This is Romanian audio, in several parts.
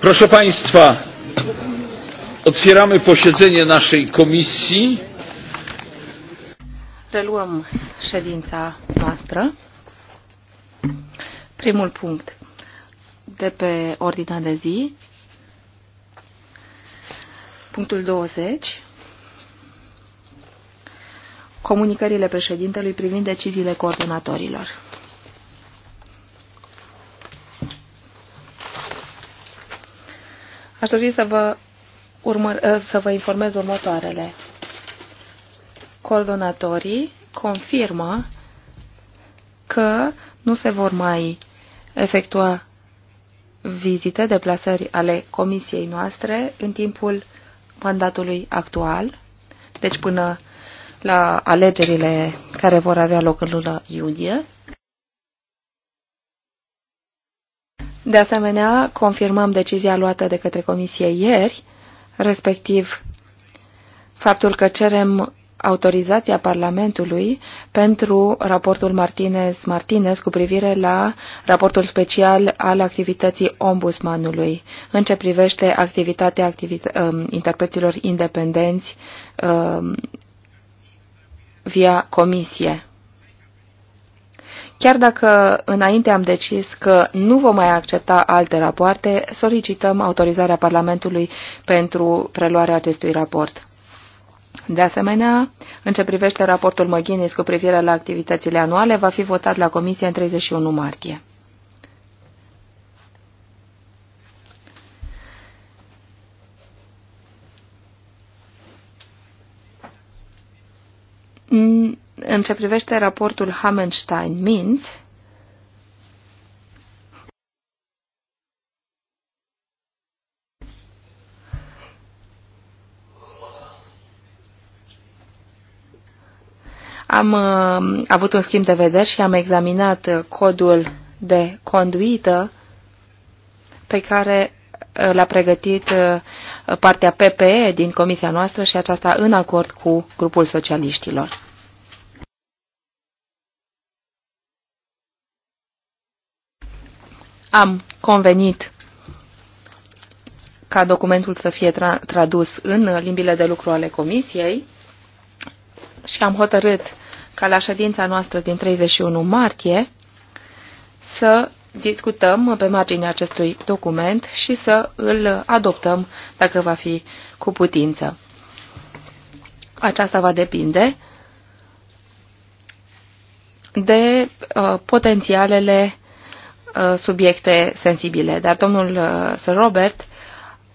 Proszę Państwa, otwieramy posiedzenie naszej komisji. Reluăm ședința noastră. Primul punct de pe ordinea de zi, punctul 20, comunicările președintelui privind deciziile coordonatorilor. Aș dori să vă, urmă, eh, să vă informez următoarele. Coordonatorii confirmă că nu se vor mai efectua vizite, deplasări ale comisiei noastre în timpul mandatului actual, deci până la alegerile care vor avea loc în luna iunie, De asemenea, confirmăm decizia luată de către Comisie ieri, respectiv faptul că cerem autorizația Parlamentului pentru raportul Martinez-Martinez cu privire la raportul special al activității ombudsmanului în ce privește activitatea activit um, interpreților independenți um, via comisie. Chiar dacă înainte am decis că nu vom mai accepta alte rapoarte, solicităm autorizarea Parlamentului pentru preluarea acestui raport. De asemenea, în ce privește raportul McGuinness cu privire la activitățile anuale, va fi votat la Comisie în 31 martie. Mm în ce privește raportul Hammenstein-Minz, Am uh, avut un schimb de vederi și am examinat uh, codul de conduită pe care uh, l-a pregătit uh, partea PPE din comisia noastră și aceasta în acord cu grupul socialiștilor. Am convenit ca documentul să fie tra tradus în limbile de lucru ale Comisiei și am hotărât ca la ședința noastră din 31 martie să discutăm pe marginea acestui document și să îl adoptăm dacă va fi cu putință. Aceasta va depinde de uh, potențialele Uh, subiecte sensibile, dar domnul uh, Sir Robert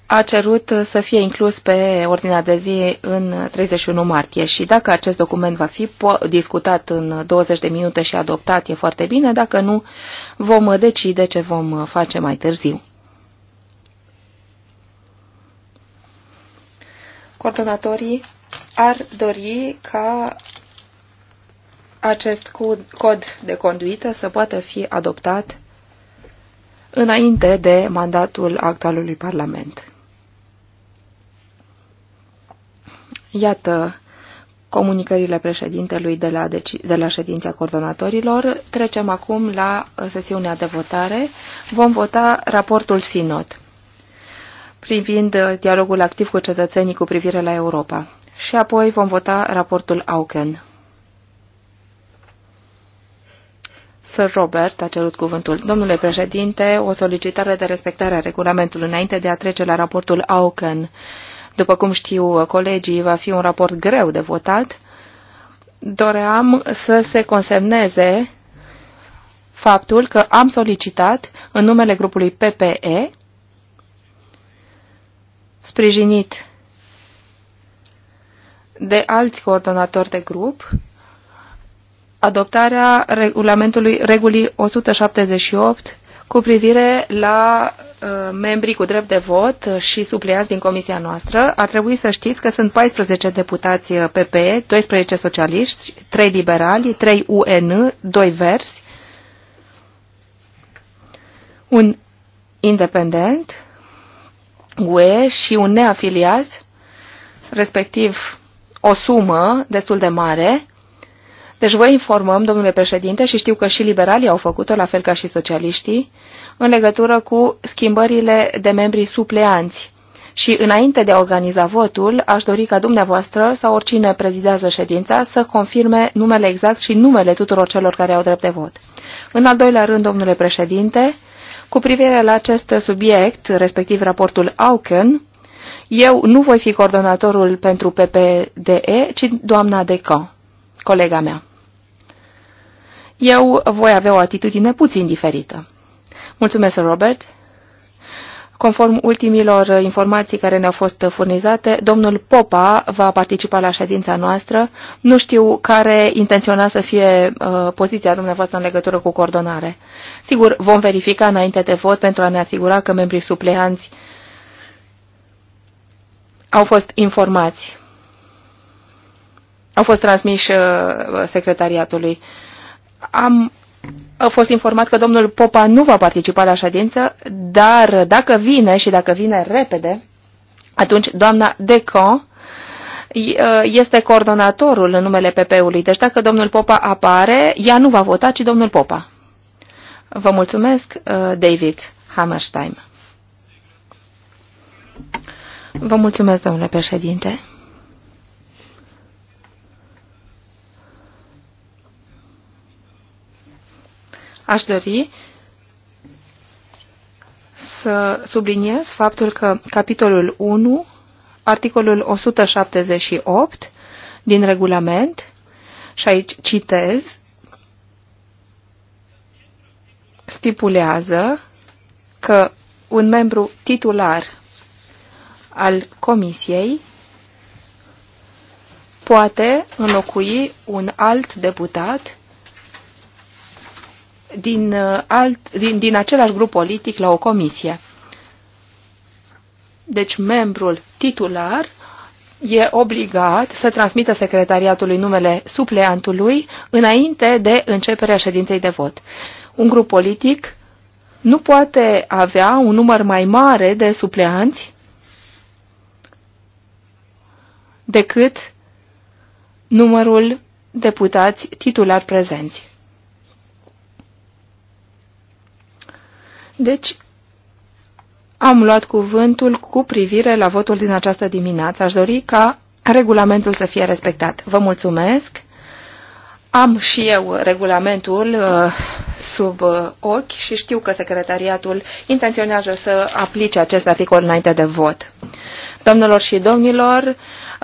a cerut uh, să fie inclus pe ordinea de zi în 31 martie și dacă acest document va fi discutat în 20 de minute și adoptat, e foarte bine, dacă nu, vom decide ce vom face mai târziu. Coordonatorii ar dori ca acest cod de conduită să poată fi adoptat înainte de mandatul actualului Parlament. Iată comunicările președintelui de la, deci- de la ședința coordonatorilor. Trecem acum la uh, sesiunea de votare. Vom vota raportul Sinod privind uh, dialogul activ cu cetățenii cu privire la Europa. Și apoi vom vota raportul Auken. Sir Robert a cerut cuvântul. Domnule președinte, o solicitare de respectare a regulamentului înainte de a trece la raportul Auken. După cum știu colegii, va fi un raport greu de votat. Doream să se consemneze faptul că am solicitat în numele grupului PPE, sprijinit de alți coordonatori de grup, adoptarea regulamentului regulii 178 cu privire la uh, membrii cu drept de vot și supliați din comisia noastră, ar trebui să știți că sunt 14 deputați uh, PPE, 12 socialiști, 3 liberali, 3 UN, 2 versi, un independent, UE și un neafiliat, respectiv o sumă destul de mare, deci vă informăm, domnule președinte, și știu că și liberalii au făcut-o, la fel ca și socialiștii, în legătură cu schimbările de membrii supleanți. Și înainte de a organiza votul, aș dori ca dumneavoastră sau oricine prezidează ședința să confirme numele exact și numele tuturor celor care au drept de vot. În al doilea rând, domnule președinte, cu privire la acest subiect, respectiv raportul Auken, eu nu voi fi coordonatorul pentru PPDE, ci doamna Decan colega mea. Eu voi avea o atitudine puțin diferită. Mulțumesc, Robert. Conform ultimilor informații care ne-au fost furnizate, domnul Popa va participa la ședința noastră. Nu știu care intenționa să fie uh, poziția dumneavoastră în legătură cu coordonare. Sigur, vom verifica înainte de vot pentru a ne asigura că membrii supleanți au fost informați au fost transmiși uh, secretariatului. Am a fost informat că domnul Popa nu va participa la ședință, dar dacă vine și dacă vine repede, atunci doamna Decon uh, este coordonatorul în numele PP-ului. Deci dacă domnul Popa apare, ea nu va vota, ci domnul Popa. Vă mulțumesc, uh, David Hammerstein. Vă mulțumesc, domnule președinte. Aș dori să subliniez faptul că capitolul 1, articolul 178 din regulament, și aici citez, stipulează că un membru titular al comisiei poate înlocui un alt deputat din, uh, alt, din, din același grup politic la o comisie. Deci membrul titular e obligat să transmită secretariatului numele supleantului înainte de începerea ședinței de vot. Un grup politic nu poate avea un număr mai mare de supleanți decât numărul deputați titulari prezenți. Deci, am luat cuvântul cu privire la votul din această dimineață. Aș dori ca regulamentul să fie respectat. Vă mulțumesc. Am și eu regulamentul uh, sub uh, ochi și știu că secretariatul intenționează să aplice acest articol înainte de vot. Domnilor și domnilor,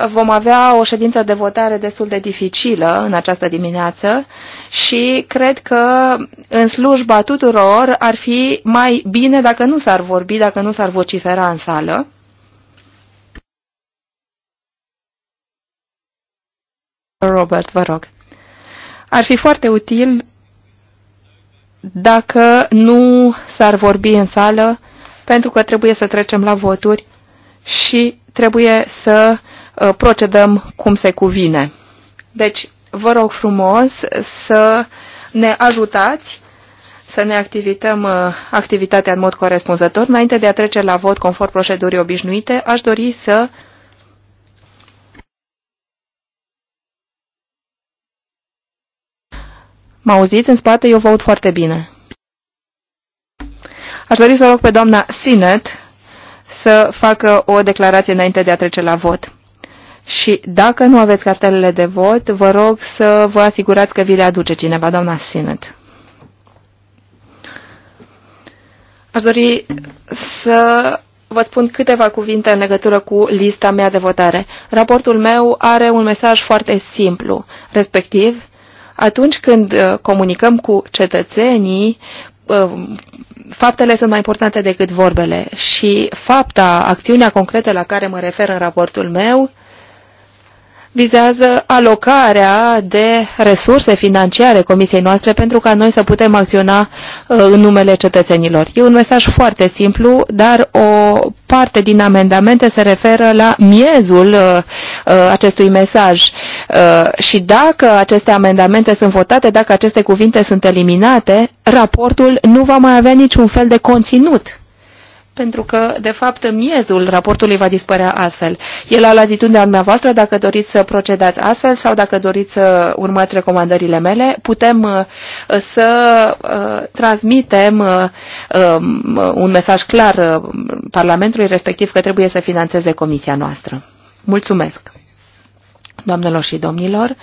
vom avea o ședință de votare destul de dificilă în această dimineață și cred că în slujba tuturor ar fi mai bine dacă nu s-ar vorbi, dacă nu s-ar vocifera în sală. Robert, vă rog. Ar fi foarte util dacă nu s-ar vorbi în sală, pentru că trebuie să trecem la voturi și trebuie să Uh, procedăm cum se cuvine. Deci, vă rog frumos să ne ajutați să ne activităm uh, activitatea în mod corespunzător. Înainte de a trece la vot conform procedurii obișnuite, aș dori să Mă auziți în spate? Eu vă aud foarte bine. Aș dori să rog pe doamna Sinet să facă o declarație înainte de a trece la vot. Și dacă nu aveți cartelele de vot, vă rog să vă asigurați că vi le aduce cineva, doamna Sinet. Aș dori să vă spun câteva cuvinte în legătură cu lista mea de votare. Raportul meu are un mesaj foarte simplu, respectiv, atunci când uh, comunicăm cu cetățenii, uh, faptele sunt mai importante decât vorbele și fapta, acțiunea concretă la care mă refer în raportul meu, vizează alocarea de resurse financiare Comisiei noastre pentru ca noi să putem acționa uh, în numele cetățenilor. E un mesaj foarte simplu, dar o parte din amendamente se referă la miezul uh, uh, acestui mesaj. Și dacă aceste amendamente sunt votate, dacă aceste cuvinte sunt eliminate, raportul nu va mai avea niciun fel de conținut pentru că, de fapt, miezul raportului va dispărea astfel. E la latitudinea dumneavoastră dacă doriți să procedați astfel sau dacă doriți să urmați recomandările mele. Putem uh, să uh, transmitem uh, um, un mesaj clar Parlamentului, respectiv că trebuie să financeze comisia noastră. Mulțumesc! Doamnelor și domnilor,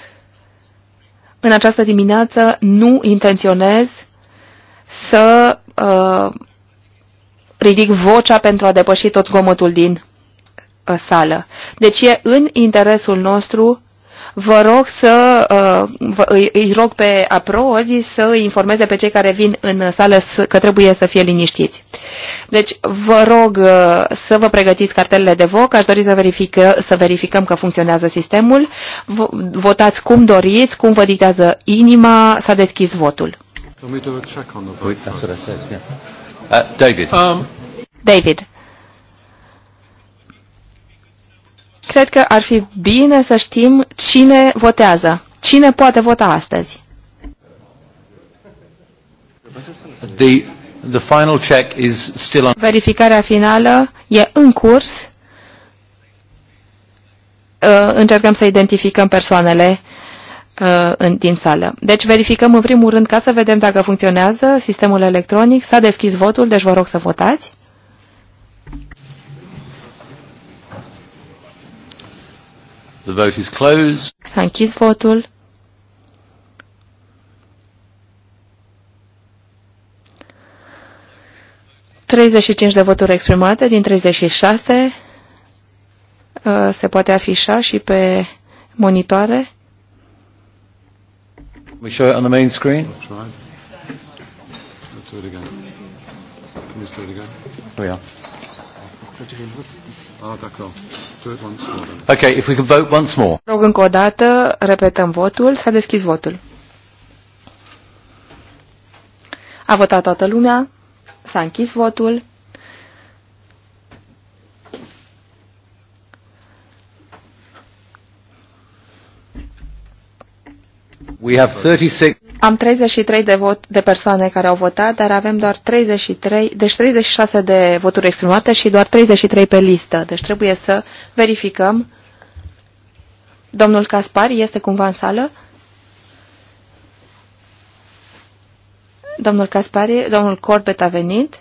în această dimineață nu intenționez să uh, ridic vocea pentru a depăși tot gomotul din uh, sală. Deci e în interesul nostru vă rog să uh, vă, îi, îi rog pe aprozi să informeze pe cei care vin în sală că trebuie să fie liniștiți. Deci vă rog uh, să vă pregătiți cartelele de voc, aș dori să, verifică, să verificăm că funcționează sistemul. Votați cum doriți, cum vă dictează inima, s-a deschis votul. Oui, Uh, David. Um. David. Cred că ar fi bine să știm cine votează. Cine poate vota astăzi? The, the final check is still on. Verificarea finală e în curs. Uh, încercăm să identificăm persoanele Uh, în, din sală. Deci verificăm în primul rând ca să vedem dacă funcționează sistemul electronic. S-a deschis votul, deci vă rog să votați. The vote is closed. S-a închis votul. Treizeci cinci de voturi exprimate din 36 uh, se poate afișa și pe monitoare. We show it on the main screen. Try. Let's do it again. Can you do it again? Oh yeah. Ah, okay, if we can vote once more. Rog încă o dată, repetăm votul, s-a deschis votul. A votat toată lumea, s-a închis votul. We have 36... Am 33 de, vot, de persoane care au votat, dar avem doar 33, deci 36 de voturi exprimate și doar 33 pe listă. Deci trebuie să verificăm. Domnul Caspar este cumva în sală? Domnul Caspari, domnul Corbet a venit.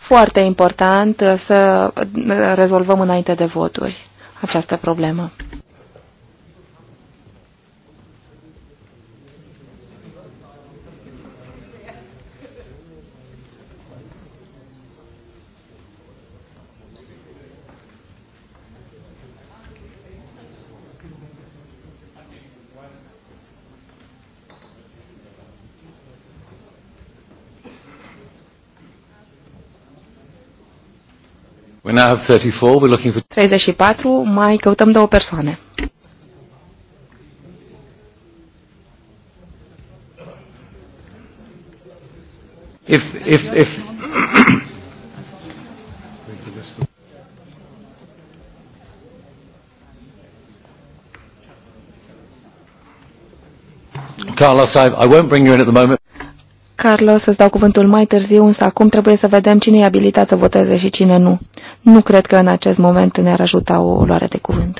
Foarte important să rezolvăm înainte de voturi această problemă. We now have 34. We're looking for 34. Mai căutăm două persoane. If, if, if, Carlos, I, I won't bring you in at the moment. Carlos, să-ți dau cuvântul mai târziu, însă acum trebuie să vedem cine e abilitat să voteze și cine nu. Nu cred că în acest moment ne-ar ajuta o luare de cuvânt.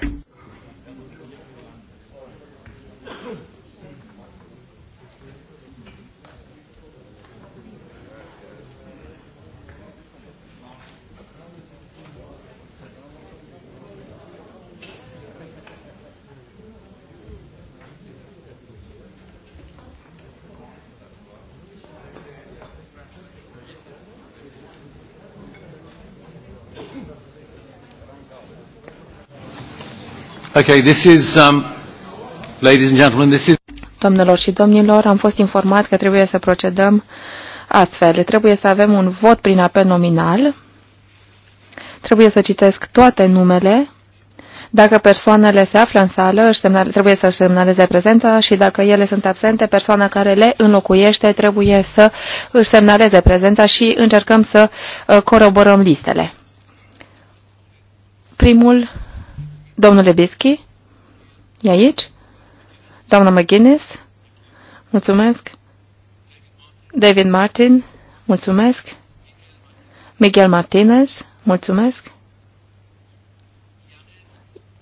Okay, this is, um, ladies and gentlemen, this is... Domnilor și domnilor, am fost informat că trebuie să procedăm astfel. Trebuie să avem un vot prin apel nominal. Trebuie să citesc toate numele. Dacă persoanele se află în sală, semnale, trebuie să semnaleze prezența și dacă ele sunt absente, persoana care le înlocuiește trebuie să își semnaleze prezența și încercăm să uh, coroborăm listele. Primul Domnul Lebeschi? E aici? Doamna McGuinness? Mulțumesc. David Martin? Mulțumesc. Miguel Martinez? Mulțumesc.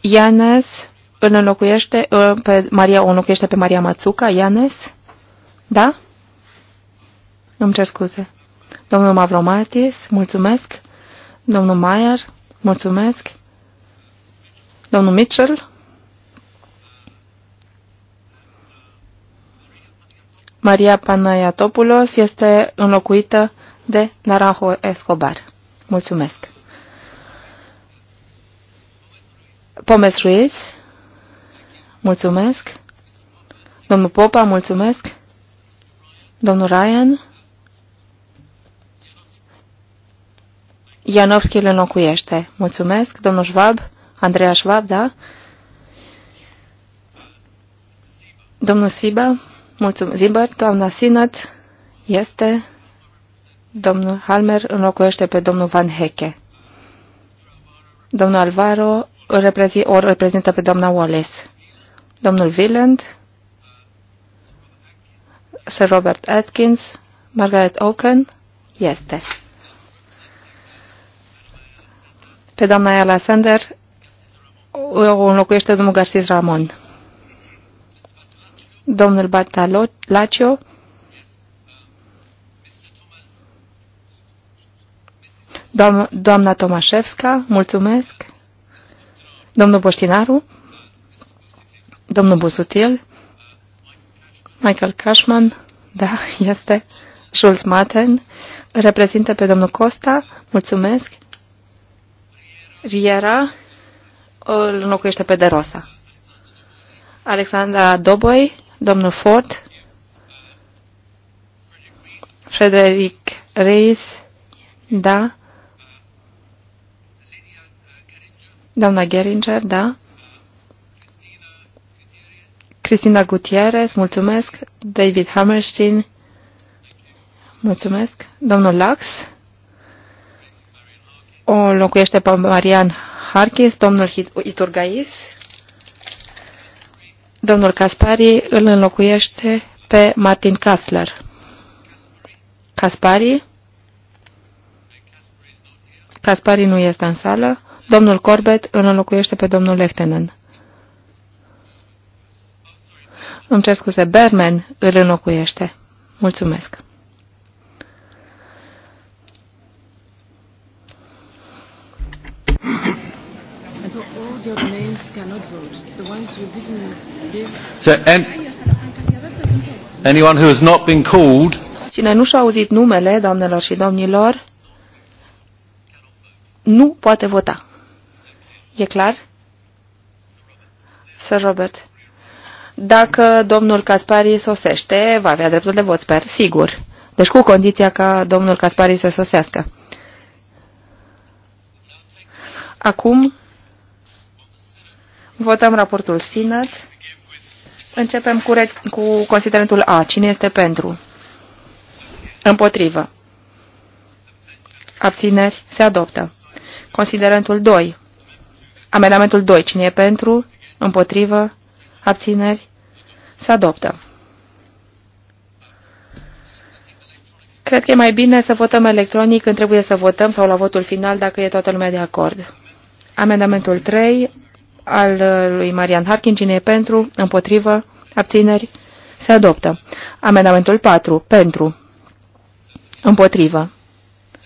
Ianes îl înlocuiește ă, pe Maria, o înlocuiește pe Maria Mațuca, Ianes? Da? Îmi cer scuze. Domnul Mavromatis, mulțumesc. Domnul Maier, mulțumesc. Domnul Mitchell? Maria Panayatopoulos este înlocuită de Naranjo Escobar. Mulțumesc. Pomes Ruiz, mulțumesc. Domnul Popa, mulțumesc. Domnul Ryan, Ianovski îl înlocuiește. Mulțumesc. Domnul Schwab, Andreea Schwab, da? Domnul Siba, mulțumesc. Zibăr, doamna Sinat este. Domnul Halmer înlocuiește pe domnul Van Hecke. Domnul Alvaro îl reprezi, o reprezintă pe doamna Wallace. Domnul Willand, Sir Robert Atkins, Margaret Oaken, este. Pe doamna Ayala Sander o înlocuiește domnul Garcis Ramon. Domnul Batalacio. Doamna, doamna Tomașevska, mulțumesc. Domnul Boștinaru. Domnul Busutil. Michael Cashman, da, este. Schulz Maten, reprezintă pe domnul Costa, mulțumesc. Riera, îl înlocuiește pe De Rosa. Alexandra Doboi, domnul Ford, Frederic Reis, da, doamna Geringer, da, Cristina Gutierrez, mulțumesc, David Hammerstein, mulțumesc, domnul Lax, o locuiește pe Marian Harkis, domnul Iturgais, domnul Caspari îl înlocuiește pe Martin Kassler. Caspari? Caspari nu este în sală. Domnul Corbett îl înlocuiește pe domnul Lehtenen. Îmi cer scuze, Berman îl înlocuiește. Mulțumesc. the other names cannot vote. The ones you didn't So, and anyone who has not been called. Cine nu și-a auzit numele, doamnelor și domnilor, nu poate vota. E clar? Sir Robert. Dacă domnul Caspari sosește, va avea dreptul de vot, sper, sigur. Deci cu condiția ca domnul Caspari să sosească. Acum Votăm raportul Sinat. Începem cu, cu considerentul A. Cine este pentru? Împotrivă. Abțineri. Se adoptă. Considerentul 2. Amendamentul 2. Cine e pentru? Împotrivă. Abțineri. Se adoptă. Cred că e mai bine să votăm electronic când trebuie să votăm sau la votul final dacă e toată lumea de acord. Amendamentul 3 al uh, lui Marian Harkin. Cine e pentru? Împotrivă? Abțineri? Se adoptă. Amendamentul 4. Pentru. Împotrivă.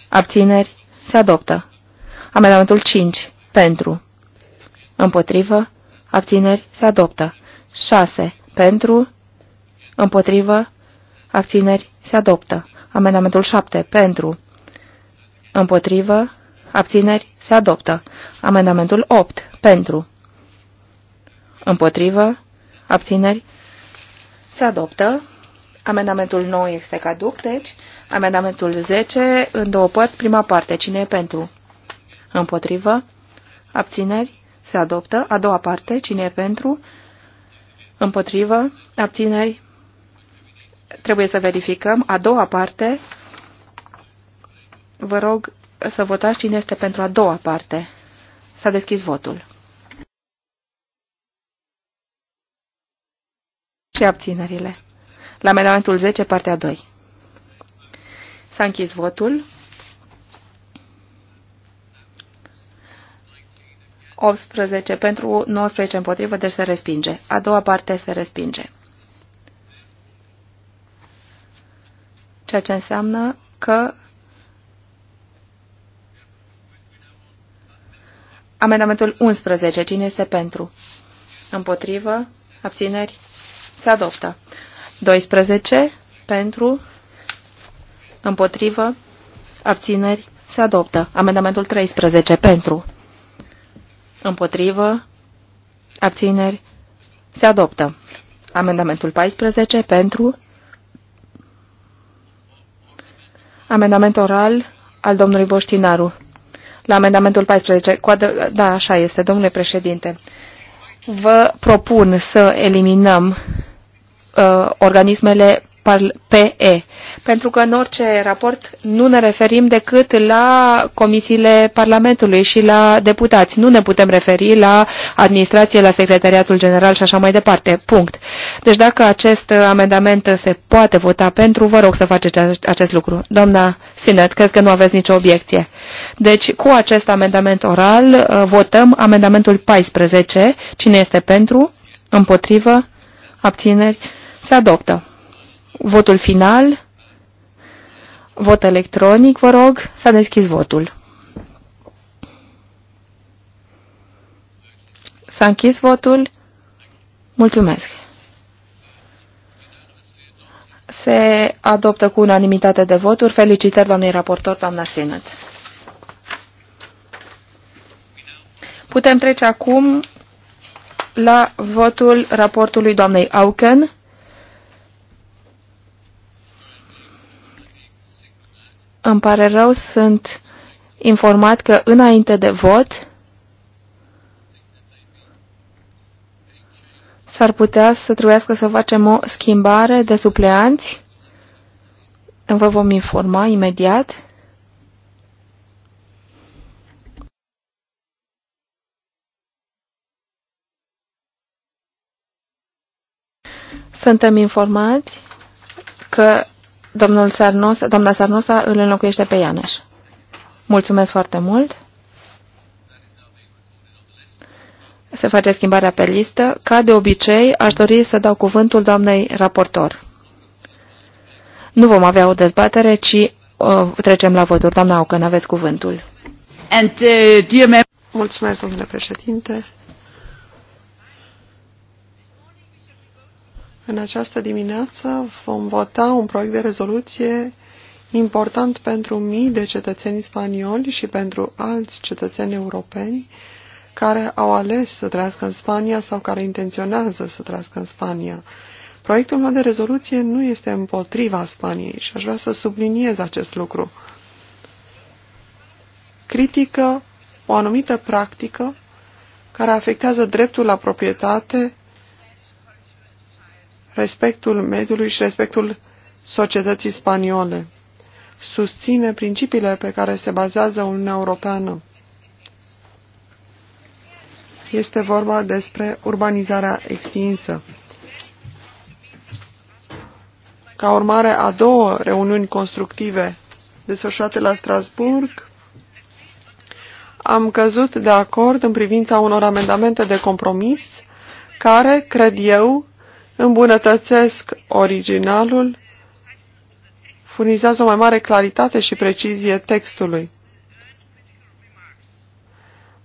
Abțineri? Se adoptă. Amendamentul 5. Pentru. Împotrivă. Abțineri? Se adoptă. 6. Pentru. Împotrivă. Abțineri? Se adoptă. Amendamentul 7. Pentru. Împotrivă. Abțineri? Se adoptă. Amendamentul 8. Pentru. Împotrivă? Abțineri? Se adoptă. Amendamentul 9 este caduc, deci amendamentul 10 în două părți, prima parte. Cine e pentru? Împotrivă? Abțineri? Se adoptă. A doua parte. Cine e pentru? Împotrivă? Abțineri? Trebuie să verificăm. A doua parte. Vă rog să votați cine este pentru a doua parte. S-a deschis votul. și abținerile. La amendamentul 10, partea 2. S-a închis votul. 18 pentru, 19 împotrivă, deci se respinge. A doua parte se respinge. Ceea ce înseamnă că amendamentul 11, cine este pentru? Împotrivă, abțineri, se adoptă. 12 pentru, împotrivă, abțineri, se adoptă. Amendamentul 13 pentru, împotrivă, abțineri, se adoptă. Amendamentul 14 pentru, amendament oral al domnului Boștinaru. La amendamentul 14, cu da, așa este, domnule președinte. Vă propun să eliminăm uh, organismele PE. Pentru că în orice raport nu ne referim decât la comisiile Parlamentului și la deputați. Nu ne putem referi la administrație, la Secretariatul General și așa mai departe. Punct. Deci dacă acest amendament se poate vota pentru, vă rog să faceți acest lucru. Doamna Sinet, cred că nu aveți nicio obiecție. Deci cu acest amendament oral uh, votăm amendamentul 14. Cine este pentru? Împotrivă? Abțineri? Se adoptă. Votul final. Vot electronic, vă rog. S-a deschis votul. S-a închis votul. Mulțumesc. Se adoptă cu unanimitate de voturi. Felicitări, doamnei raportor, doamna Sinăț. Putem trece acum la votul raportului doamnei Auken Îmi pare rău, sunt informat că înainte de vot s-ar putea să trebuiască să facem o schimbare de supleanți. Vă vom informa imediat. Suntem informați că Domnul Sarnosa, doamna Sarnosa îl înlocuiește pe Ianeș. Mulțumesc foarte mult. Se face schimbarea pe listă. Ca de obicei, aș dori să dau cuvântul doamnei raportor. Nu vom avea o dezbatere, ci uh, trecem la voturi. Doamna Aucăn, aveți cuvântul. And, uh, Mulțumesc, domnule președinte. În această dimineață vom vota un proiect de rezoluție important pentru mii de cetățeni spanioli și pentru alți cetățeni europeni care au ales să trăiască în Spania sau care intenționează să trăiască în Spania. Proiectul meu de rezoluție nu este împotriva Spaniei și aș vrea să subliniez acest lucru. Critică o anumită practică care afectează dreptul la proprietate respectul mediului și respectul societății spaniole. Susține principiile pe care se bazează Uniunea Europeană. Este vorba despre urbanizarea extinsă. Ca urmare a două reuniuni constructive desfășurate la Strasburg, am căzut de acord în privința unor amendamente de compromis care, cred eu, îmbunătățesc originalul, furnizează o mai mare claritate și precizie textului.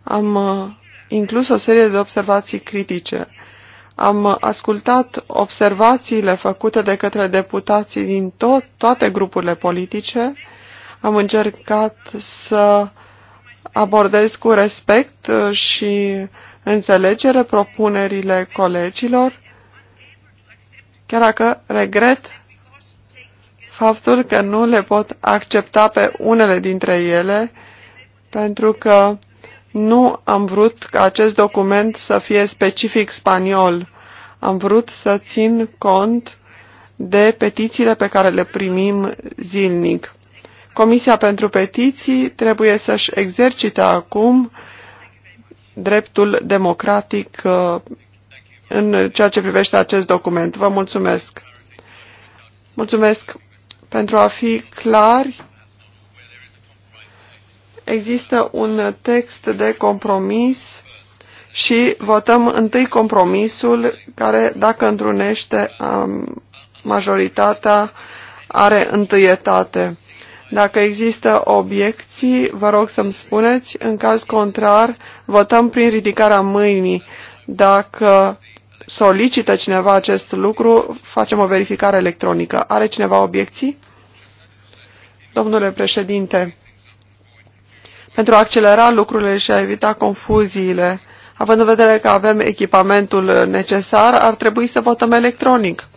Am uh, inclus o serie de observații critice. Am uh, ascultat observațiile făcute de către deputații din tot, toate grupurile politice. Am încercat să abordez cu respect uh, și înțelegere propunerile colegilor chiar dacă regret faptul că nu le pot accepta pe unele dintre ele, pentru că nu am vrut ca acest document să fie specific spaniol. Am vrut să țin cont de petițiile pe care le primim zilnic. Comisia pentru petiții trebuie să-și exercite acum dreptul democratic uh, în ceea ce privește acest document. Vă mulțumesc. Mulțumesc pentru a fi clar, Există un text de compromis și votăm întâi compromisul care, dacă întrunește majoritatea, are întâietate. Dacă există obiecții, vă rog să-mi spuneți. În caz contrar, votăm prin ridicarea mâinii. Dacă solicită cineva acest lucru, facem o verificare electronică. Are cineva obiecții? Domnule președinte, pentru a accelera lucrurile și a evita confuziile, având în vedere că avem echipamentul necesar, ar trebui să votăm electronic.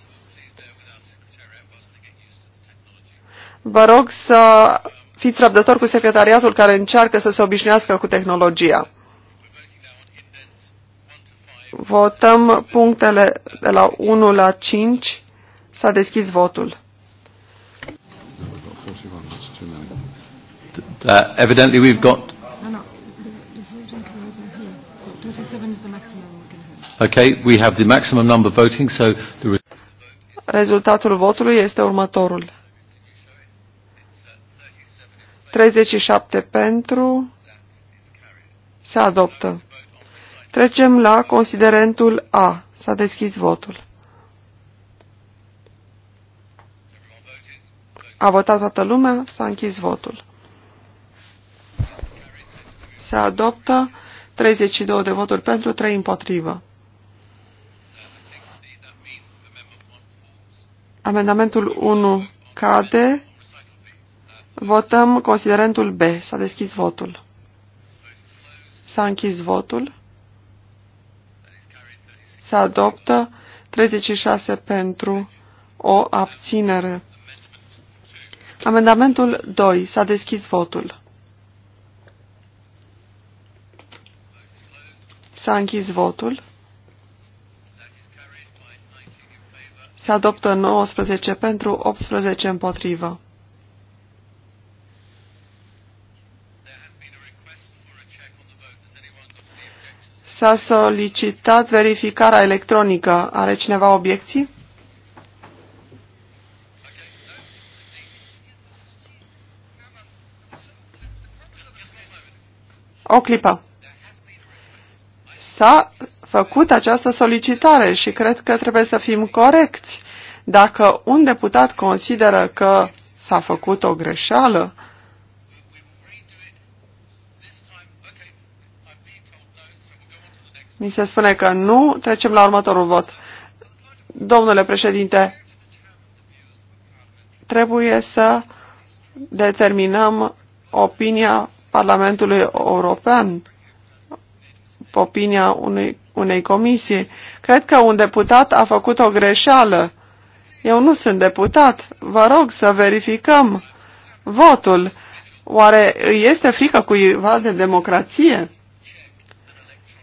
Vă rog să fiți răbdători cu secretariatul care încearcă să se obișnuiască cu tehnologia. Votăm punctele de la 1 la 5. S-a deschis votul. Uh, evidently we've got... Okay, we have the maximum number voting, so the... Rezultatul votului este următorul. 37 pentru se adoptă. Trecem la considerentul A. S-a deschis votul. A votat toată lumea, s-a închis votul. Se adoptă 32 de voturi pentru, 3 împotrivă. Amendamentul 1 cade. Votăm considerentul B. S-a deschis votul. S-a închis votul se adoptă, 36 pentru, o abținere. Amendamentul 2. S-a deschis votul. S-a închis votul. Se adoptă 19 pentru, 18 împotrivă. S-a solicitat verificarea electronică. Are cineva obiecții? O clipă. S-a făcut această solicitare și cred că trebuie să fim corecți. Dacă un deputat consideră că s-a făcut o greșeală, Mi se spune că nu. Trecem la următorul vot. Domnule președinte, trebuie să determinăm opinia Parlamentului European, opinia unui, unei comisii. Cred că un deputat a făcut o greșeală. Eu nu sunt deputat. Vă rog să verificăm votul. Oare este frică cuiva de democrație?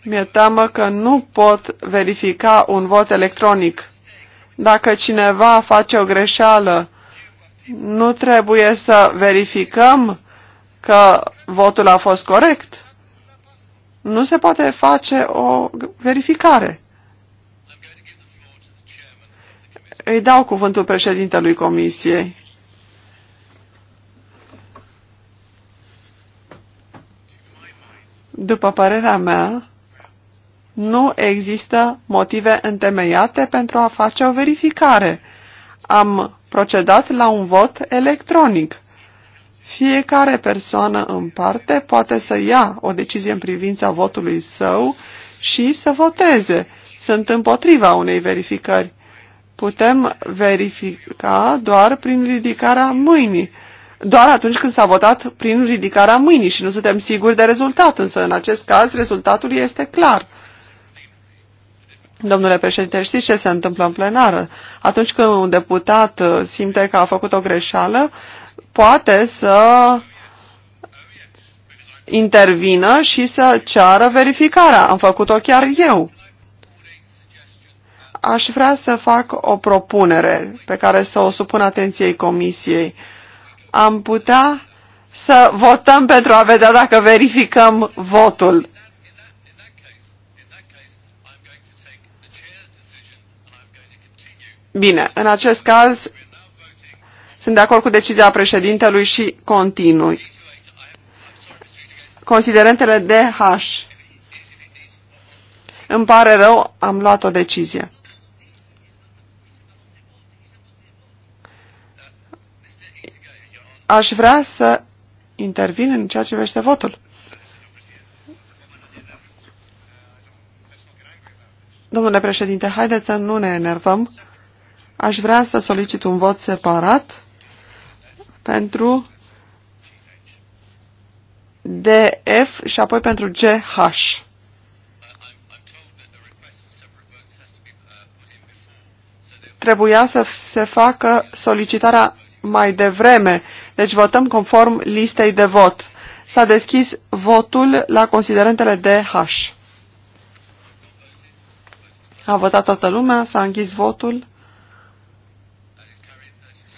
Mi-e teamă că nu pot verifica un vot electronic. Dacă cineva face o greșeală, nu trebuie să verificăm că votul a fost corect? Nu se poate face o verificare. Îi dau cuvântul președintelui comisiei. După părerea mea, nu există motive întemeiate pentru a face o verificare. Am procedat la un vot electronic. Fiecare persoană în parte poate să ia o decizie în privința votului său și să voteze. Sunt împotriva unei verificări. Putem verifica doar prin ridicarea mâinii. Doar atunci când s-a votat prin ridicarea mâinii și nu suntem siguri de rezultat, însă în acest caz rezultatul este clar. Domnule președinte, știți ce se întâmplă în plenară? Atunci când un deputat uh, simte că a făcut o greșeală, poate să intervină și să ceară verificarea. Am făcut-o chiar eu. Aș vrea să fac o propunere pe care să o supun atenției comisiei. Am putea să votăm pentru a vedea dacă verificăm votul. Bine, în acest caz sunt de acord cu decizia președintelui și continui. Considerentele DH. Îmi pare rău, am luat o decizie. Aș vrea să intervin în ceea ce vește votul. Domnule președinte, haideți să nu ne enervăm. Aș vrea să solicit un vot separat pentru DF și apoi pentru GH. Trebuia să se facă solicitarea mai devreme, deci votăm conform listei de vot. S-a deschis votul la considerentele DH. A votat toată lumea, s-a închis votul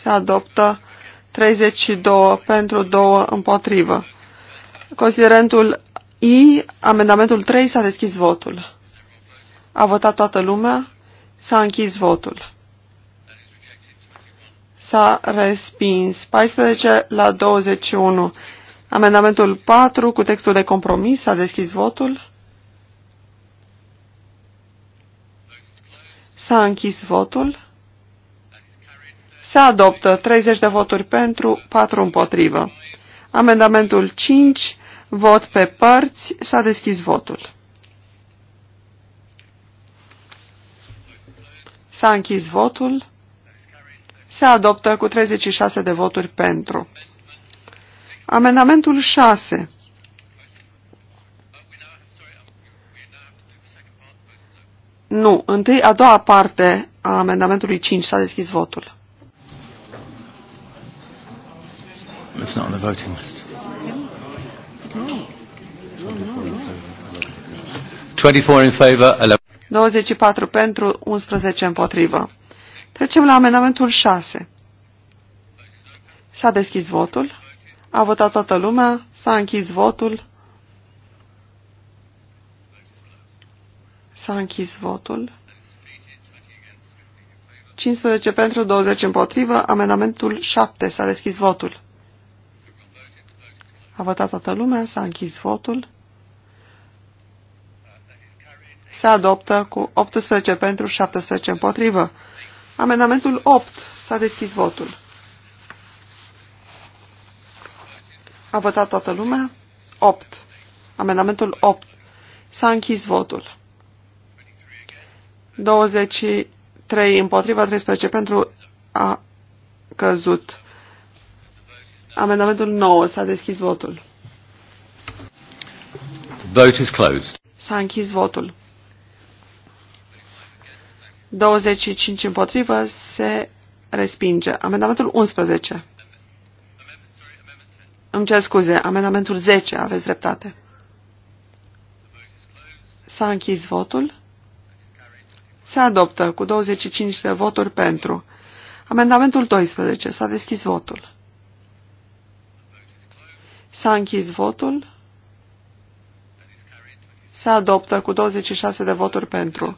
se adoptă 32 pentru 2 împotrivă. Considerentul I, amendamentul 3, s-a deschis votul. A votat toată lumea, s-a închis votul. S-a respins 14 la 21. Amendamentul 4 cu textul de compromis s-a deschis votul. S-a închis votul. Se adoptă 30 de voturi pentru, 4 împotrivă. Amendamentul 5, vot pe părți, s-a deschis votul. S-a închis votul. Se adoptă cu 36 de voturi pentru. Amendamentul 6. Nu, întâi a doua parte a amendamentului 5 s-a deschis votul. that's not on the voting list. 24 in favor, 11. 24 pentru, 11 împotrivă. Trecem la amendamentul 6. S-a deschis votul. A votat toată lumea. S-a închis votul. S-a închis votul. 15 pentru, 20 împotrivă. Amendamentul 7. S-a deschis votul. A votat toată lumea, s-a închis votul. Se adoptă cu 18 pentru, 17 împotrivă. Amendamentul 8. S-a deschis votul. A votat toată lumea? 8. Amendamentul 8. S-a închis votul. 23 împotriva, 13 pentru a căzut. Amendamentul 9. S-a deschis votul. Vote is closed. S-a închis votul. 25 împotrivă se respinge. Amendamentul 11. Îmi cer scuze, amendamentul 10, aveți dreptate. S-a închis votul. Se adoptă cu 25 de voturi pentru. Amendamentul 12. S-a deschis votul. S-a închis votul. Se adoptă cu 26 de voturi pentru.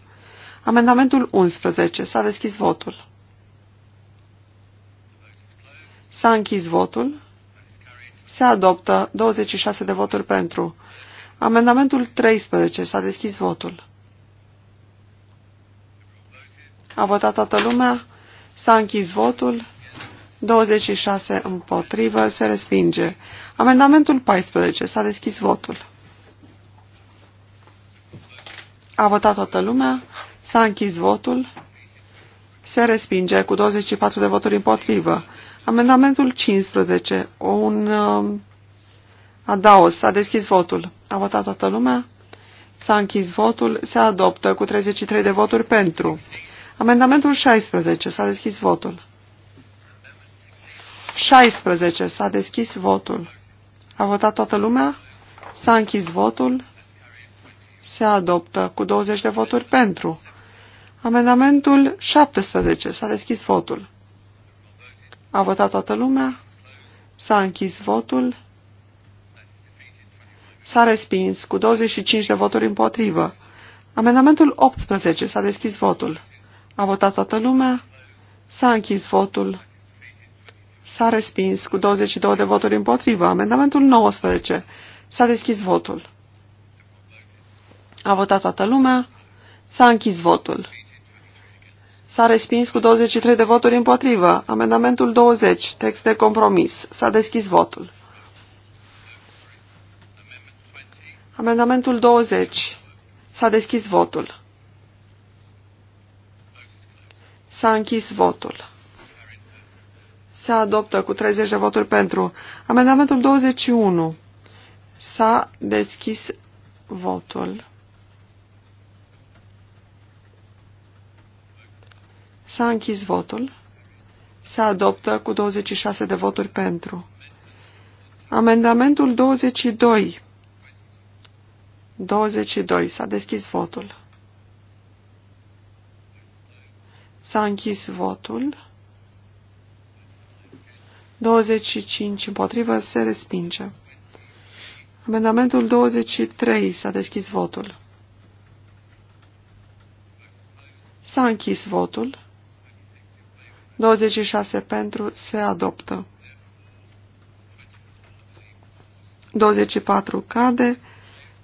Amendamentul 11. S-a deschis votul. S-a închis votul. Se adoptă 26 de voturi pentru. Amendamentul 13. S-a deschis votul. A votat toată lumea. S-a închis votul. 26 împotrivă, se respinge. Amendamentul 14. S-a deschis votul. A votat toată lumea, s-a închis votul, se respinge cu 24 de voturi împotrivă. Amendamentul 15. Un uh, adaos. S-a deschis votul. A votat toată lumea, s-a închis votul, se adoptă cu 33 de voturi pentru. Amendamentul 16. S-a deschis votul. 16. S-a deschis votul. A votat toată lumea? S-a închis votul? Se adoptă cu 20 de voturi pentru. Amendamentul 17. S-a deschis votul. A votat toată lumea? S-a închis votul? S-a respins cu 25 de voturi împotrivă. Amendamentul 18. S-a deschis votul. A votat toată lumea? S-a închis votul? S-a respins cu 22 de voturi împotrivă. Amendamentul 19. S-a deschis votul. A votat toată lumea. S-a închis votul. S-a respins cu 23 de voturi împotrivă. Amendamentul 20. Text de compromis. S-a deschis votul. Amendamentul 20. S-a deschis votul. S-a închis votul. Se adoptă cu 30 de voturi pentru. Amendamentul 21. S-a deschis votul. S-a închis votul. Se adoptă cu 26 de voturi pentru. Amendamentul 22. 22. S-a deschis votul. S-a închis votul. 25 împotrivă se respinge. Amendamentul 23 s-a deschis votul. S-a închis votul. 26 pentru se adoptă. 24 cade.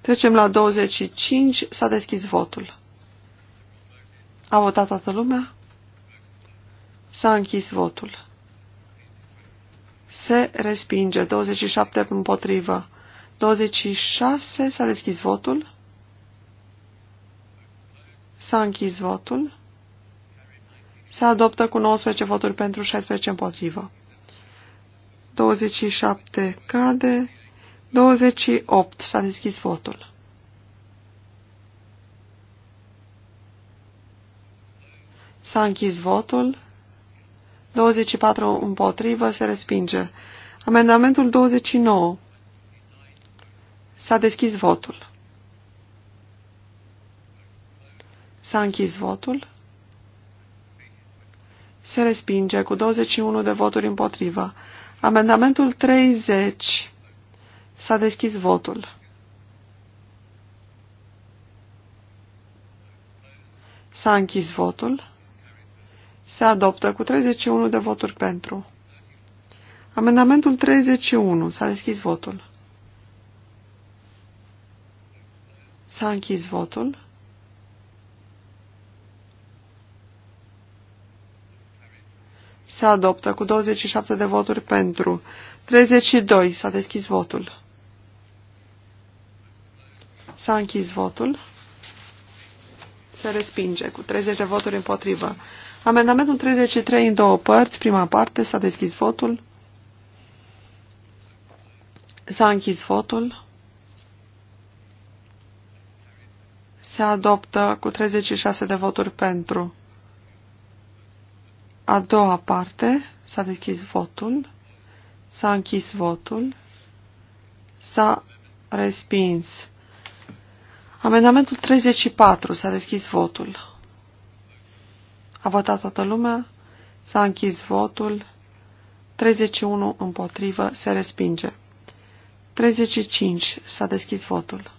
Trecem la 25. S-a deschis votul. A votat toată lumea? S-a închis votul. Se respinge. 27 împotrivă. 26 s-a deschis votul. S-a închis votul. Se adoptă cu 19 voturi pentru 16 împotrivă. 27 cade. 28 s-a deschis votul. S-a închis votul. 24 împotrivă, se respinge. Amendamentul 29. S-a deschis votul. S-a închis votul. Se respinge cu 21 de voturi împotrivă. Amendamentul 30. S-a deschis votul. S-a închis votul se adoptă cu 31 de voturi pentru. Amendamentul 31. S-a deschis votul. S-a închis votul. Se adoptă cu 27 de voturi pentru. 32. S-a deschis votul. S-a închis votul. Se respinge cu 30 de voturi împotrivă. Amendamentul 33 în două părți, prima parte, s-a deschis votul. S-a închis votul. Se adoptă cu 36 de voturi pentru. A doua parte, s-a deschis votul. S-a închis votul. S-a respins. Amendamentul 34, s-a deschis votul. A votat toată lumea. S-a închis votul. 31 împotrivă. Se respinge. 35. S-a deschis votul.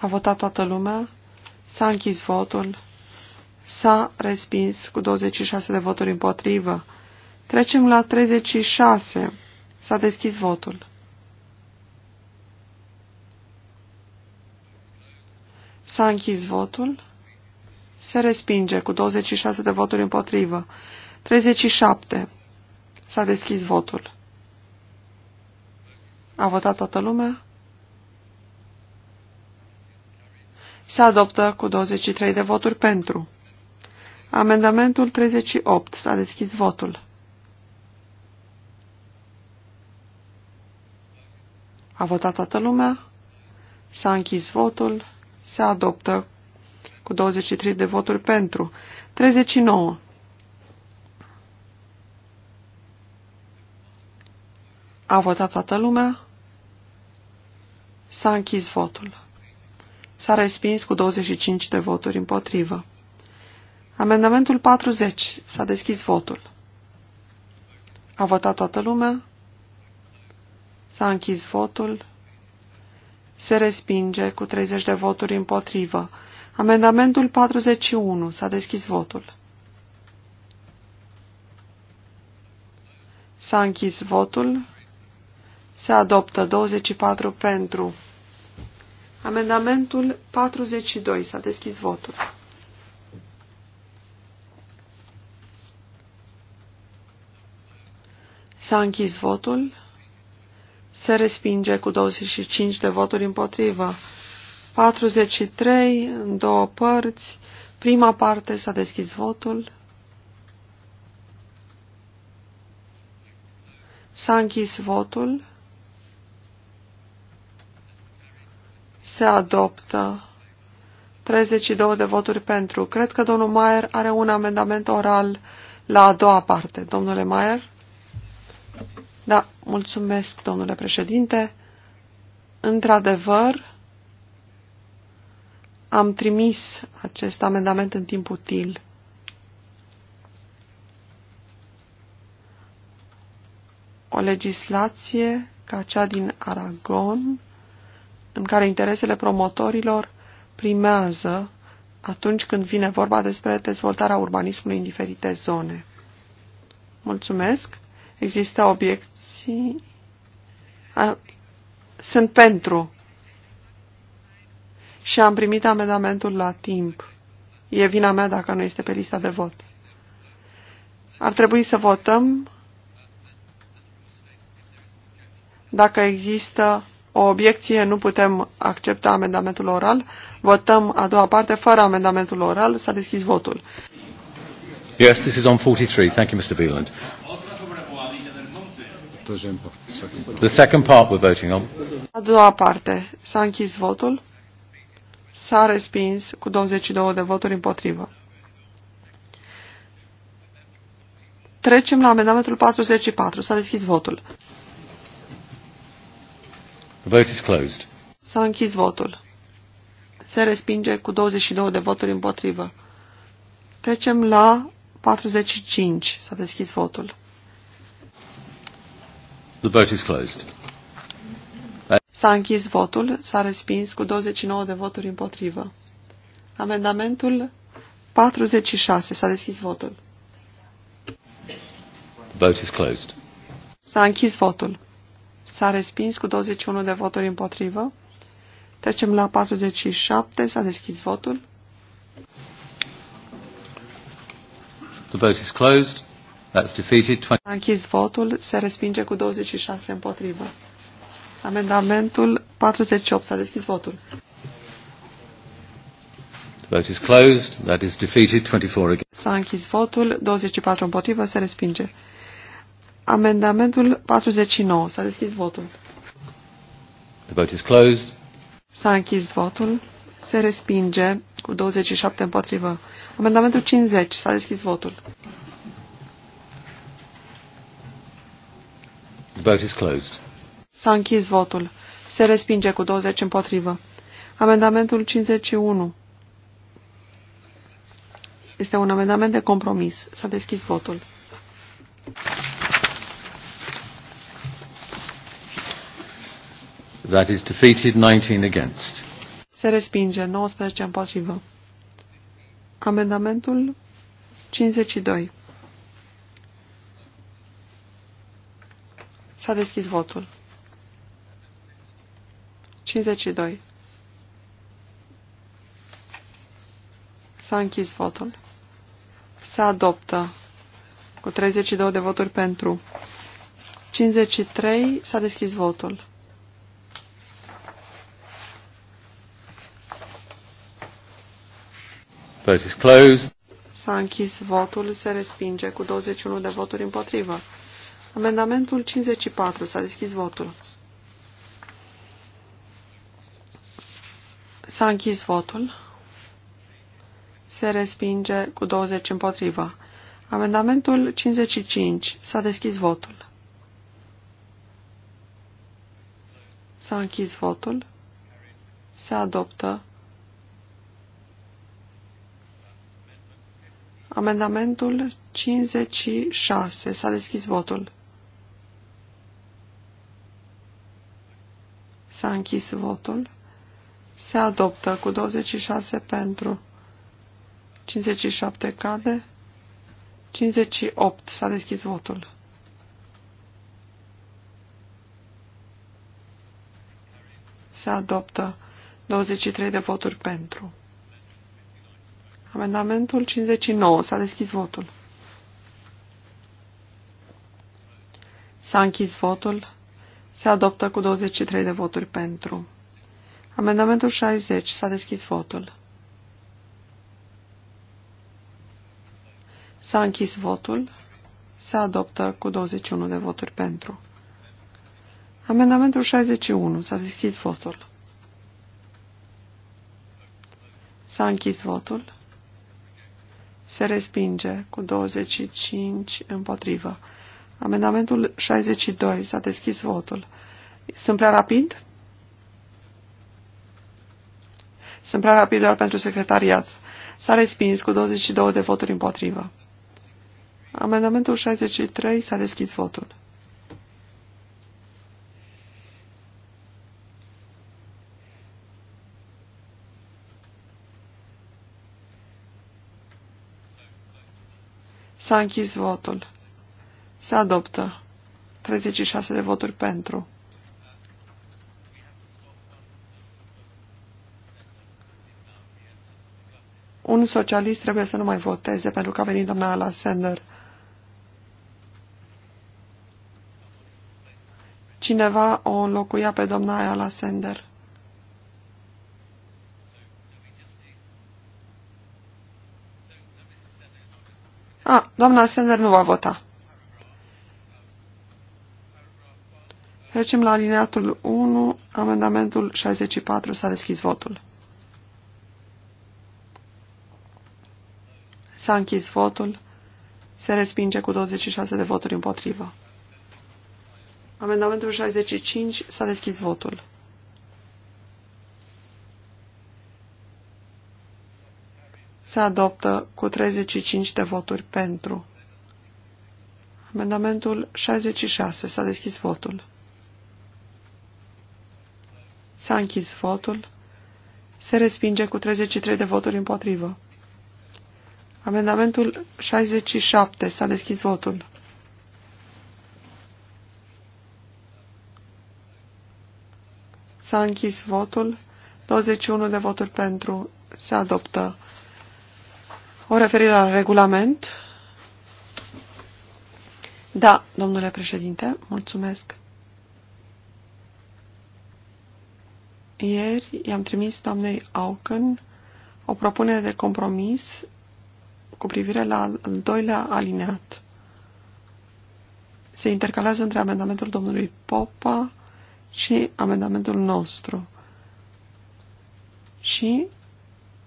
A votat toată lumea. S-a închis votul. S-a respins cu 26 de voturi împotrivă. Trecem la 36. S-a deschis votul. S-a închis votul. Se respinge cu 26 de voturi împotrivă. 37. S-a deschis votul. A votat toată lumea? Se adoptă cu 23 de voturi pentru. Amendamentul 38. S-a deschis votul. A votat toată lumea? S-a închis votul. Se adoptă cu 23 de voturi pentru, 39 A votat toată lumea? S-a închis votul. S-a respins cu 25 de voturi împotrivă. Amendamentul 40. S-a deschis votul. A votat toată lumea? S-a închis votul. Se respinge cu 30 de voturi împotrivă. Amendamentul 41. S-a deschis votul. S-a închis votul. Se adoptă 24 pentru. Amendamentul 42. S-a deschis votul. S-a închis votul. Se respinge cu 25 de voturi împotrivă. 43 în două părți. Prima parte s-a deschis votul. S-a închis votul. Se adoptă 32 de voturi pentru. Cred că domnul Maier are un amendament oral la a doua parte. Domnule Maier? Da, mulțumesc, domnule președinte. Într-adevăr, am trimis acest amendament în timp util. O legislație ca cea din Aragon, în care interesele promotorilor primează atunci când vine vorba despre dezvoltarea urbanismului în diferite zone. Mulțumesc. Există obiecții? Sunt pentru și am primit amendamentul la timp. E vina mea dacă nu este pe lista de vot. Ar trebui să votăm dacă există o obiecție, nu putem accepta amendamentul oral. Votăm a doua parte fără amendamentul oral. S-a deschis votul. Yes, this is on 43. Thank you, Mr. Beeland. The second part we're voting on. A doua parte. S-a închis votul s-a respins cu 22 de voturi împotrivă. Trecem la amendamentul 44. S-a deschis votul. Vote is closed. S-a închis votul. Se respinge cu 22 de voturi împotrivă. Trecem la 45. S-a deschis votul. The vote is closed. S-a închis votul, s-a respins cu 29 de voturi împotrivă. Amendamentul 46. S-a deschis votul. Vote is closed. S-a închis votul. S-a respins cu 21 de voturi împotrivă. Trecem la 47. S-a deschis votul. The vote is closed. That's defeated. S-a închis votul. Se respinge cu 26 împotrivă. Amendamentul 48. S-a deschis votul. Vote is closed. That is defeated. 24 against. S-a închis votul. 24 împotrivă. Se respinge. Amendamentul 49. S-a deschis votul. The vote is closed. S-a închis votul. Se respinge cu 27 împotrivă. Amendamentul 50. S-a deschis votul. The vote is closed. S-a închis votul. Se respinge cu 20 împotrivă. Amendamentul 51. Este un amendament de compromis. S-a deschis votul. That is defeated 19 against. Se respinge 19 împotrivă. Amendamentul 52. S-a deschis votul. 52. S-a închis votul. Se adoptă cu 32 de voturi pentru. 53 s-a deschis votul. Vote is closed. S-a închis votul, se respinge cu 21 de voturi împotrivă. Amendamentul 54 s-a deschis votul. S-a închis votul. Se respinge cu 20 împotriva. Amendamentul 55. S-a deschis votul. S-a închis votul. Se adoptă. Amendamentul 56. S-a deschis votul. S-a închis votul se adoptă cu 26 pentru, 57 cade, 58 s-a deschis votul. Se adoptă 23 de voturi pentru. Amendamentul 59 s-a deschis votul. S-a închis votul. Se adoptă cu 23 de voturi pentru. Amendamentul 60. S-a deschis votul. S-a închis votul. Se adoptă cu 21 de voturi pentru. Amendamentul 61. S-a deschis votul. S-a închis votul. Se respinge cu 25 împotrivă. Amendamentul 62. S-a deschis votul. Sunt prea rapid? Sunt prea rapid doar pentru secretariat. S-a respins cu 22 de voturi împotrivă. Amendamentul 63 s-a deschis votul. S-a închis votul. Se adoptă. 36 de voturi pentru. socialist trebuie să nu mai voteze pentru că a venit doamna la sender. Cineva o înlocuia pe doamna aia la sender. A, doamna Sender nu va vota. Trecem la alineatul 1, amendamentul 64. S-a deschis votul. S-a închis votul. Se respinge cu 26 de voturi împotrivă. Amendamentul 65. S-a deschis votul. Se adoptă cu 35 de voturi pentru. Amendamentul 66. S-a deschis votul. S-a închis votul. Se respinge cu 33 de voturi împotrivă. Amendamentul 67. S-a deschis votul. S-a închis votul. 21 de voturi pentru. Se adoptă. O referire la regulament. Da, domnule președinte, mulțumesc. Ieri i-am trimis doamnei Auken o propunere de compromis cu privire la al doilea alineat. Se intercalează între amendamentul domnului Popa și amendamentul nostru. Și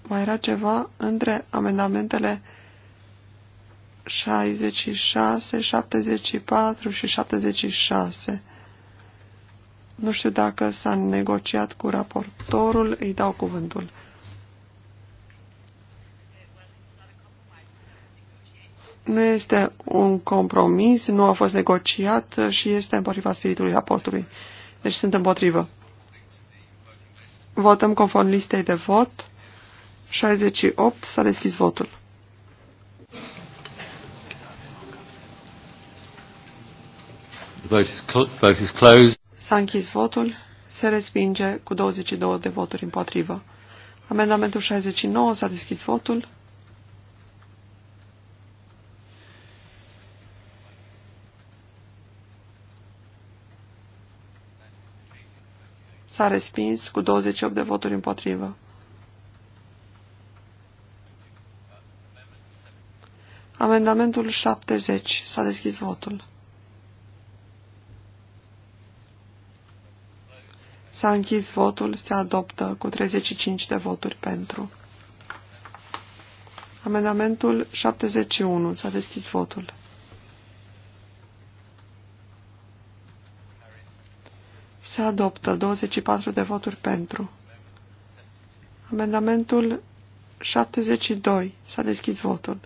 mai era ceva între amendamentele 66, 74 și 76. Nu știu dacă s-a negociat cu raportorul, îi dau cuvântul. nu este un compromis, nu a fost negociat și este împotriva spiritului raportului. Deci sunt împotrivă. Votăm conform listei de vot. 68 s-a deschis votul. S-a închis votul. Se respinge cu 22 de voturi împotrivă. Amendamentul 69 s-a deschis votul. S-a respins cu 28 de voturi împotrivă. Amendamentul 70. S-a deschis votul. S-a închis votul, se adoptă cu 35 de voturi pentru. Amendamentul 71. S-a deschis votul. Se adoptă 24 de voturi pentru. Amendamentul 72. S-a deschis votul.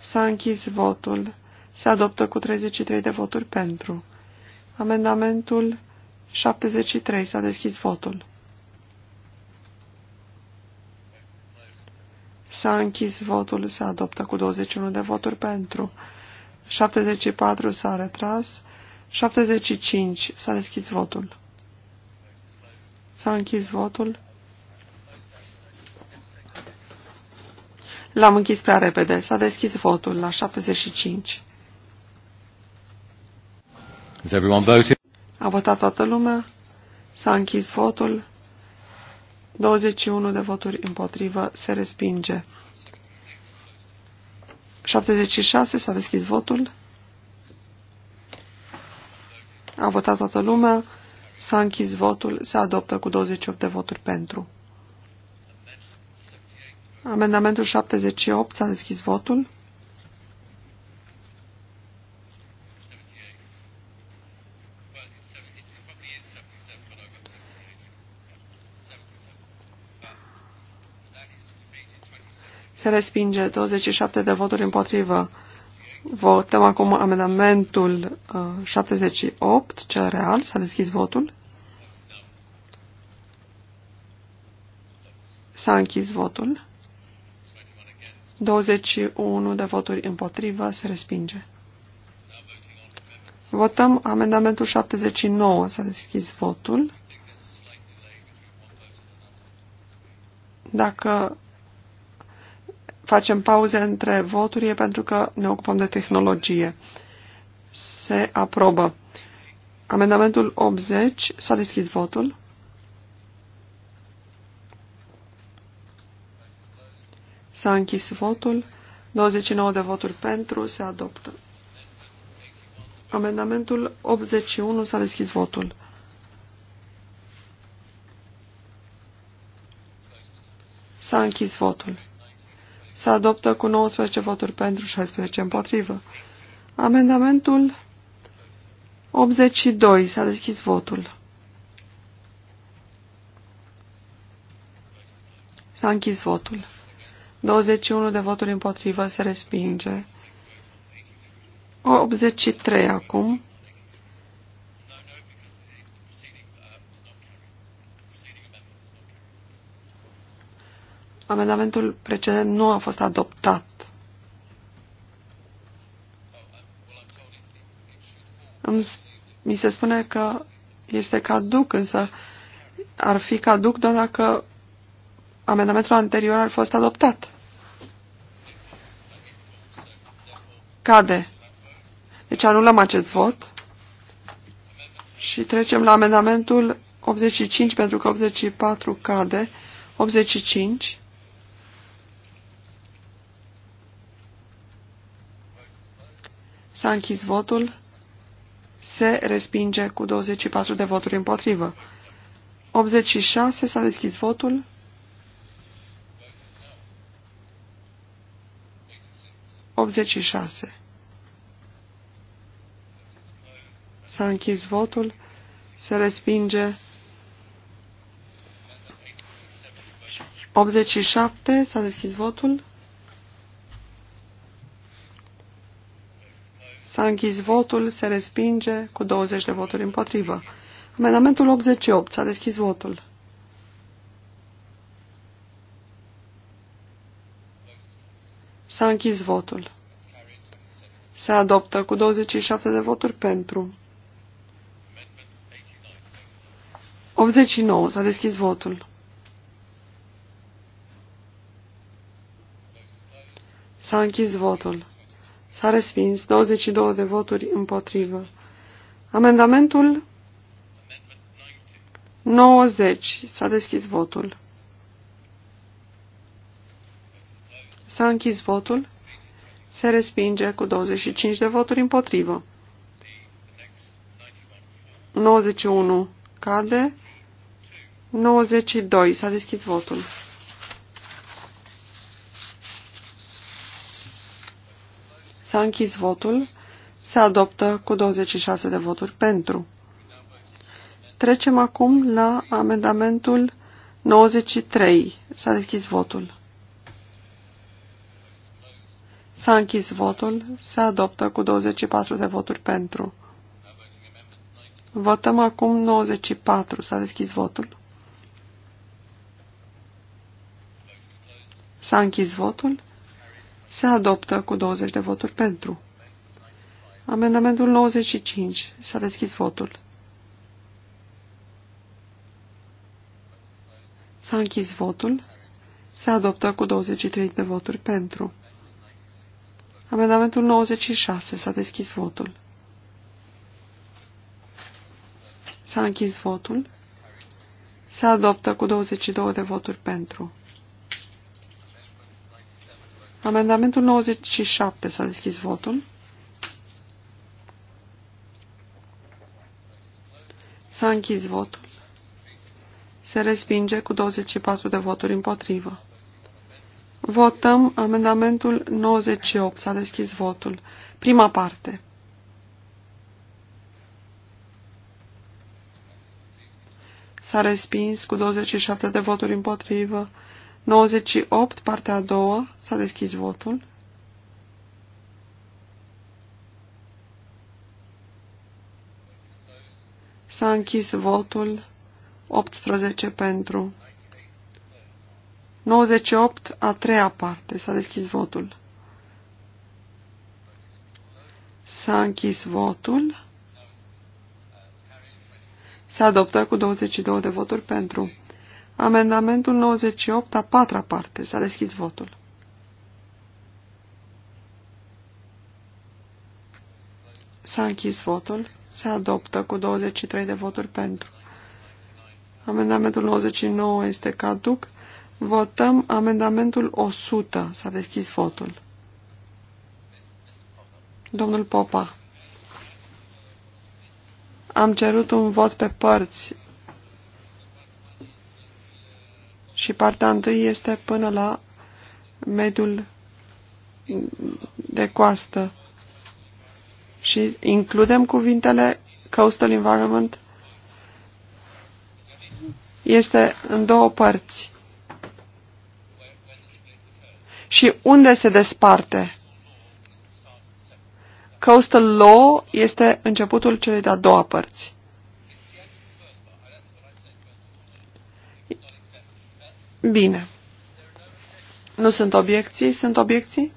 S-a închis votul. Se adoptă cu 33 de voturi pentru. Amendamentul 73. S-a deschis votul. S-a închis votul. Se adoptă cu 21 de voturi pentru. 74 s-a retras. 75 s-a deschis votul. S-a închis votul. L-am închis prea repede. S-a deschis votul la 75. Has everyone A votat toată lumea. S-a închis votul. 21 de voturi împotrivă se respinge. 76 s-a deschis votul. A votat toată lumea. S-a închis votul. Se adoptă cu 28 de voturi pentru. Amendamentul 78 s-a deschis votul. Se respinge 27 de voturi împotrivă. Votăm acum amendamentul 78, uh, cel real. S-a deschis votul. S-a închis votul. 21 de voturi împotrivă. Se respinge. Votăm amendamentul 79. S-a deschis votul. Dacă facem pauze între voturi e pentru că ne ocupăm de tehnologie. Se aprobă. Amendamentul 80. S-a deschis votul. S-a închis votul. 29 de voturi pentru. Se adoptă. Amendamentul 81. S-a deschis votul. S-a închis votul se adoptă cu 19 voturi pentru 16 împotrivă. Amendamentul 82. S-a deschis votul. S-a închis votul. 21 de voturi împotrivă se respinge. 83 acum. Amendamentul precedent nu a fost adoptat. mi se spune că este caduc, însă ar fi caduc doar dacă amendamentul anterior ar fost adoptat. Cade. Deci anulăm acest vot și trecem la amendamentul 85 pentru că 84 cade. 85 S-a închis votul. Se respinge cu 24 de voturi împotrivă. 86 s-a deschis votul. S-a închis votul. Se respinge 87. S-a deschis votul. S-a închis votul, se respinge cu 20 de voturi împotrivă. Amendamentul 88. S-a deschis votul. S-a închis votul. Se adoptă cu 27 de voturi pentru. 89. S-a deschis votul. S-a închis votul. S-a respins 22 de voturi împotrivă. Amendamentul 90. S-a deschis votul. S-a închis votul. Se respinge cu 25 de voturi împotrivă. 91 cade. 92. S-a deschis votul. S-a închis votul. Se adoptă cu 26 de voturi pentru. Trecem acum la amendamentul 93. S-a deschis votul. S-a închis votul. Se adoptă cu 24 de voturi pentru. Votăm acum 94. S-a deschis votul. S-a închis votul se adoptă cu 20 de voturi pentru. Amendamentul 95. S-a deschis votul. S-a închis votul. Se adoptă cu 23 de voturi pentru. Amendamentul 96. S-a deschis votul. S-a închis votul. Se adoptă cu 22 de voturi pentru. Amendamentul 97 s-a deschis votul. S-a închis votul. Se respinge cu 24 de voturi împotrivă. Votăm amendamentul 98. S-a deschis votul. Prima parte. S-a respins cu 27 de voturi împotrivă. 98, partea a doua, s-a deschis votul. S-a închis votul 18 pentru. 98, a treia parte, s-a deschis votul. S-a închis votul. Se adoptă cu 22 de voturi pentru. Amendamentul 98, a patra parte. S-a deschis votul. S-a închis votul. Se adoptă cu 23 de voturi pentru. Amendamentul 99 este caduc. Votăm amendamentul 100. S-a deschis votul. Domnul Popa. Am cerut un vot pe părți și partea întâi este până la mediul de coastă. Și includem cuvintele coastal environment. Este în două părți. Și unde se desparte? Coastal law este începutul celei de-a doua părți. Bine. Nu sunt obiecții? Sunt obiecții?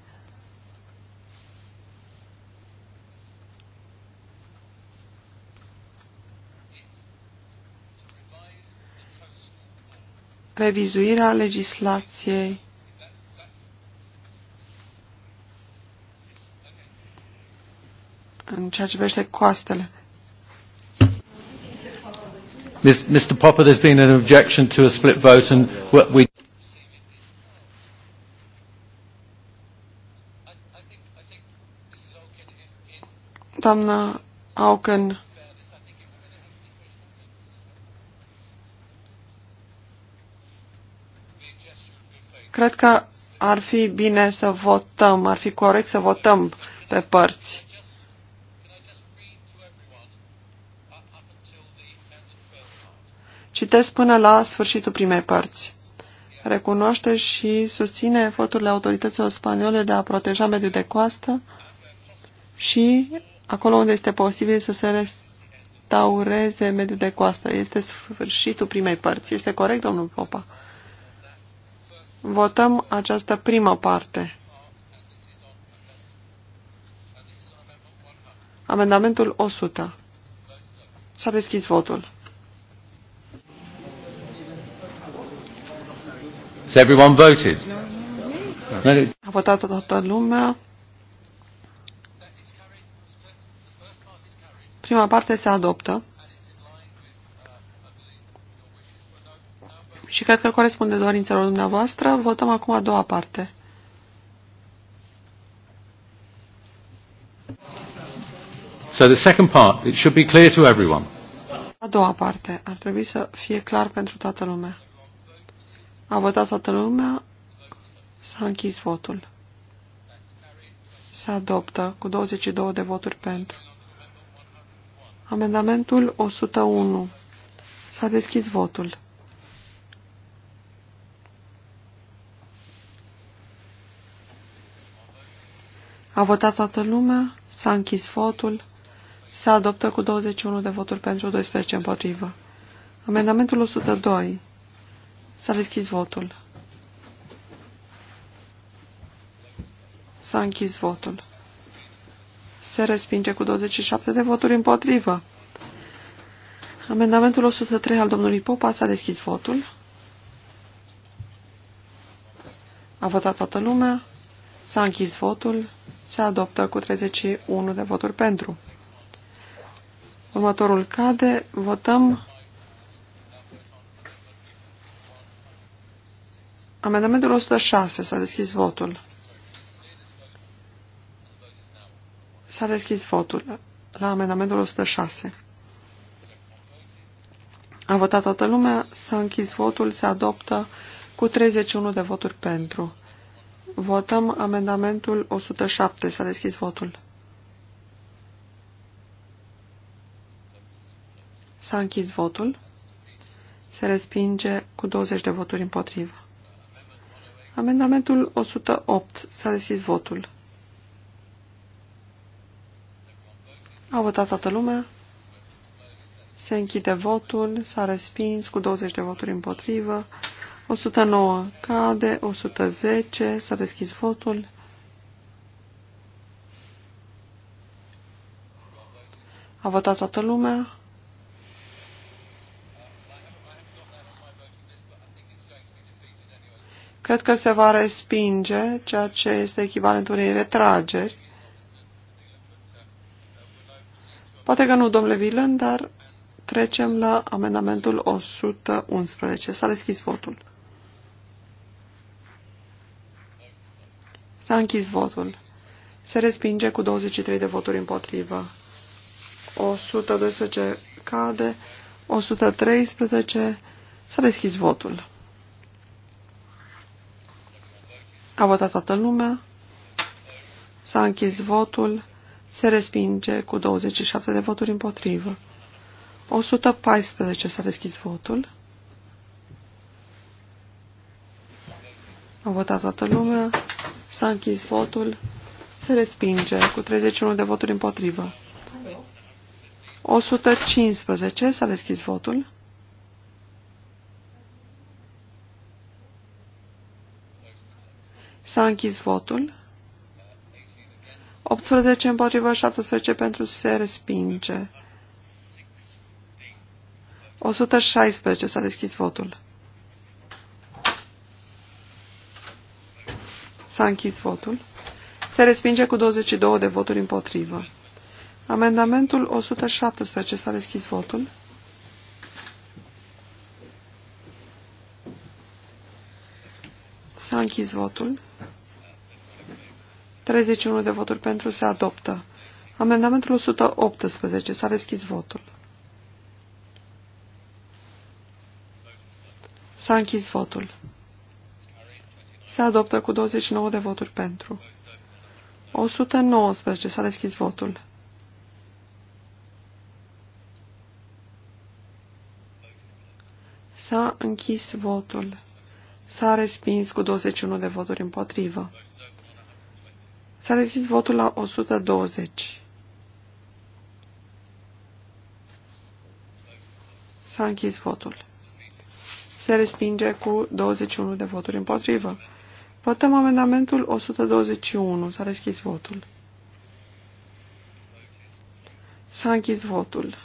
Revizuirea legislației în ceea ce vește coastele. Mr. Popper, there's been an objection to a split vote, and what we. Doamna Auken. Cred că ar fi bine să votăm, ar fi corect să votăm pe părți. Citesc până la sfârșitul primei părți. Recunoaște și susține eforturile autorităților spaniole de a proteja mediul de coastă și, acolo unde este posibil, să se restaureze mediul de coastă. Este sfârșitul primei părți. Este corect, domnul Popa? Votăm această primă parte. Amendamentul 100. S-a deschis votul. Has everyone voted? A votat toată lumea. Prima parte se adoptă. Și cred că corespunde dorințelor dumneavoastră. Votăm acum a doua parte. So the second part, it should be clear to everyone. A doua parte ar trebui să fie clar pentru toată lumea. A votat toată lumea. S-a închis votul. Se adoptă cu 22 de voturi pentru. Amendamentul 101. S-a deschis votul. A votat toată lumea, s-a închis votul, se adoptă cu 21 de voturi pentru 12 împotrivă. Amendamentul 102. S-a deschis votul. S-a închis votul. Se respinge cu 27 de voturi împotrivă. Amendamentul 103 al domnului Popa s-a deschis votul. A votat toată lumea. S-a închis votul. Se adoptă cu 31 de voturi pentru. Următorul cade. Votăm Amendamentul 106. S-a deschis votul. S-a deschis votul la amendamentul 106. A votat toată lumea, s-a închis votul, se adoptă cu 31 de voturi pentru. Votăm amendamentul 107. S-a deschis votul. S-a închis votul. Se respinge cu 20 de voturi împotrivă. Amendamentul 108. S-a deschis votul. A votat toată lumea. Se închide votul. S-a respins cu 20 de voturi împotrivă. 109 cade, 110, s-a deschis votul. A votat toată lumea. Cred că se va respinge ceea ce este echivalentul unei retrageri. Poate că nu, domnule Vilen, dar trecem la amendamentul 111. S-a deschis votul. S-a închis votul. Se respinge cu 23 de voturi împotrivă. 112 cade, 113 s-a deschis votul. A votat toată lumea. S-a închis votul. Se respinge cu 27 de voturi împotrivă. 114 s-a deschis votul. A votat toată lumea. S-a închis votul. Se respinge cu 31 de voturi împotrivă. 115 s-a deschis votul. S-a închis votul. 18 împotriva 17 pentru se respinge. 116 s-a deschis votul. S-a închis votul. Se respinge cu 22 de voturi împotrivă. Amendamentul 117 s-a deschis votul. S-a închis votul. 31 de voturi pentru se adoptă. Amendamentul 118. S-a deschis votul. S-a închis votul. Se adoptă cu 29 de voturi pentru. 119. S-a deschis votul. S-a închis votul. S-a respins cu 21 de voturi împotrivă. S-a respins votul la 120. S-a închis votul. Se respinge cu 21 de voturi împotrivă. Votăm amendamentul 121. S-a deschis votul. S-a închis votul.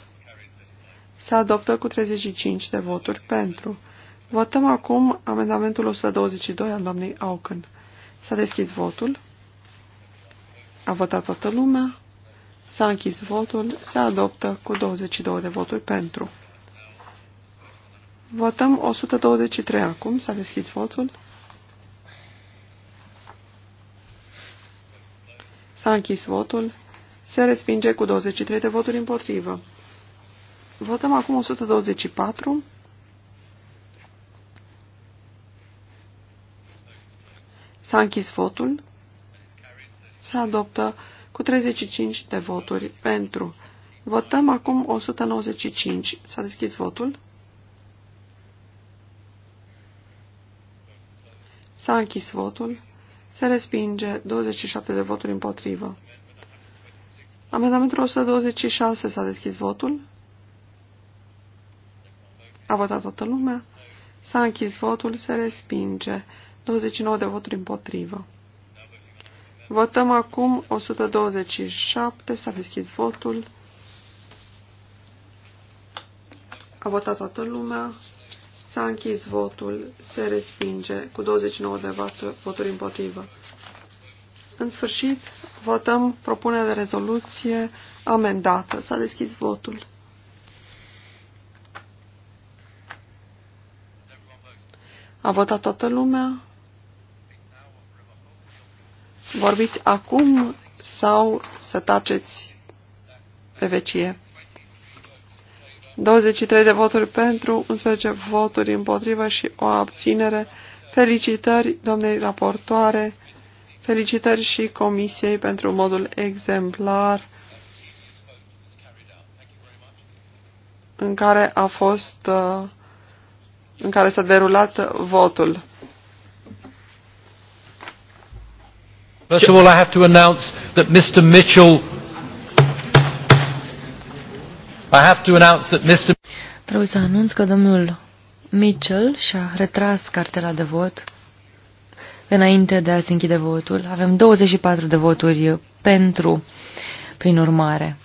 Se adoptă cu 35 de voturi pentru. Votăm acum amendamentul 122 al doamnei Aucân. S-a deschis votul. A votat toată lumea. S-a închis votul. Se adoptă cu 22 de voturi pentru. Votăm 123 acum. S-a deschis votul. S-a închis votul. Se respinge cu 23 de voturi împotrivă. Votăm acum 124. S-a închis votul. Se adoptă cu 35 de voturi pentru. Votăm acum 195. S-a deschis votul. S-a închis votul. Se respinge 27 de voturi împotrivă. Amendamentul 126 s-a deschis votul. A votat toată lumea. S-a închis votul, se respinge. 29 de voturi împotrivă. Votăm acum 127. S-a deschis votul. A votat toată lumea. S-a închis votul. Se respinge cu 29 de voturi împotrivă. În sfârșit, votăm propunerea de rezoluție amendată. S-a deschis votul. A votat toată lumea vorbiți acum sau să taceți pe vecie. 23 de voturi pentru, 11 voturi împotrivă și o abținere. Felicitări domnei raportoare, felicitări și comisiei pentru modul exemplar în care a fost uh, în care s-a derulat votul. First of all, I have to announce that Mr. Mitchell. I have to announce that Mr. Trebuie să anunț că domnul Mitchell și-a retras cartela de vot înainte de a se închide votul. Avem 24 de voturi pentru, prin urmare.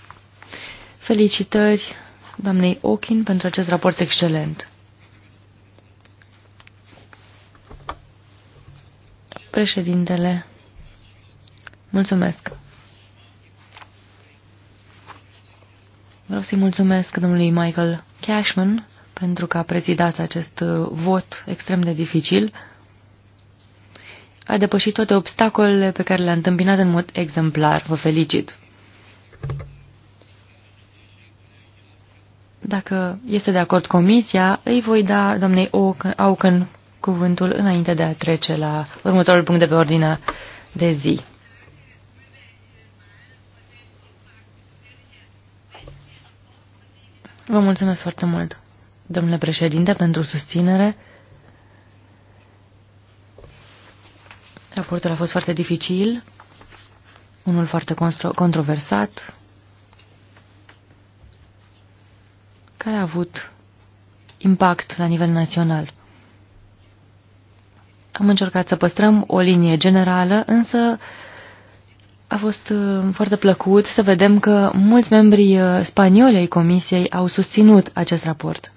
Felicitări doamnei Ochin pentru acest raport excelent. Președintele Mulțumesc. Vreau să-i mulțumesc domnului Michael Cashman pentru că a prezidat acest uh, vot extrem de dificil. A depășit toate obstacolele pe care le-a întâmpinat în mod exemplar. Vă felicit! Dacă este de acord comisia, îi voi da doamnei Auken cuvântul înainte de a trece la următorul punct de pe ordinea de zi. Vă mulțumesc foarte mult, domnule președinte, pentru susținere. Raportul a fost foarte dificil, unul foarte controversat, care a avut impact la nivel național. Am încercat să păstrăm o linie generală, însă a fost uh, foarte plăcut să vedem că mulți membri uh, spanioli ai Comisiei au susținut acest raport.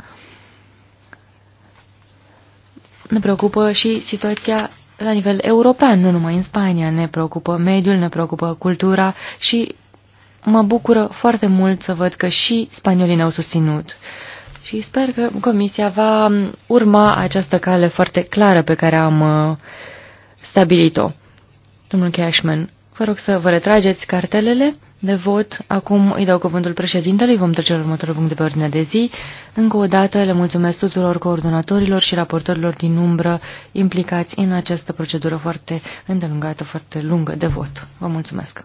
Ne preocupă și situația la nivel european, nu numai în Spania. Ne preocupă mediul, ne preocupă cultura și mă bucură foarte mult să văd că și spaniolii ne-au susținut. Și sper că Comisia va urma această cale foarte clară pe care am uh, stabilit-o. Domnul Cashman, Vă rog să vă retrageți cartelele de vot. Acum îi dau cuvântul președintelui. Vom trece la următorul punct de pe ordine de zi. Încă o dată le mulțumesc tuturor coordonatorilor și raportorilor din umbră implicați în această procedură foarte îndelungată, foarte lungă de vot. Vă mulțumesc!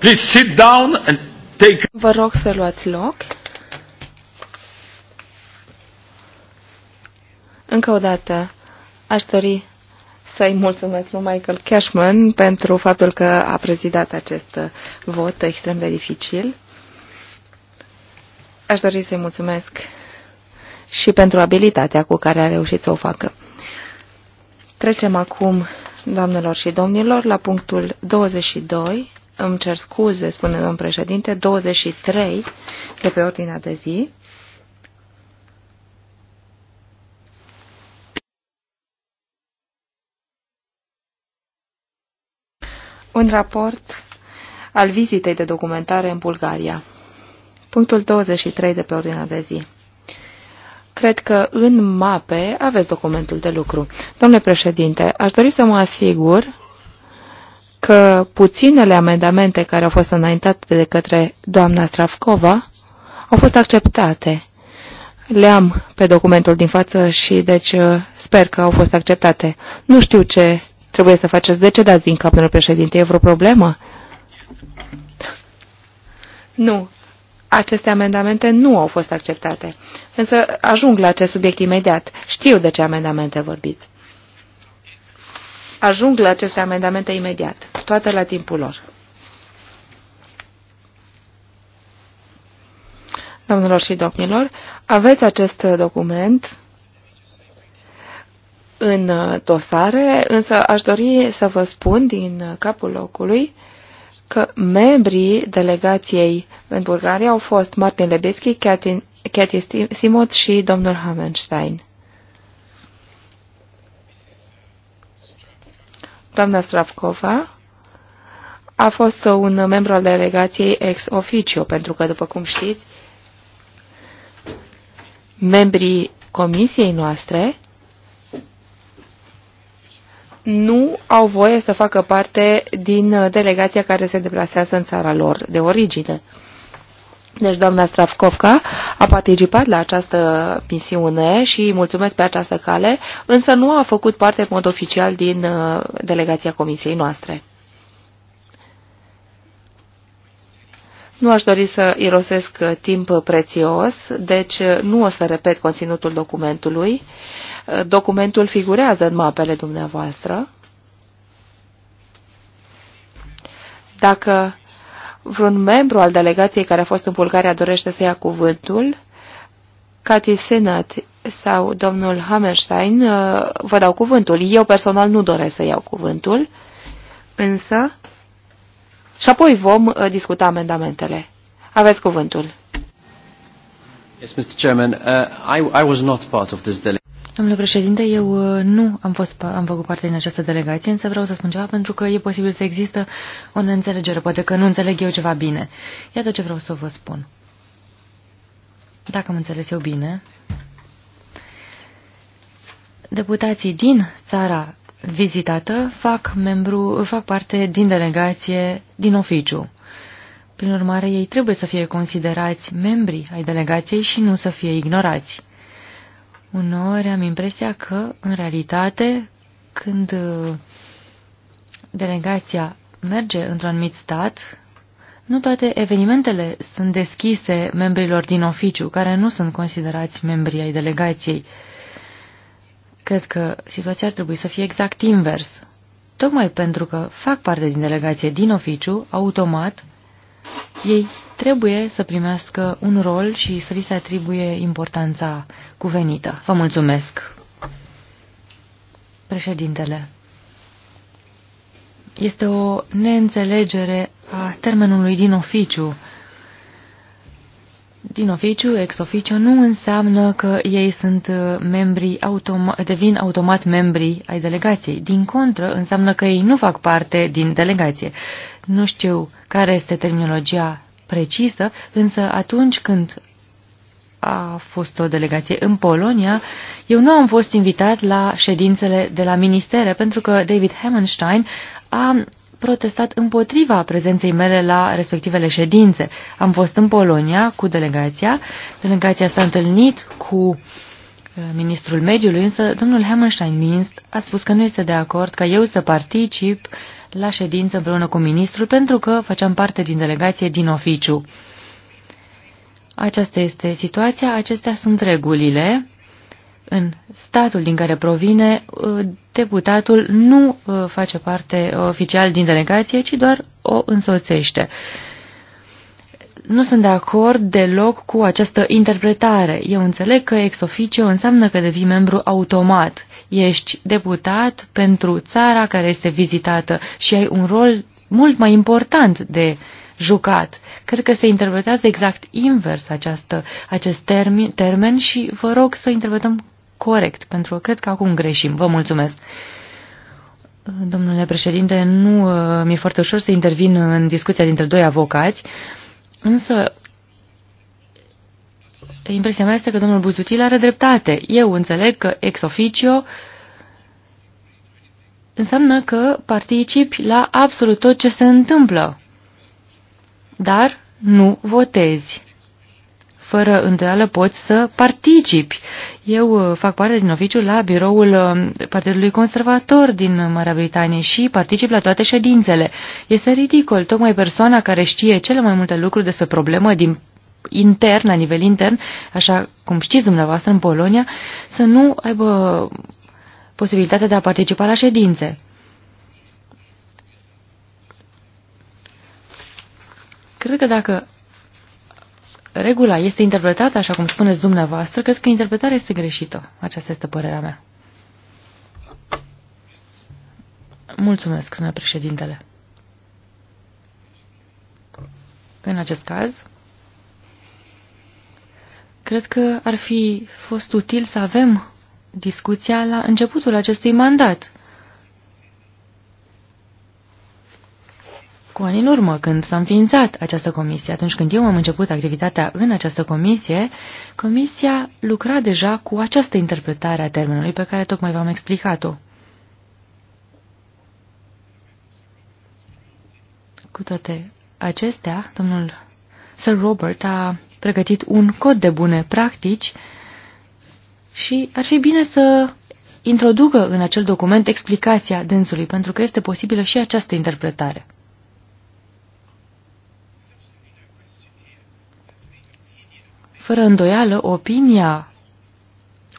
Please sit down and take... Vă rog să luați loc. Încă o dată, aș dori să-i mulțumesc lui Michael Cashman pentru faptul că a prezidat acest vot extrem de dificil. Aș dori să-i mulțumesc și pentru abilitatea cu care a reușit să o facă. Trecem acum, doamnelor și domnilor, la punctul 22, îmi cer scuze, spune domn președinte, 23 de pe ordinea de zi. Un raport al vizitei de documentare în Bulgaria. Punctul 23 de pe ordinea de zi. Cred că în mape aveți documentul de lucru. Domnule președinte, aș dori să mă asigur că puținele amendamente care au fost înaintate de către doamna Strafcova au fost acceptate. Le am pe documentul din față și deci uh, sper că au fost acceptate. Nu știu ce trebuie să faceți. De ce dați din cap, domnule președinte? E vreo problemă? Nu. Aceste amendamente nu au fost acceptate. Însă ajung la acest subiect imediat. Știu de ce amendamente vorbiți ajung la aceste amendamente imediat, toate la timpul lor. Domnilor și domnilor, aveți acest document în dosare, însă aș dori să vă spun din capul locului că membrii delegației în Bulgaria au fost Martin Lebetsky, Cathy Simot și domnul Hamenstein. Doamna Stravkova a fost un membru al delegației ex officio, pentru că, după cum știți, membrii comisiei noastre nu au voie să facă parte din delegația care se deplasează în țara lor de origine. Deci doamna Stravkovca a participat la această misiune și mulțumesc pe această cale, însă nu a făcut parte în mod oficial din uh, delegația comisiei noastre. Nu aș dori să irosesc uh, timp prețios, deci uh, nu o să repet conținutul documentului. Documentul figurează în mapele dumneavoastră. Dacă vreun membru al delegației care a fost în Bulgaria dorește să ia cuvântul, Cathy Senat sau domnul Hammerstein, uh, vă dau cuvântul. Eu personal nu doresc să iau cuvântul, însă... Și apoi vom uh, discuta amendamentele. Aveți cuvântul. Yes, Mr. Chairman, uh, I, I was not part of this Domnule președinte, eu uh, nu am, fost, am făcut parte din această delegație, însă vreau să spun ceva pentru că e posibil să există o neînțelegere, poate că nu înțeleg eu ceva bine. Iată ce vreau să vă spun. Dacă am înțeles eu bine, deputații din țara vizitată fac, membru, fac parte din delegație din oficiu. Prin urmare, ei trebuie să fie considerați membri ai delegației și nu să fie ignorați. Uneori am impresia că, în realitate, când uh, delegația merge într-un anumit stat, nu toate evenimentele sunt deschise membrilor din oficiu, care nu sunt considerați membri ai delegației. Cred că situația ar trebui să fie exact invers. Tocmai pentru că fac parte din delegație din oficiu, automat ei trebuie să primească un rol și să li se atribuie importanța cuvenită. Vă mulțumesc. Președintele, este o neînțelegere a termenului din oficiu. Din oficiu, ex oficiu, nu înseamnă că ei sunt uh, membri automa devin automat membri ai delegației. Din contră, înseamnă că ei nu fac parte din delegație. Nu știu care este terminologia precisă, însă atunci când a fost o delegație în Polonia, eu nu am fost invitat la ședințele de la ministere, pentru că David Hammerstein a protestat împotriva prezenței mele la respectivele ședințe. Am fost în Polonia cu delegația, delegația s-a întâlnit cu uh, ministrul mediului, însă domnul Hammerstein-Minst a spus că nu este de acord ca eu să particip uh, la ședință împreună cu ministrul pentru că făceam parte din delegație din oficiu. Aceasta este situația, acestea sunt regulile. În statul din care provine, uh, deputatul nu uh, face parte uh, oficial din delegație, ci doar o însoțește nu sunt de acord deloc cu această interpretare. Eu înțeleg că ex officio înseamnă că devii membru automat. Ești deputat pentru țara care este vizitată și ai un rol mult mai important de jucat. Cred că se interpretează exact invers această, acest termen, termen și vă rog să interpretăm corect, pentru că cred că acum greșim. Vă mulțumesc. Domnule președinte, nu uh, mi-e foarte ușor să intervin în discuția dintre doi avocați. Uh, Însă, impresia mea este că domnul Buzutil are dreptate. Eu înțeleg că ex officio înseamnă că participi la absolut tot ce se întâmplă, dar nu votezi fără îndoială poți să participi. Eu uh, fac parte din oficiu la biroul uh, Partidului Conservator din Marea Britanie și particip la toate ședințele. Este ridicol, tocmai persoana care știe cele mai multe lucruri despre problemă din intern, la nivel intern, așa cum știți dumneavoastră în Polonia, să nu aibă posibilitatea de a participa la ședințe. Cred că dacă regula este interpretată așa cum spuneți dumneavoastră, cred că interpretarea este greșită. Aceasta este părerea mea. Mulțumesc, domnule președintele. În acest caz, cred că ar fi fost util să avem discuția la începutul acestui mandat, cu ani în urmă, când s-a înființat această comisie, atunci când eu am început activitatea în această comisie, comisia lucra deja cu această interpretare a termenului pe care tocmai v-am explicat-o. Cu toate acestea, domnul Sir Robert a pregătit un cod de bune practici și ar fi bine să introducă în acel document explicația dânsului, pentru că este posibilă și această interpretare. Fără îndoială, opinia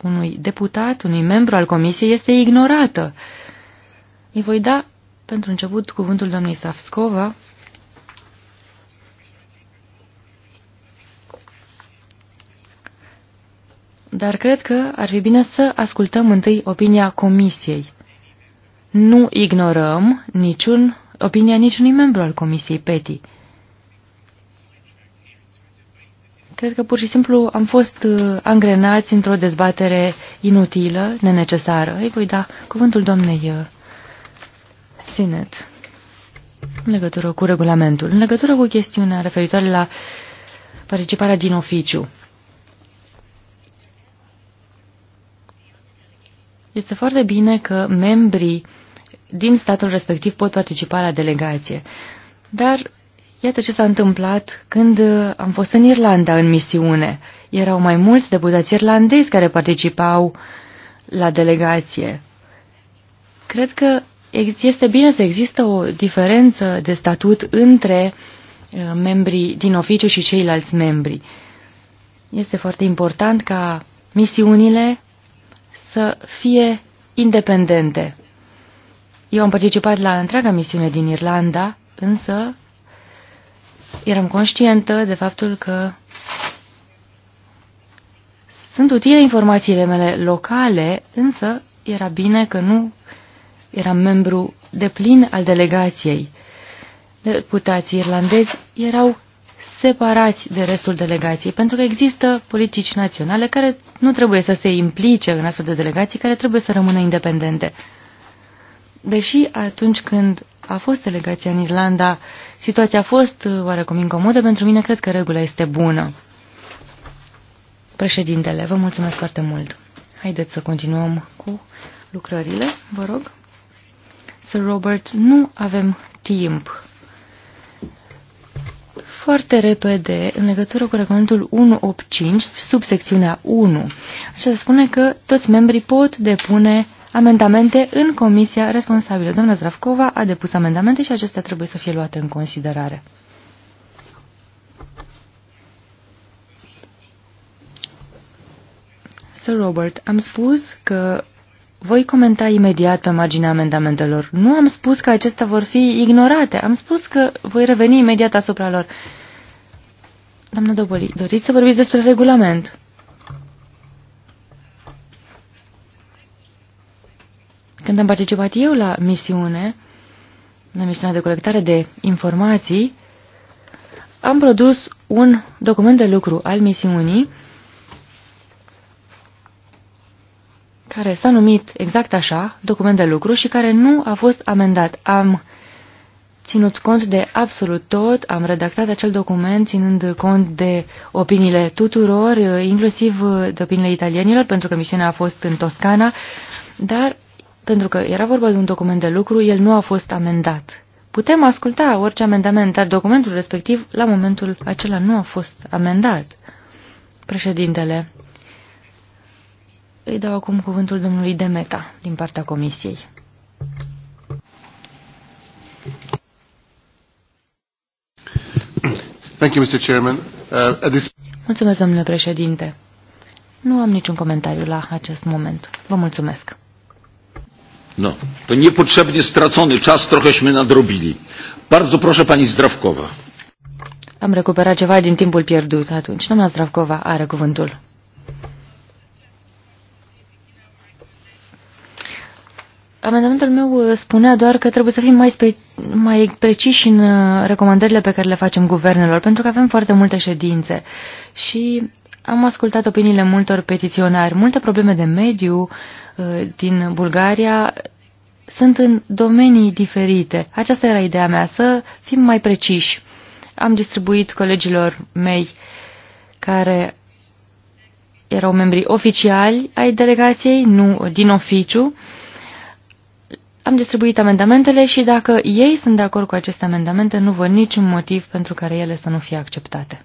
unui deputat, unui membru al comisiei este ignorată. Îi voi da pentru început cuvântul doamnei Savskova. Dar cred că ar fi bine să ascultăm întâi opinia comisiei. Nu ignorăm niciun, opinia niciunui membru al comisiei PETI. Cred că pur și simplu am fost uh, angrenați într-o dezbatere inutilă, nenecesară. Îi voi da cuvântul doamnei uh, Sinet în legătură cu regulamentul, în legătură cu chestiunea referitoare la participarea din oficiu. Este foarte bine că membrii din statul respectiv pot participa la delegație, dar Iată ce s-a întâmplat când uh, am fost în Irlanda în misiune. Erau mai mulți deputați irlandezi care participau la delegație. Cred că este bine să există o diferență de statut între uh, membrii din oficiu și ceilalți membri. Este foarte important ca misiunile să fie independente. Eu am participat la întreaga misiune din Irlanda, însă eram conștientă de faptul că sunt utile informațiile mele locale, însă era bine că nu eram membru de plin al delegației. Deputații irlandezi erau separați de restul delegației, pentru că există politici naționale care nu trebuie să se implice în astfel de delegații, care trebuie să rămână independente. Deși atunci când a fost delegația în Irlanda. Situația a fost uh, oarecum incomodă pentru mine, cred că regula este bună. Președintele, vă mulțumesc foarte mult. Haideți să continuăm cu lucrările, vă rog. Sir Robert, nu avem timp. Foarte repede, în legătură cu regulamentul 185, subsecțiunea 1, Aceasta se spune că toți membrii pot depune amendamente în comisia responsabilă. Doamna Zdravcova a depus amendamente și acestea trebuie să fie luate în considerare. Sir Robert, am spus că voi comenta imediat pe marginea amendamentelor. Nu am spus că acestea vor fi ignorate, am spus că voi reveni imediat asupra lor. Doamna Doboli, doriți să vorbiți despre regulament? Când am participat eu la misiune, la misiunea de colectare de informații, am produs un document de lucru al misiunii care s-a numit exact așa, document de lucru, și care nu a fost amendat. Am ținut cont de absolut tot, am redactat acel document ținând cont de opiniile tuturor, inclusiv de opiniile italienilor, pentru că misiunea a fost în Toscana, dar pentru că era vorba de un document de lucru, el nu a fost amendat. Putem asculta orice amendament, dar documentul respectiv, la momentul acela, nu a fost amendat. Președintele, îi dau acum cuvântul domnului Demeta, din partea comisiei. Thank you, Mr. Chairman. Uh, at this... Mulțumesc, domnule președinte. Nu am niciun comentariu la acest moment. Vă mulțumesc. No, to niepotrzebnie stracony czas trochęśmy nadrobili. Bardzo proszę pani Zdrawkowa. Am recuperat ceva din timpul pierdut atunci. Doamna Zdravkova are cuvântul. Amendamentul meu uh, spunea doar că trebuie să fim mai, spe mai preciși în uh, recomandările pe care le facem guvernelor, pentru că avem foarte multe ședințe și am ascultat opiniile multor petiționari. Multe probleme de mediu uh, din Bulgaria sunt în domenii diferite. Aceasta era ideea mea, să fim mai preciși. Am distribuit colegilor mei care erau membrii oficiali ai delegației, nu din oficiu. Am distribuit amendamentele și dacă ei sunt de acord cu aceste amendamente, nu văd niciun motiv pentru care ele să nu fie acceptate.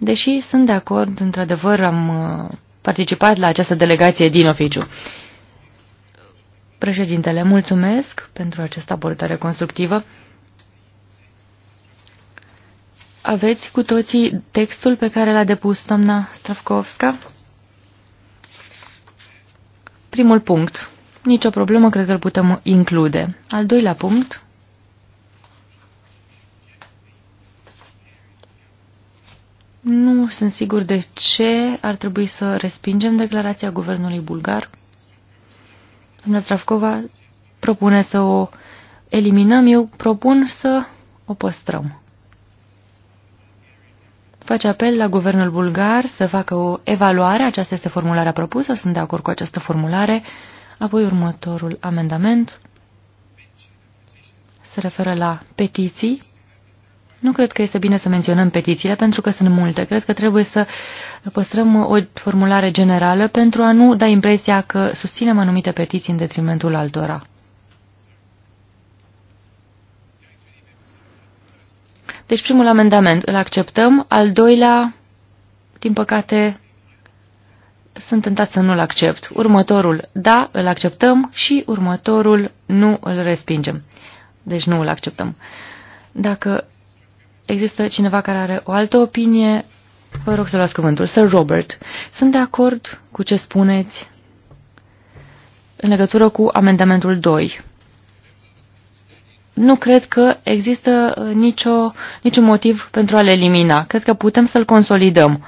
deși sunt de acord, într-adevăr am uh, participat la această delegație din oficiu. Președintele, mulțumesc pentru această abordare constructivă. Aveți cu toții textul pe care l-a depus doamna Stravkovska? Primul punct. Nicio problemă, cred că îl putem include. Al doilea punct. Nu sunt sigur de ce ar trebui să respingem declarația guvernului bulgar. Doamna Strafcova propune să o eliminăm, eu propun să o păstrăm. Face apel la guvernul bulgar să facă o evaluare, aceasta este formularea propusă, sunt de acord cu această formulare. Apoi următorul amendament se referă la petiții nu cred că este bine să menționăm petițiile, pentru că sunt multe. Cred că trebuie să păstrăm o formulare generală pentru a nu da impresia că susținem anumite petiții în detrimentul altora. Deci primul amendament îl acceptăm, al doilea, din păcate, sunt tentat să nu-l accept. Următorul, da, îl acceptăm și următorul, nu îl respingem. Deci nu îl acceptăm. Dacă există cineva care are o altă opinie, vă rog să luați cuvântul. Sir Robert, sunt de acord cu ce spuneți în legătură cu amendamentul 2. Nu cred că există uh, nicio, niciun motiv pentru a-l elimina. Cred că putem să-l consolidăm.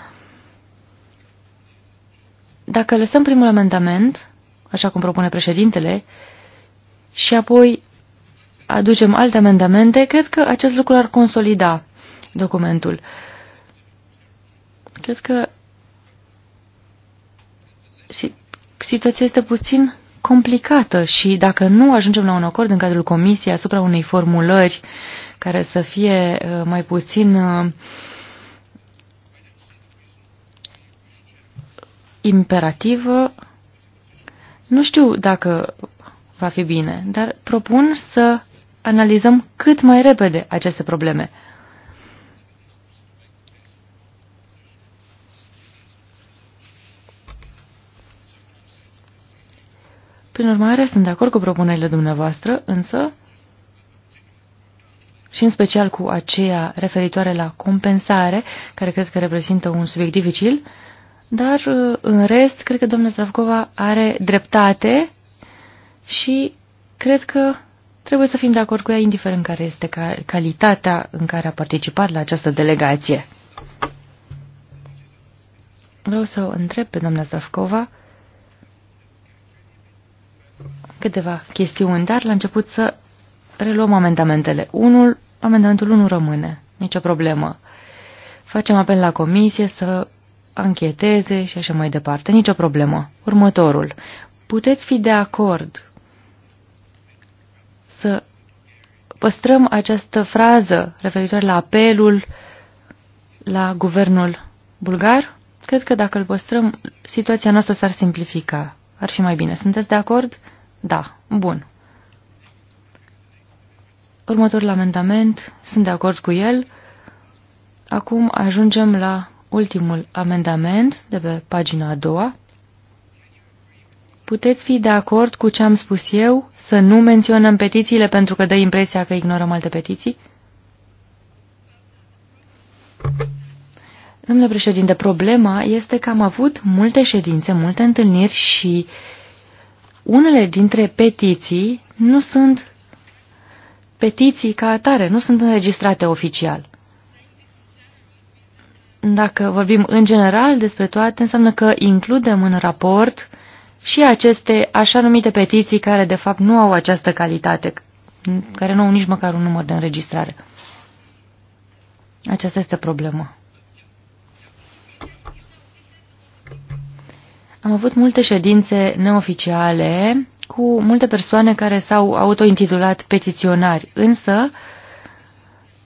Dacă lăsăm primul amendament, așa cum propune președintele, și apoi aducem alte amendamente, cred că acest lucru ar consolida documentul. Cred că situația este puțin complicată și dacă nu ajungem la un acord în cadrul comisiei asupra unei formulări care să fie uh, mai puțin uh, imperativă, nu știu dacă va fi bine, dar propun să analizăm cât mai repede aceste probleme. Prin urmare, sunt de acord cu propunerile dumneavoastră, însă și în special cu aceea referitoare la compensare, care cred că reprezintă un subiect dificil, dar uh, în rest, cred că doamna Zdravkova are dreptate și cred că trebuie să fim de acord cu ea, indiferent care este calitatea în care a participat la această delegație. Vreau să o întreb pe doamna Zdravkova câteva chestiuni, dar la început să reluăm amendamentele. Unul, amendamentul 1 rămâne, nicio problemă. Facem apel la comisie să ancheteze și așa mai departe, nicio problemă. Următorul, puteți fi de acord să păstrăm această frază referitoare la apelul la guvernul bulgar? Cred că dacă îl păstrăm, situația noastră s-ar simplifica. Ar fi mai bine. Sunteți de acord? Da, bun. Următorul amendament, sunt de acord cu el. Acum ajungem la ultimul amendament de pe pagina a doua. Puteți fi de acord cu ce am spus eu, să nu menționăm petițiile pentru că dă impresia că ignorăm alte petiții? Domnule președinte, problema este că am avut multe ședințe, multe întâlniri și uh, unele dintre petiții nu sunt petiții ca atare, nu sunt înregistrate oficial. Dacă vorbim în general despre toate, înseamnă că includem în raport și aceste așa numite petiții care de fapt nu au această calitate, care nu au nici măcar un număr de înregistrare. Aceasta este problema. Am avut multe ședințe neoficiale cu multe persoane care s-au autointitulat petiționari, însă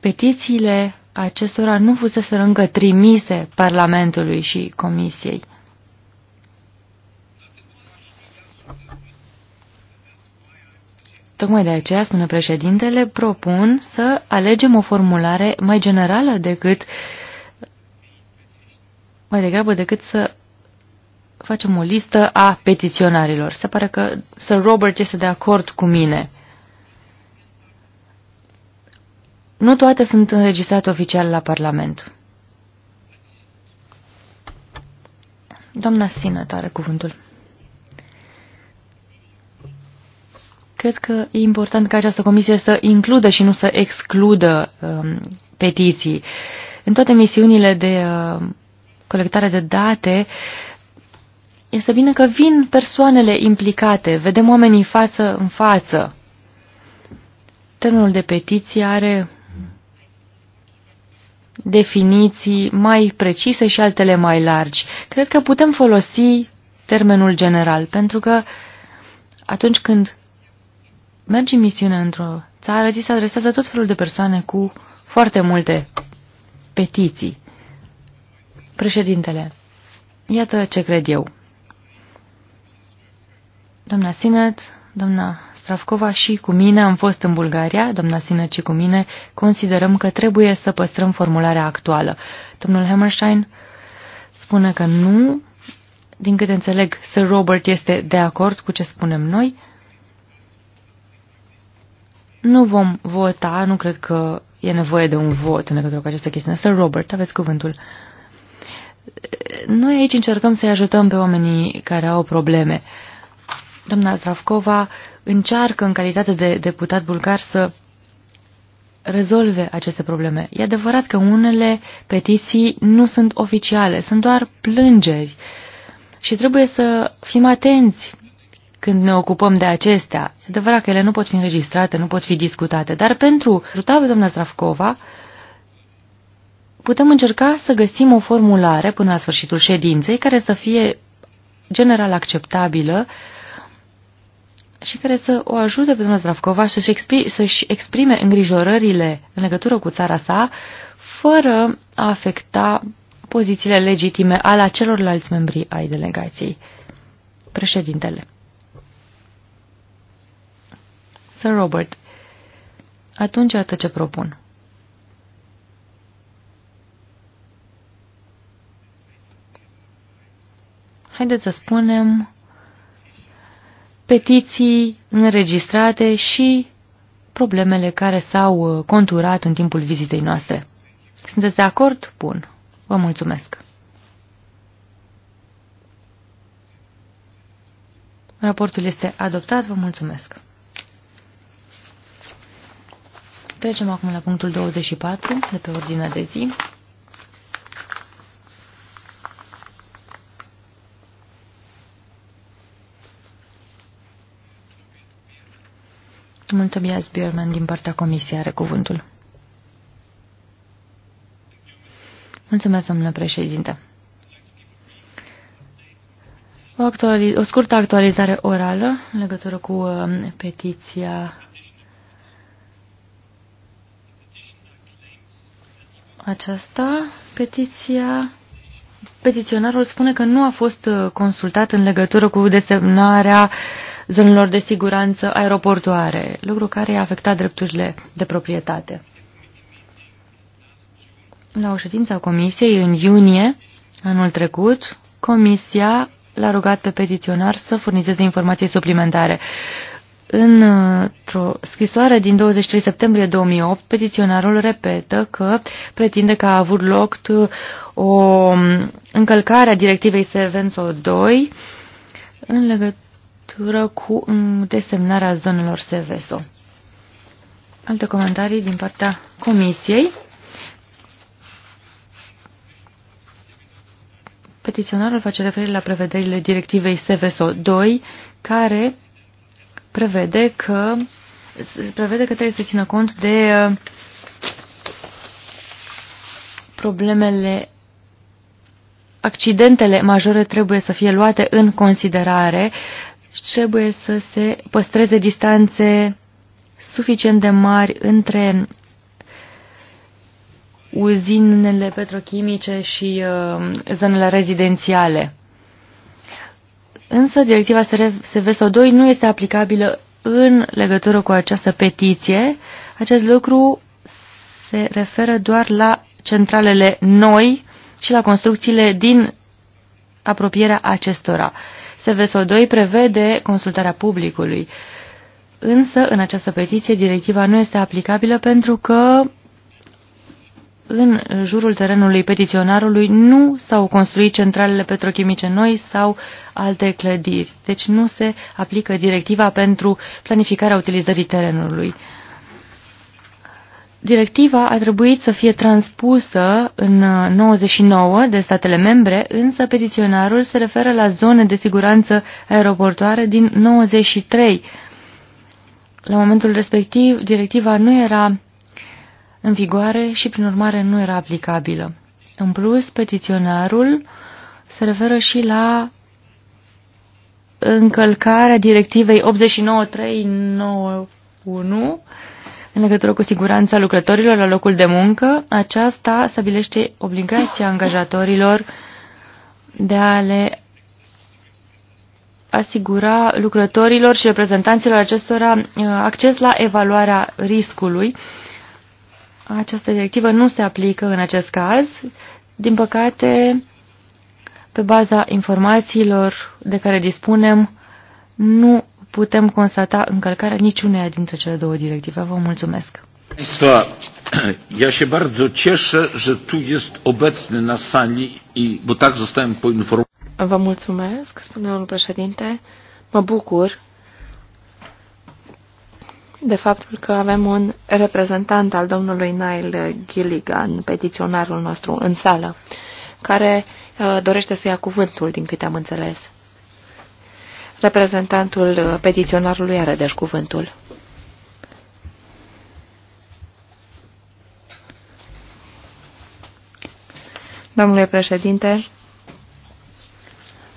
petițiile acestora nu fuseseră încă trimise Parlamentului și Comisiei. Tocmai de aceea, spune președintele, propun să alegem o formulare mai generală decât mai degrabă decât să facem o listă a petiționarilor. Se pare că Sir Robert este de acord cu mine. Nu toate sunt înregistrate oficial la Parlament. Doamna Sină, are cuvântul. Cred că e important ca această comisie să includă și nu să excludă um, petiții. În toate misiunile de uh, colectare de date, este bine că vin persoanele implicate, vedem oamenii față în față. Termenul de petiție are definiții mai precise și altele mai largi. Cred că putem folosi termenul general, pentru că atunci când mergi în misiune într-o țară, ți se adresează tot felul de persoane cu foarte multe petiții. Președintele, iată ce cred eu. Doamna Sinet, doamna Stravcova și cu mine am fost în Bulgaria, doamna Sinet și cu mine considerăm că trebuie să păstrăm formularea actuală. Domnul Hammerstein spune că nu, din câte înțeleg, Sir Robert este de acord cu ce spunem noi. Nu vom vota, nu cred că e nevoie de un vot în legătură cu această chestiune. Sir Robert, aveți cuvântul. Noi aici încercăm să-i ajutăm pe oamenii care au probleme. Uh, Doamna Zravcova încearcă în calitate de deputat bulgar să rezolve aceste probleme. E adevărat că unele petiții nu sunt oficiale, sunt doar plângeri și trebuie să fim atenți când ne ocupăm de acestea. E adevărat că ele nu pot fi înregistrate, nu pot fi discutate, dar pentru ajuta pe doamna Strafcova putem încerca să găsim o formulare până la sfârșitul ședinței care să fie general acceptabilă și care să o ajute pe doamna Zdravcova să-și exprime, să exprime îngrijorările în legătură cu țara sa, fără a afecta pozițiile legitime ale celorlalți membri ai delegației. Președintele Sir Robert, atunci atât ce propun. Haideți să spunem petiții înregistrate și problemele care s-au uh, conturat în timpul vizitei noastre. Sunteți de acord? Bun. Vă mulțumesc. Raportul este adoptat. Vă mulțumesc. Trecem acum la punctul 24 de pe ordinea de zi. Mulțumesc, Bierman, din partea Comisiei are cuvântul. Mulțumesc, domnule președinte. O, o scurtă actualizare orală în legătură cu uh, petiția aceasta. Petiția Petiționarul spune că nu a fost uh, consultat în legătură cu desemnarea uh, zonelor de siguranță aeroportoare, lucru care a afectat drepturile de proprietate. La o ședință a Comisiei, în iunie anul trecut, Comisia l-a rugat pe petiționar să furnizeze informații suplimentare. Într-o scrisoare din 23 septembrie 2008, petiționarul repetă că pretinde că a avut loc o încălcare a directivei Sevenso 2 în legătură legătură cu desemnarea zonelor SEVESO. Alte comentarii din partea Comisiei. Petiționarul face referire la prevederile directivei SVSO 2, care prevede că, prevede că trebuie să țină cont de uh, problemele accidentele majore trebuie să fie luate în considerare trebuie să se păstreze distanțe suficient de mari între uzinele petrochimice și uh, zonele rezidențiale. Însă directiva SVSO2 nu este aplicabilă în legătură cu această petiție. Acest lucru se referă doar la centralele noi și la construcțiile din apropierea acestora. Uh, SVSO 2 prevede consultarea publicului. Însă, în această petiție, directiva nu este aplicabilă pentru că în jurul terenului petiționarului nu s-au construit centralele petrochimice noi sau alte clădiri. Deci nu se aplică directiva pentru planificarea utilizării terenului. Directiva a trebuit să fie transpusă în 99 uh, de statele membre, însă petiționarul se referă la zone de siguranță aeroportoare din 93. La momentul respectiv, directiva nu era în vigoare și, prin urmare, nu era aplicabilă. În plus, petiționarul se referă și la încălcarea directivei 89391 în legătură cu siguranța lucrătorilor la locul de muncă, aceasta stabilește obligația angajatorilor de a le asigura lucrătorilor și reprezentanților acestora uh, acces la evaluarea riscului. Această directivă nu se aplică în acest caz. Din păcate, pe baza informațiilor de care dispunem, nu putem constata încălcarea niciuneia dintre cele două directive. Vă mulțumesc. Państwa, ja się bardzo cieszę, że tu jest obecny na sali i bo tak zostałem poinformowany. Vă mulțumesc, spune domnul președinte. Mă bucur de faptul că avem un reprezentant al domnului Nail Gilligan, petiționarul nostru, în sală, care uh, dorește să ia cuvântul, din câte am înțeles. Reprezentantul uh, petiționarului are deci cuvântul. Domnule președinte,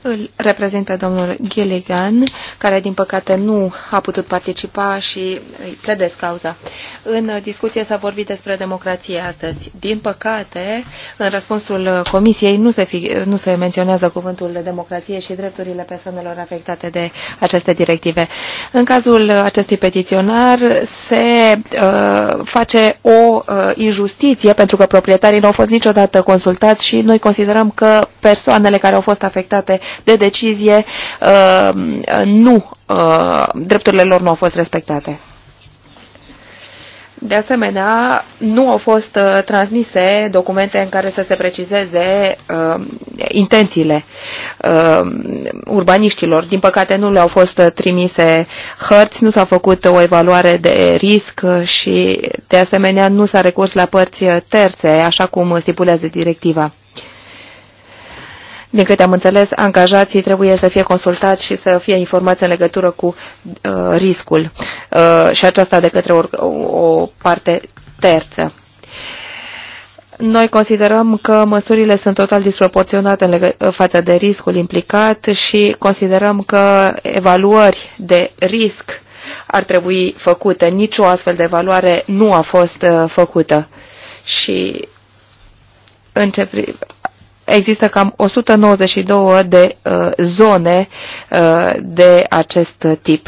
îl reprezint pe domnul Gilligan, care din păcate nu a putut participa și îi pledez cauza. În discuție s-a vorbit despre democrație astăzi. Din păcate, în răspunsul comisiei nu se, fi, nu se menționează cuvântul democrație și drepturile persoanelor afectate de aceste directive. În cazul acestui petiționar se uh, face o uh, injustiție pentru că proprietarii nu au fost niciodată consultați și noi considerăm că persoanele care au fost afectate de decizie uh, nu, uh, drepturile lor nu au fost respectate. De asemenea, nu au fost uh, transmise documente în care să se precizeze uh, intențiile uh, urbaniștilor. Din păcate, nu le-au fost uh, trimise hărți, nu s-a făcut o evaluare de risc și, de asemenea, nu s-a recurs la părți terțe, așa cum stipulează directiva. Din câte am înțeles, angajații trebuie să fie consultați și să fie informați în legătură cu uh, riscul uh, și aceasta de către o, o parte terță. Noi considerăm că măsurile sunt total disproporționate în uh, față de riscul implicat și considerăm că evaluări de risc ar trebui făcute. Nici o astfel de evaluare nu a fost uh, făcută. Și în ce privește există cam 192 de uh, zone uh, de acest tip.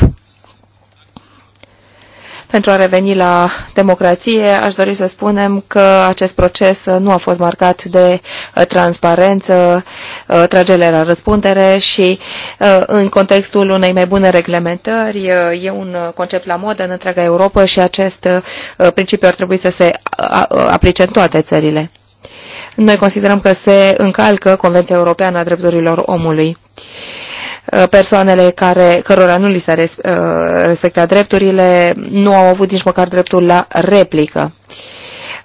Pentru a reveni la democrație, aș dori să spunem că acest proces nu a fost marcat de uh, transparență, uh, tragere la răspundere și uh, în contextul unei mai bune reglementări e un concept la modă în întreaga Europa și acest principiu ar trebui să se aplice în toate țările. Noi considerăm că se încalcă Convenția Europeană a Drepturilor Omului uh, persoanele care, cărora nu li s-a res, uh, respectat drepturile nu au avut nici măcar dreptul la replică.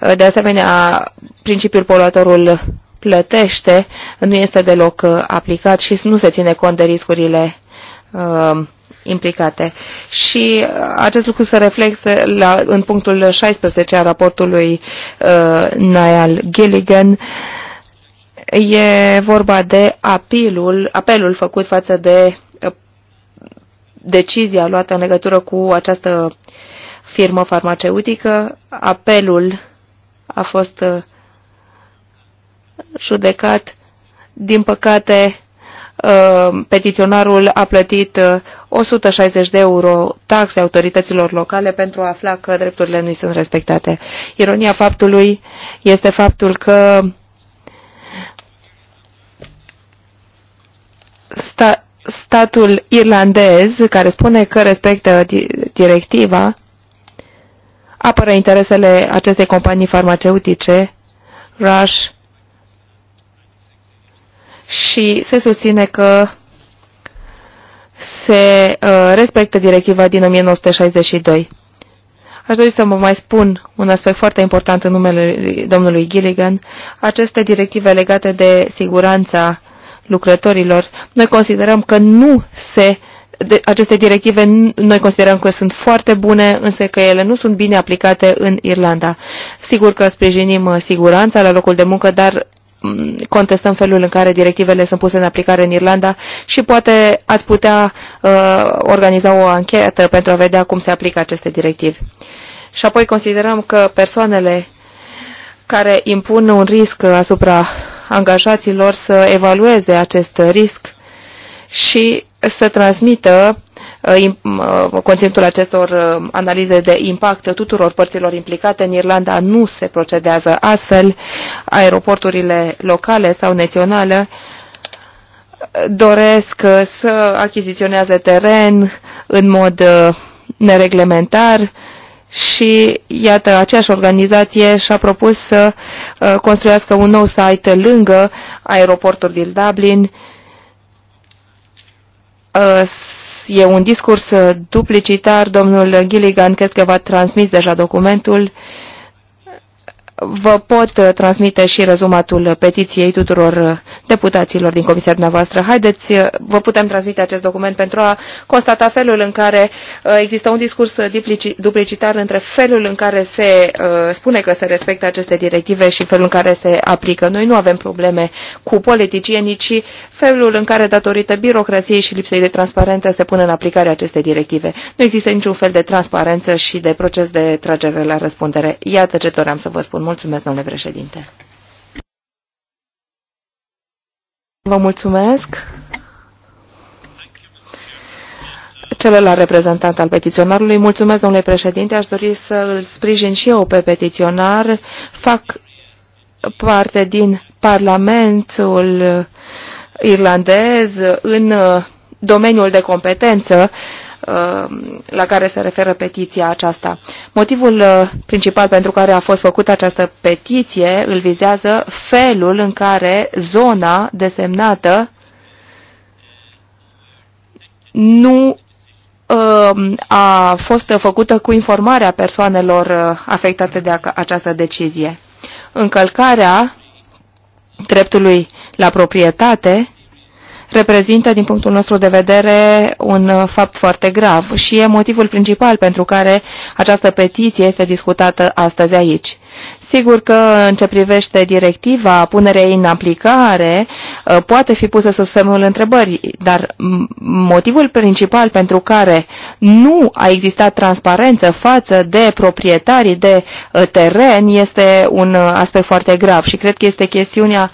Uh, de asemenea, principiul poluatorul plătește nu este deloc aplicat și nu se ține cont de riscurile uh, implicate. Și uh, acest lucru se reflectă la, în punctul 16 a raportului uh, Niall Gilligan. E vorba de apelul, apelul făcut față de uh, decizia luată în legătură cu această firmă farmaceutică. Apelul a fost uh, judecat, din păcate, Uh, petiționarul a plătit 160 uh, de euro taxe autorităților locale pentru a afla că drepturile nu sunt respectate. Ironia faptului este faptul că sta statul irlandez, care spune că respectă directiva, apără interesele acestei companii farmaceutice, Rush, și se susține că se uh, respectă directiva din 1962. Aș dori să vă mai spun un aspect foarte important în numele domnului Gilligan. Aceste directive legate de siguranța lucrătorilor, noi considerăm că nu se de, aceste directive noi considerăm că sunt foarte bune, însă că ele nu sunt bine aplicate în Irlanda. Sigur că sprijinim uh, siguranța la locul de muncă, dar Mm, contestăm felul în care directivele sunt puse în aplicare în Irlanda și poate ați putea uh, organiza o anchetă pentru a vedea cum se aplică aceste directive. Și apoi considerăm că persoanele care impun un risc asupra angajaților să evalueze acest risc și să transmită Uh, uh, conținutul acestor uh, analize de impact tuturor părților implicate. În Irlanda nu se procedează astfel. Aeroporturile locale sau naționale doresc să achiziționeze teren în mod nereglementar și iată, aceeași organizație și-a propus să construiască un nou site lângă aeroportul din Dublin, e un discurs uh, duplicitar. Domnul Gilligan cred că v-a transmis deja documentul. Vă pot uh, transmite și rezumatul petiției tuturor uh, deputaților din comisia dumneavoastră. Haideți, vă putem transmite acest document pentru a constata felul în care există un discurs duplicitar între felul în care se spune că se respectă aceste directive și felul în care se aplică. Noi nu avem probleme cu politicienii, ci felul în care, datorită birocrației și lipsei de transparență, se pun în aplicare aceste directive. Nu există niciun fel de transparență și de proces de tragere la răspundere. Iată ce doream să vă spun. Mulțumesc, domnule președinte. Vă mulțumesc. Celălalt reprezentant al petiționarului, mulțumesc, domnule președinte, aș dori să îl sprijin și eu pe petiționar. Fac parte din Parlamentul irlandez în uh, domeniul de competență uh, la care se referă petiția aceasta. Motivul uh, principal pentru care a fost făcută această petiție îl vizează felul în care zona desemnată nu a fost făcută cu informarea persoanelor afectate de această decizie. Încălcarea dreptului la proprietate reprezintă, din punctul nostru de vedere, un uh, fapt foarte grav și e motivul principal pentru care această petiție este discutată astăzi aici. Sigur că în ce privește directiva, punerea ei în aplicare uh, poate fi pusă sub semnul întrebării, dar motivul principal pentru care nu a existat transparență față de proprietarii de uh, teren este un aspect foarte grav și cred că este chestiunea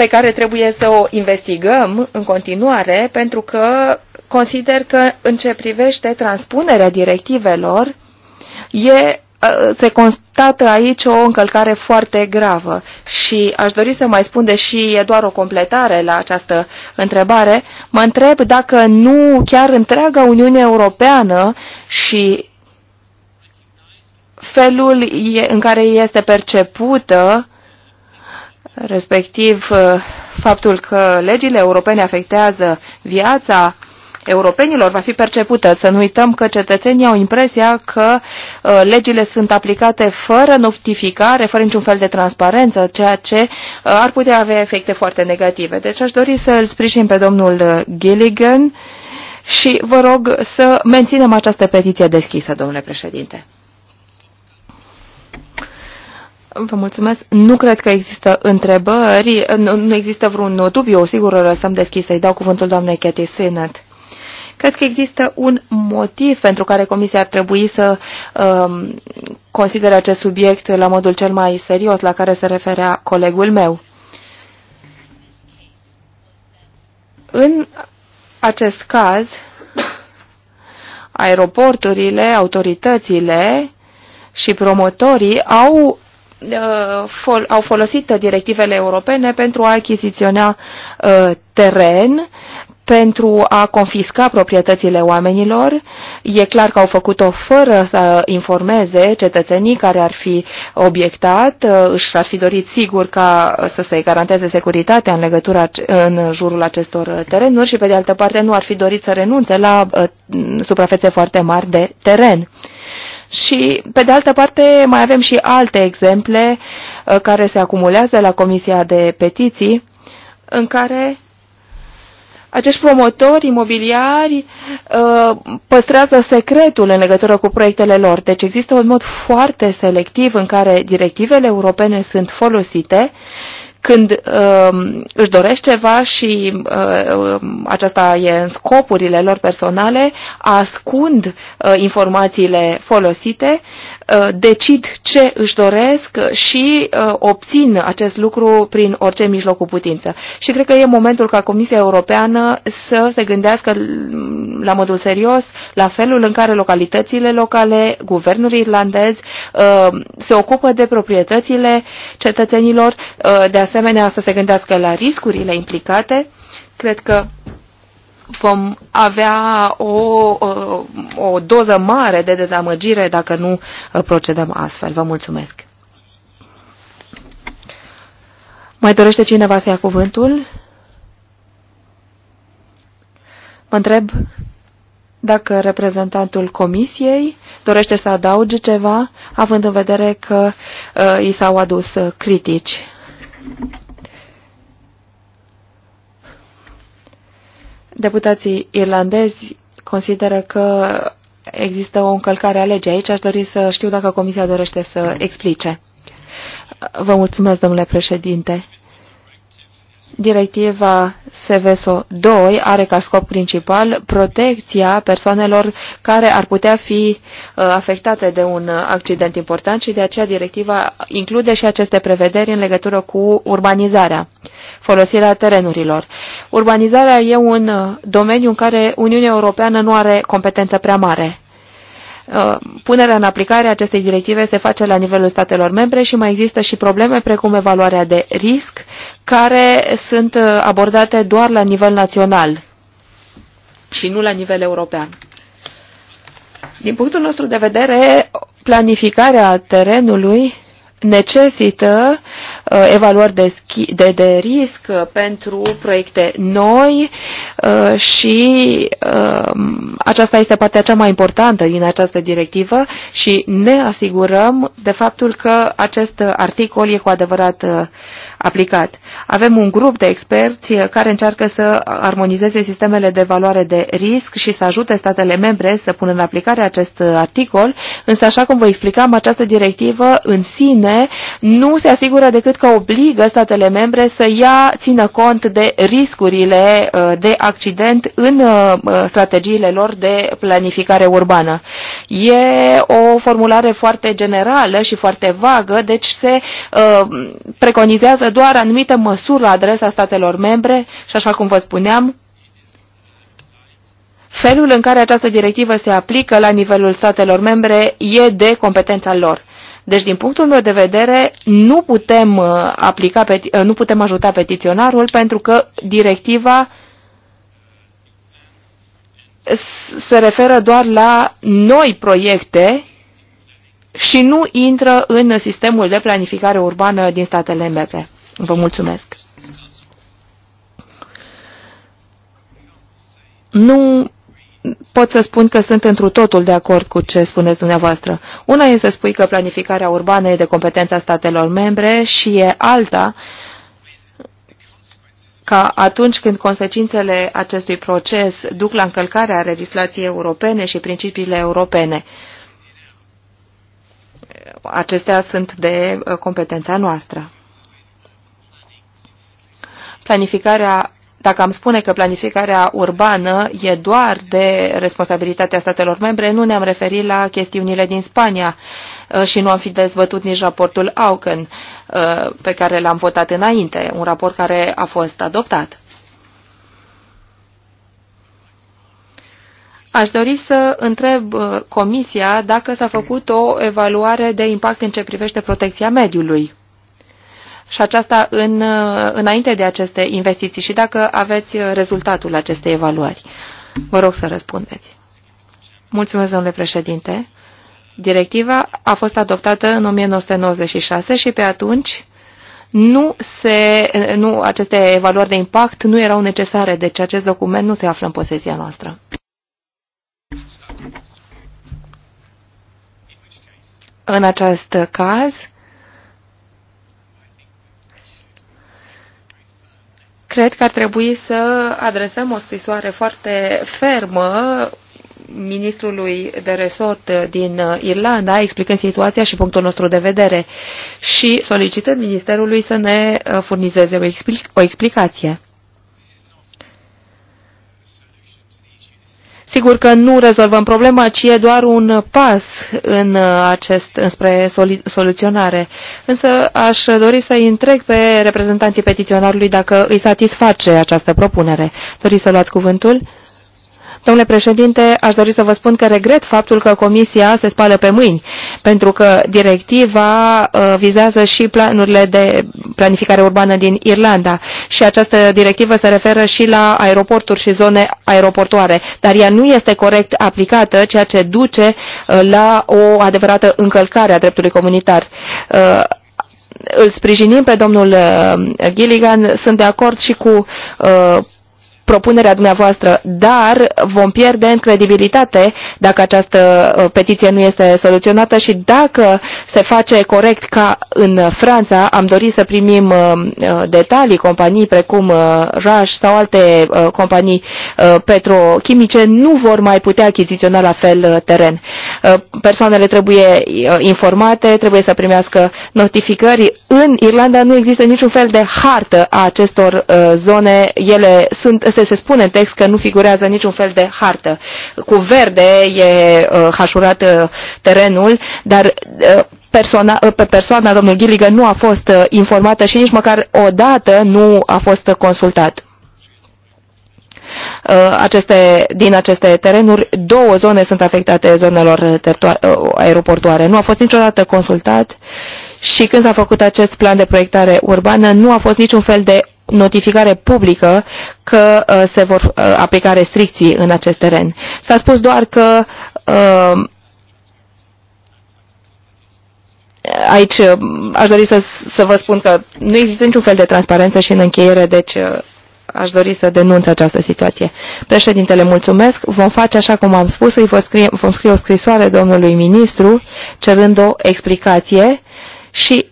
pe care trebuie să o investigăm în continuare, pentru că consider că în ce privește transpunerea directivelor, e, ă, se constată aici o încălcare foarte gravă. Și aș dori să mai spun, deși e doar o completare la această întrebare, mă întreb dacă nu chiar întreaga Uniune Europeană și felul în care este percepută respectiv uh, faptul că legile europene afectează viața europenilor va fi percepută. Să nu uităm că cetățenii au impresia că uh, legile sunt aplicate fără notificare, fără niciun fel de transparență, ceea ce uh, ar putea avea efecte foarte negative. Deci aș dori să îl sprijin pe domnul Gilligan și vă rog să menținem această petiție deschisă, domnule președinte. Vă mulțumesc. Nu cred că există întrebări, nu, nu există vreun dubiu, sigur o lăsăm deschis să-i dau cuvântul doamnei Cathy Sinnott. Cred că există un motiv pentru care Comisia ar trebui să um, considere acest subiect la modul cel mai serios la care se referea colegul meu. În acest caz, aeroporturile, autoritățile și promotorii au fol au folosit directivele europene pentru a achiziționa uh, teren, pentru a confisca proprietățile oamenilor. E clar că au făcut-o fără să informeze cetățenii care ar fi obiectat, uh, își ar fi dorit sigur ca să se garanteze securitatea în legătura în jurul acestor uh, terenuri și pe de altă parte nu ar fi dorit să renunțe la suprafețe foarte mari de teren. Și, pe de altă parte, mai avem și alte exemple uh, care se acumulează la Comisia de Petiții, în care acești promotori imobiliari uh, păstrează secretul în legătură cu proiectele lor. Deci există un mod foarte selectiv în care directivele europene sunt folosite când uh, își doresc ceva și uh, aceasta e în scopurile lor personale, ascund uh, informațiile folosite Uh, decid ce își doresc și uh, obțin acest lucru prin orice mijloc cu putință. Și cred că e momentul ca Comisia Europeană să se gândească la modul serios la felul în care localitățile locale, guvernul irlandez uh, se ocupă de proprietățile cetățenilor, de asemenea să se gândească la riscurile implicate. Cred că vom avea o, o, doză mare de dezamăgire dacă nu uh, procedăm astfel. Vă mulțumesc. Mai dorește cineva să ia cuvântul? Mă întreb dacă reprezentantul comisiei dorește să adauge ceva, având în vedere că uh, i s-au adus uh, critici. Deputații irlandezi consideră că există o încălcare a legii aici. Aș dori să știu dacă Comisia dorește să explice. Vă mulțumesc, domnule președinte. Directiva SVSO 2 are ca scop principal protecția persoanelor care ar putea fi uh, afectate de un accident important și de aceea directiva include și aceste prevederi în legătură cu urbanizarea, folosirea terenurilor. Urbanizarea e un uh, domeniu în care Uniunea Europeană nu are competență prea mare. Uh, punerea în aplicare a acestei directive se face la nivelul statelor membre și mai există și probleme precum evaluarea de risc, care sunt uh, abordate doar la nivel național și nu la nivel european. Din punctul nostru de vedere, planificarea terenului necesită Uh, evaluări de, schi, de, de risc uh, pentru proiecte noi uh, și um, aceasta este partea cea mai importantă din această directivă și ne asigurăm de faptul că acest articol e cu adevărat aplicat. Avem un grup de experți eh, care încearcă să armonizeze sistemele de valoare de risc și să ajute statele membre să pună în aplicare acest eh, articol, însă așa cum vă explicam, această directivă în sine nu se asigură decât că obligă statele membre să ia, țină cont de riscurile eh, de accident în strategiile lor de planificare urbană. E o formulare foarte generală și foarte vagă, deci se preconizează doar anumite măsuri la adresa statelor membre și, așa cum vă spuneam, felul în care această directivă se aplică la nivelul statelor membre e de competența lor. Deci, din punctul meu de vedere, nu putem, uh, aplica, uh, nu putem ajuta petiționarul pentru că directiva se referă doar la noi proiecte și nu intră în sistemul de planificare urbană din statele membre. Vă mulțumesc. Nu pot să spun că sunt întru totul de acord cu ce spuneți dumneavoastră. Una e să spui că planificarea urbană e de competența statelor membre și e alta ca atunci când consecințele acestui proces duc la încălcarea legislației europene și principiile europene. Acestea sunt de uh, competența noastră. Planificarea, dacă am spune că planificarea urbană e doar de responsabilitatea statelor membre, nu ne-am referit la chestiunile din Spania uh, și nu am fi dezbătut nici raportul Auken uh, pe care l-am votat înainte, un raport care a fost adoptat. Aș dori să întreb uh, Comisia dacă s-a făcut o evaluare de impact în ce privește protecția mediului și aceasta în, uh, înainte de aceste investiții și dacă aveți uh, rezultatul acestei evaluări. Vă rog să răspundeți. Mulțumesc, domnule președinte. Directiva a fost adoptată în 1996 și pe atunci nu se, nu, aceste evaluări de impact nu erau necesare, deci acest document nu se află în posesia noastră. În acest caz, Cred că ar trebui să adresăm o scrisoare foarte fermă ministrului de resort din Irlanda, explicând situația și punctul nostru de vedere și solicitând ministerului să ne furnizeze o, explic o explicație. Sigur că nu rezolvăm problema, ci e doar un pas în uh, acest, înspre soluționare. Însă aș dori să întreg pe reprezentanții petiționarului dacă îi satisface această propunere. Doriți să luați cuvântul? Domnule președinte, aș dori să vă spun că regret faptul că Comisia se spală pe mâini, pentru că directiva uh, vizează și planurile de planificare urbană din Irlanda și această directivă se referă și la aeroporturi și zone aeroportoare, dar ea nu este corect aplicată, ceea ce duce uh, la o adevărată încălcare a dreptului comunitar uh, îl sprijinim pe domnul Gilligan, sunt de acord și cu uh, propunerea dumneavoastră, dar vom pierde în credibilitate dacă această uh, petiție nu este soluționată și dacă se face corect ca în Franța am dorit să primim uh, uh, detalii companii precum Rush sau alte companii petrochimice nu vor mai putea achiziționa la fel teren. Persoanele trebuie informate, trebuie să primească notificări. În Irlanda nu există niciun fel de hartă a acestor zone. Ele sunt, este, se spune în text că nu figurează niciun fel de hartă. Cu verde e uh, hașurat uh, terenul, dar uh, persoana, uh, pe persoana domnul Ghiligă nu a fost uh, informată și nici măcar o dată nu a fost consultat. Uh, aceste, din aceste terenuri, două zone sunt afectate zonelor aeroportoare. Nu a fost niciodată consultat și când s-a făcut acest plan de proiectare urbană, nu a fost niciun fel de notificare publică că uh, se vor uh, aplica restricții în acest teren. S-a spus doar că uh, aici uh, aș dori să, să vă spun că nu există niciun fel de transparență și în încheiere, deci uh, aș dori să denunț această situație. Președintele, mulțumesc. Vom face așa cum am spus, îi vom scrie, vom scrie o scrisoare domnului ministru cerând o explicație și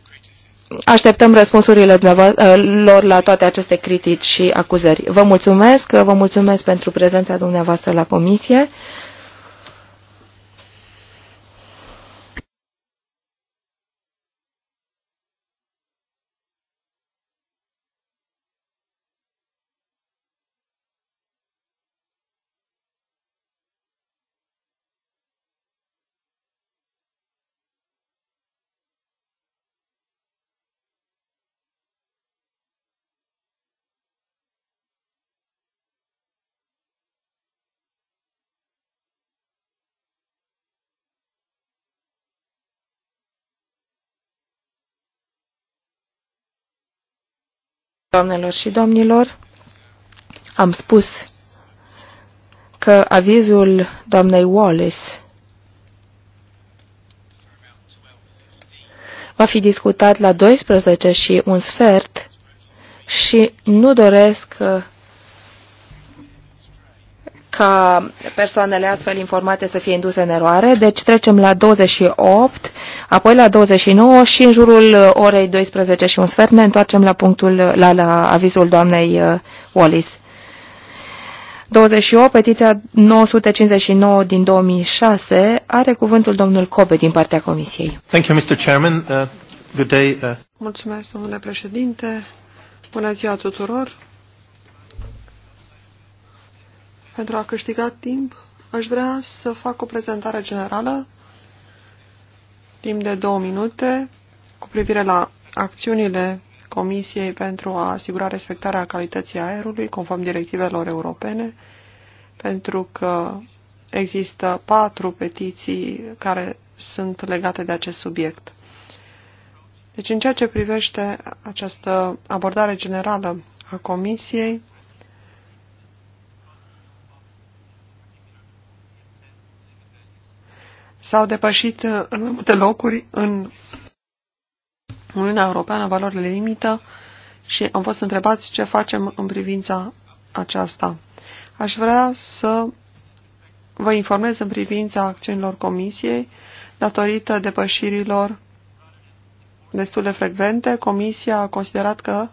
așteptăm răspunsurile ă, lor la toate aceste critici și acuzări. Vă mulțumesc, vă mulțumesc pentru prezența dumneavoastră la comisie. doamnelor și domnilor. Am spus că avizul doamnei Wallace va fi discutat la 12 și un sfert și nu doresc ca persoanele astfel informate să fie induse în eroare. Deci trecem la 28, apoi la 29 și în jurul orei 12 și un sfert ne întoarcem la punctul la, la avizul doamnei uh, Wallis. 28, petiția 959 din 2006, are cuvântul domnul Cobe din partea Comisiei. Thank you, Mr. Chairman. Uh, good day. Uh... Mulțumesc, domnule președinte. Bună ziua tuturor. Pentru a câștiga timp, aș vrea să fac o prezentare generală, timp de două minute, cu privire la acțiunile Comisiei pentru a asigura respectarea calității aerului conform directivelor europene, pentru că există patru petiții care sunt legate de acest subiect. Deci, în ceea ce privește această abordare generală a Comisiei, s-au depășit uh, în mai multe locuri în Uniunea Europeană valorile limită și am fost întrebați ce facem în privința aceasta. Aș vrea să vă informez în privința acțiunilor Comisiei datorită depășirilor destul de frecvente, Comisia a considerat că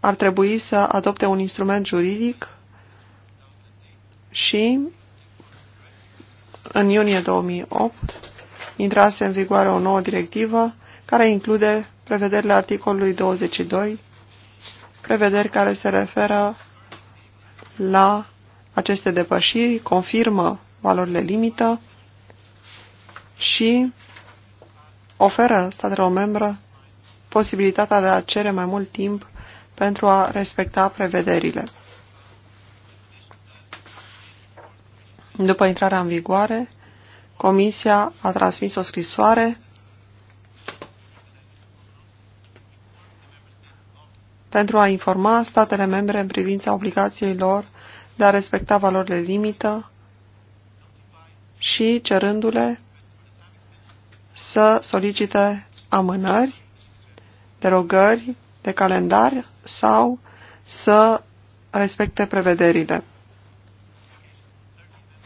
ar trebui să adopte un instrument juridic și în iunie 2008 intrase în vigoare o nouă directivă care include prevederile articolului 22, prevederi care se referă la aceste depășiri, confirmă valorile limită și oferă statelor membre posibilitatea de a cere mai mult timp pentru a respecta prevederile. După intrarea în vigoare, Comisia a transmis o scrisoare pentru a informa statele membre în privința obligației lor de a respecta valorile limită și cerându-le să solicite amânări, derogări de calendar sau să respecte prevederile.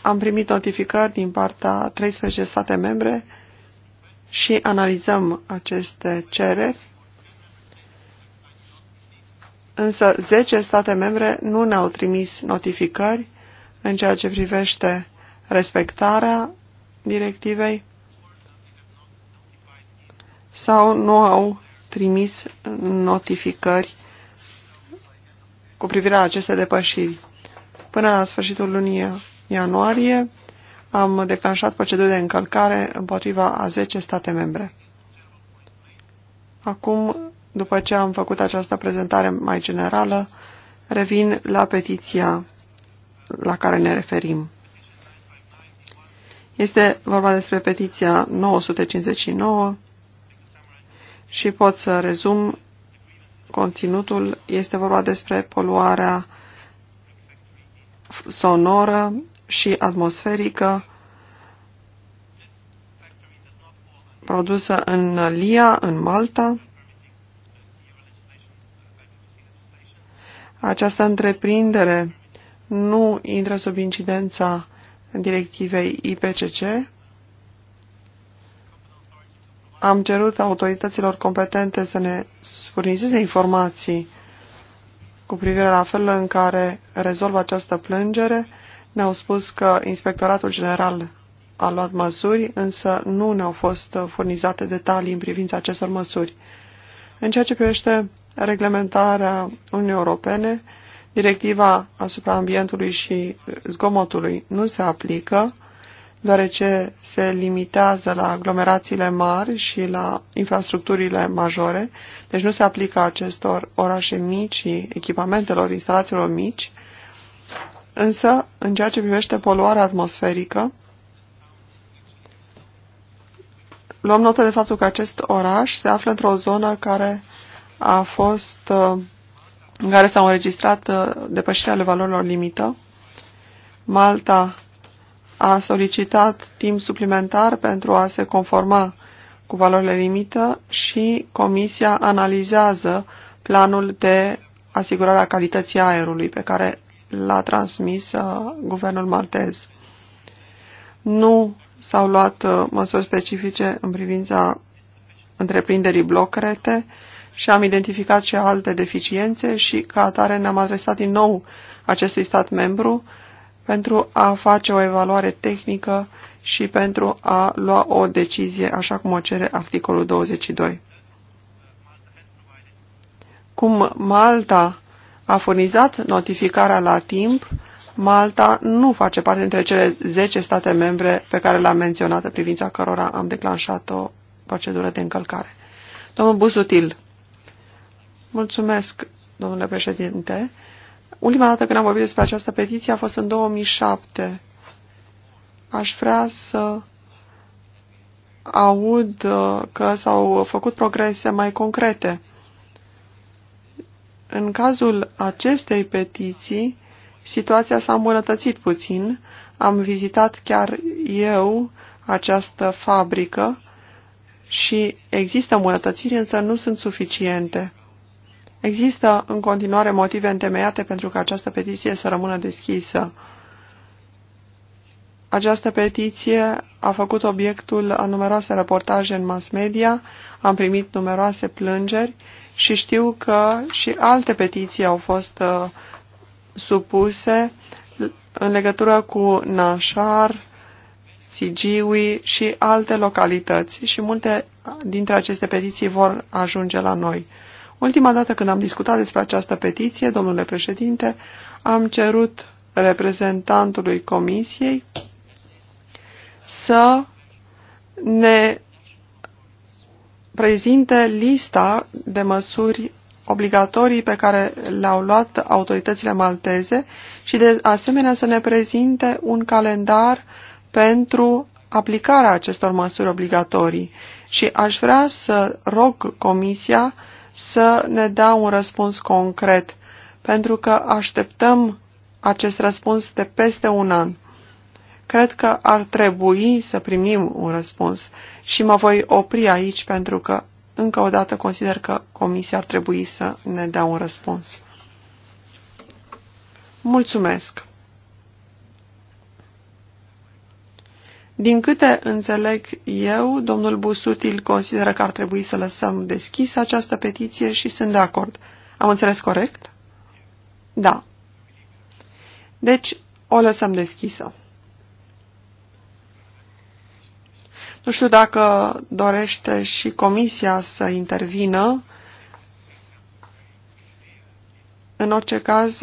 Am primit notificări din partea 13 state membre și analizăm aceste cereri, însă 10 state membre nu ne-au trimis notificări în ceea ce privește respectarea directivei sau nu au trimis notificări cu privire la aceste depășiri. Până la sfârșitul lunii ianuarie am declanșat proceduri de încălcare împotriva a 10 state membre. Acum, după ce am făcut această prezentare mai generală, revin la petiția la care ne referim. Este vorba despre petiția 959 și pot să rezum conținutul. Este vorba despre poluarea sonoră și atmosferică produsă în Lia, în Malta. Această întreprindere nu intră sub incidența directivei IPCC. Am cerut autorităților competente să ne furnizeze informații cu privire la felul în care rezolvă această plângere ne-au spus că Inspectoratul General a luat măsuri, însă nu ne-au fost furnizate detalii în privința acestor măsuri. În ceea ce privește reglementarea Uniunii Europene, directiva asupra ambientului și zgomotului nu se aplică, deoarece se limitează la aglomerațiile mari și la infrastructurile majore, deci nu se aplică acestor orașe mici și echipamentelor, instalațiilor mici, Însă, în ceea ce privește poluarea atmosferică, luăm notă de faptul că acest oraș se află într-o zonă care a fost, uh, în care s-au înregistrat uh, depășirea ale valorilor limită. Malta a solicitat timp suplimentar pentru a se conforma cu valorile limită și Comisia analizează planul de asigurare a calității aerului pe care l-a transmis uh, guvernul maltez. Nu s-au luat uh, măsuri specifice în privința întreprinderii blocrete și am identificat și alte deficiențe și ca atare ne-am adresat din nou acestui stat membru pentru a face o evaluare tehnică și pentru a lua o decizie așa cum o cere articolul 22. Cum Malta a furnizat notificarea la timp, Malta nu face parte dintre cele 10 state membre pe care le-am menționat privința cărora am declanșat o procedură de încălcare. Domnul Buzutil. Mulțumesc, domnule președinte. Ultima dată când am vorbit despre această petiție a fost în 2007. Aș vrea să aud uh, că s-au făcut progrese mai concrete. În cazul acestei petiții, situația s-a îmbunătățit puțin. Am vizitat chiar eu această fabrică și există îmbunătățiri, însă nu sunt suficiente. Există în continuare motive întemeiate pentru că această petiție să rămână deschisă. Această petiție a făcut obiectul a numeroase reportaje în mass media, am primit numeroase plângeri și știu că și alte petiții au fost uh, supuse în legătură cu Nașar, Sigiui și alte localități și multe dintre aceste petiții vor ajunge la noi. Ultima dată când am discutat despre această petiție, domnule președinte, am cerut reprezentantului comisiei să ne prezinte lista de măsuri obligatorii pe care le-au luat autoritățile malteze și de asemenea să ne prezinte un calendar pentru aplicarea acestor măsuri obligatorii și aș vrea să rog Comisia să ne dea un răspuns concret, pentru că așteptăm acest răspuns de peste un an. Cred că ar trebui să primim un răspuns și mă voi opri aici pentru că încă o dată consider că Comisia ar trebui să ne dea un răspuns. Mulțumesc! Din câte înțeleg eu, domnul Busutil consideră că ar trebui să lăsăm deschisă această petiție și sunt de acord. Am înțeles corect? Da. Deci, o lăsăm deschisă. Nu știu dacă dorește și Comisia să intervină. În orice caz,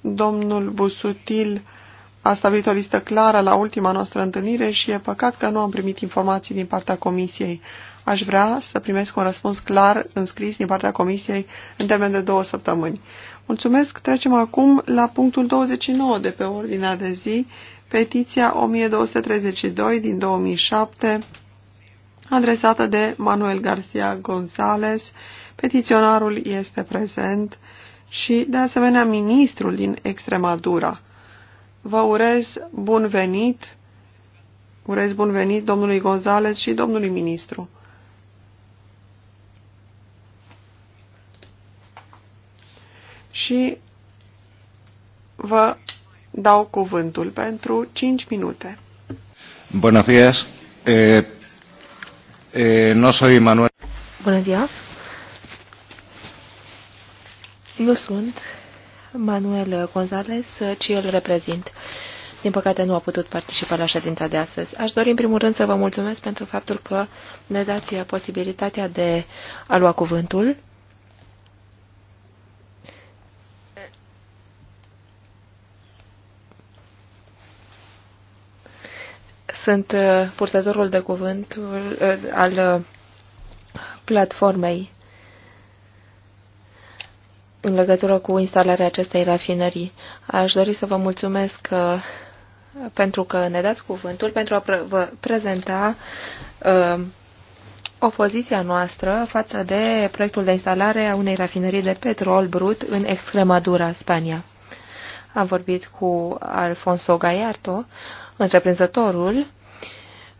domnul Busutil a stabilit o listă clară la ultima noastră întâlnire și e păcat că nu am primit informații din partea Comisiei. Aș vrea să primesc un răspuns clar înscris din partea Comisiei în termen de două săptămâni. Mulțumesc. Trecem acum la punctul 29 de pe ordinea de zi petiția 1232 din 2007, adresată de Manuel Garcia González. Petiționarul este prezent și, de asemenea, ministrul din Extremadura. Vă urez bun venit, urez bun venit domnului González și domnului ministru. Și vă dau cuvântul pentru 5 minute. Bună ziua! Eh, eh, Manuel. Bună ziua. Nu sunt Manuel González, ci îl reprezint. Din păcate nu a putut participa la ședința de astăzi. Aș dori în primul rând să vă mulțumesc pentru faptul că ne dați posibilitatea de a lua cuvântul Sunt uh, purtătorul de cuvânt uh, al uh, platformei în legătură cu instalarea acestei rafinării. Aș dori să vă mulțumesc pentru că ne dați cuvântul pentru a vă prezenta opoziția noastră față de proiectul de instalare a unei rafinării de petrol brut în Extremadura, Spania. Am vorbit cu Alfonso Gallardo, Întreprinzătorul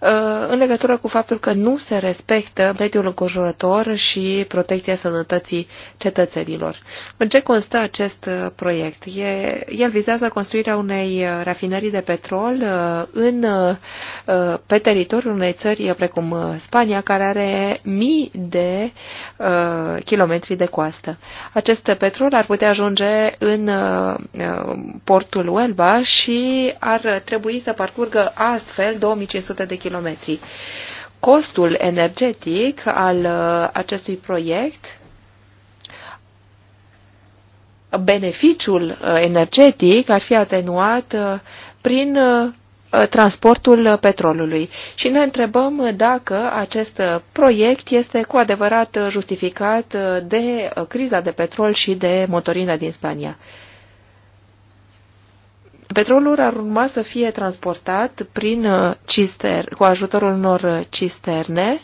Uh, în legătură cu faptul că nu se respectă mediul înconjurător și protecția sănătății cetățenilor. În ce constă acest uh, proiect? E, el vizează construirea unei uh, rafinării de petrol în, pe teritoriul unei țări precum Spania, care are mii de uh, kilometri de coastă. Acest petrol ar putea ajunge în uh, portul Huelva și ar trebui să parcurgă astfel 2500 de kilometri kilometri. Costul energetic al uh, acestui proiect beneficiul uh, energetic ar fi atenuat uh, prin transportul petrolului. Și ne întrebăm dacă acest proiect este cu adevărat justificat de criza de petrol și de motorină din Spania. Petrolul ar urma să fie transportat prin uh, cister, cu ajutorul unor uh, cisterne,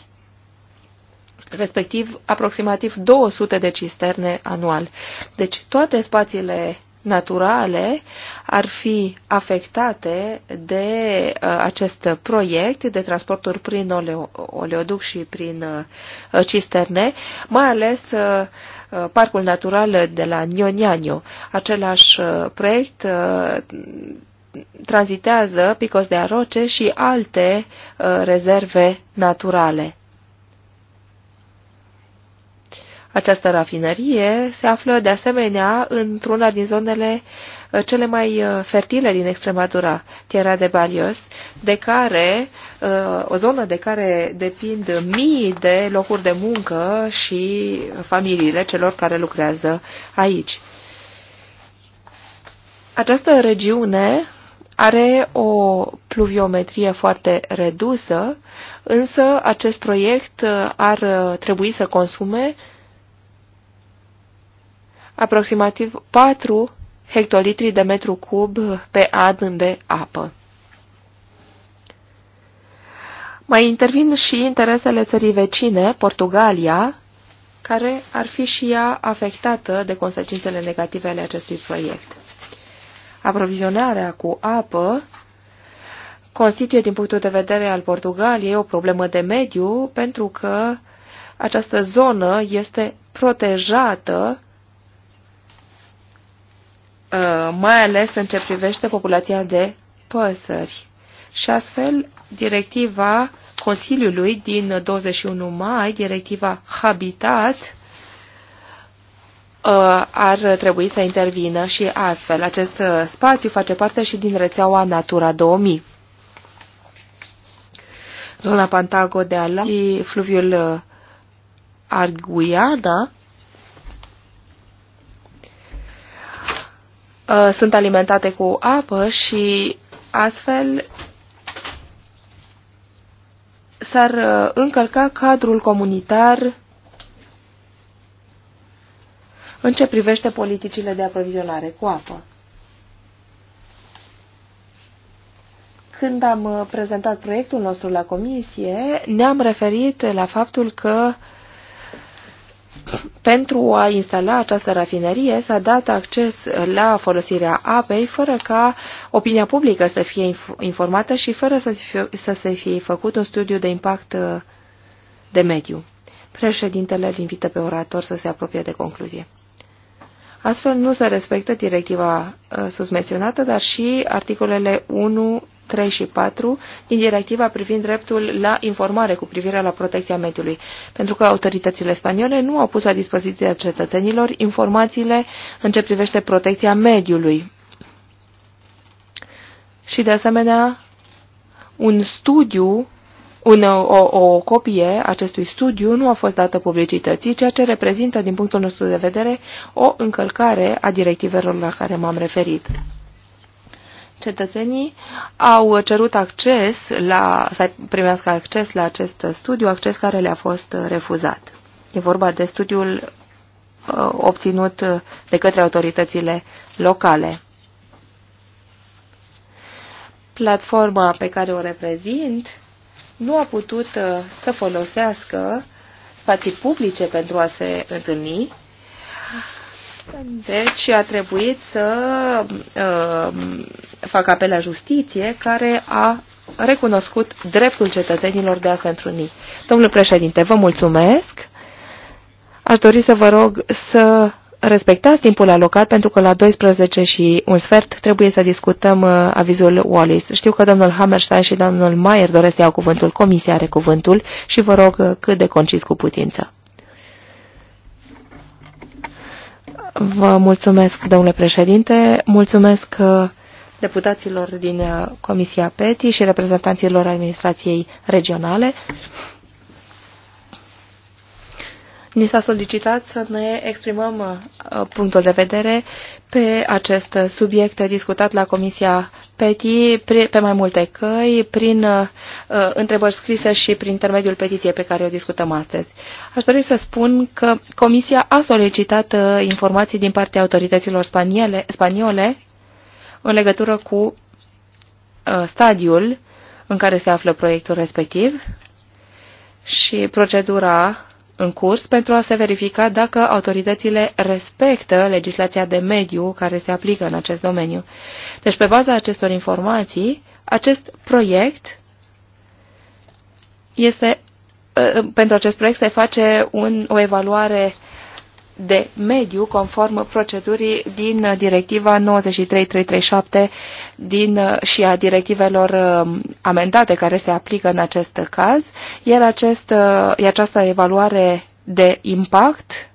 respectiv aproximativ 200 de cisterne anual. Deci toate spațiile naturale ar fi afectate de uh, acest proiect de transporturi prin oleo, oleoduc și prin uh, cisterne, mai ales uh, Uh, Parcul Natural de la Nionianio. Același uh, proiect uh, tranzitează Picos de Aroce și alte rezerve naturale. Această rafinărie se află de asemenea într-una din zonele uh, Uh, cele mai uh, fertile din Extremadura, Tierra de Balios, de care, uh, o zonă de care depind mii de locuri de muncă și familiile celor care lucrează aici. Această regiune are o pluviometrie foarte redusă, însă acest proiect ar trebui să consume aproximativ 4 hectolitri de metru cub pe an de apă. Mai intervin și interesele țării vecine, Portugalia, care ar fi și ea afectată de consecințele negative ale acestui proiect. Aprovizionarea cu apă constituie, din punctul de vedere al Portugaliei, o problemă de mediu, pentru că această zonă este protejată Uh, mai ales în ce privește populația de păsări. Și astfel, directiva Consiliului din 21 mai, directiva Habitat, uh, ar trebui să intervină și astfel. Acest uh, spațiu face parte și din rețeaua Natura 2000. Zona Pantago de Ala și fluviul Arguiana da? Uh, sunt alimentate cu apă și astfel s-ar uh, încălca cadrul comunitar în ce privește politicile de aprovizionare cu apă. Când am uh, prezentat proiectul nostru la comisie, ne-am referit la faptul că uh, pentru a instala această rafinerie s-a dat acces la folosirea apei fără ca opinia publică să fie informată și fără să, fie, să se fie făcut un studiu de impact uh, de mediu. Președintele îl invită pe orator să se apropie de concluzie. Astfel nu se respectă directiva uh, susmenționată, dar și articolele 1 3 și 4 din directiva privind dreptul la informare cu privire la protecția mediului, pentru că autoritățile spaniole nu au pus la dispoziția cetățenilor informațiile în ce privește protecția mediului. Și de asemenea, un studiu un, o, o copie acestui studiu nu a fost dată publicității, ceea ce reprezintă, din punctul nostru de vedere, o încălcare a directivelor la care m-am referit cetățenii au cerut acces la, să primească acces la acest studiu, acces care le-a fost refuzat. E vorba de studiul uh, obținut de către autoritățile locale. Platforma pe care o reprezint nu a putut uh, să folosească spații publice pentru a se întâlni, deci a trebuit să uh, fac apel la justiție care a recunoscut dreptul cetățenilor de a se întruni. Domnule președinte, vă mulțumesc. Aș dori să vă rog să respectați timpul alocat pentru că la 12 și un sfert trebuie să discutăm uh, avizul Wallis. Știu că domnul Hammerstein și domnul Mayer doresc să iau cuvântul, comisia are cuvântul și vă rog uh, cât de concis cu putință. Vă mulțumesc, domnule președinte, mulțumesc uh, deputaților din uh, Comisia PETI și reprezentanților administrației regionale. Ni s-a solicitat să ne exprimăm uh, punctul de vedere pe acest subiect discutat la Comisia peti pe mai multe căi, prin uh, întrebări scrise și prin intermediul petiției pe care o discutăm astăzi. Aș dori să spun că Comisia a solicitat uh, informații din partea autorităților spaniele, spaniole în legătură cu uh, stadiul în care se află proiectul respectiv și procedura în curs pentru a se verifica dacă autoritățile respectă legislația de mediu care se aplică în acest domeniu. Deci, pe baza acestor informații, acest proiect este, ă, pentru acest proiect se face un, o evaluare uh, de mediu conform procedurii din directiva 93337 din, și a directivelor um, amendate care se aplică în acest caz, iar, acest, uh, iar această evaluare de impact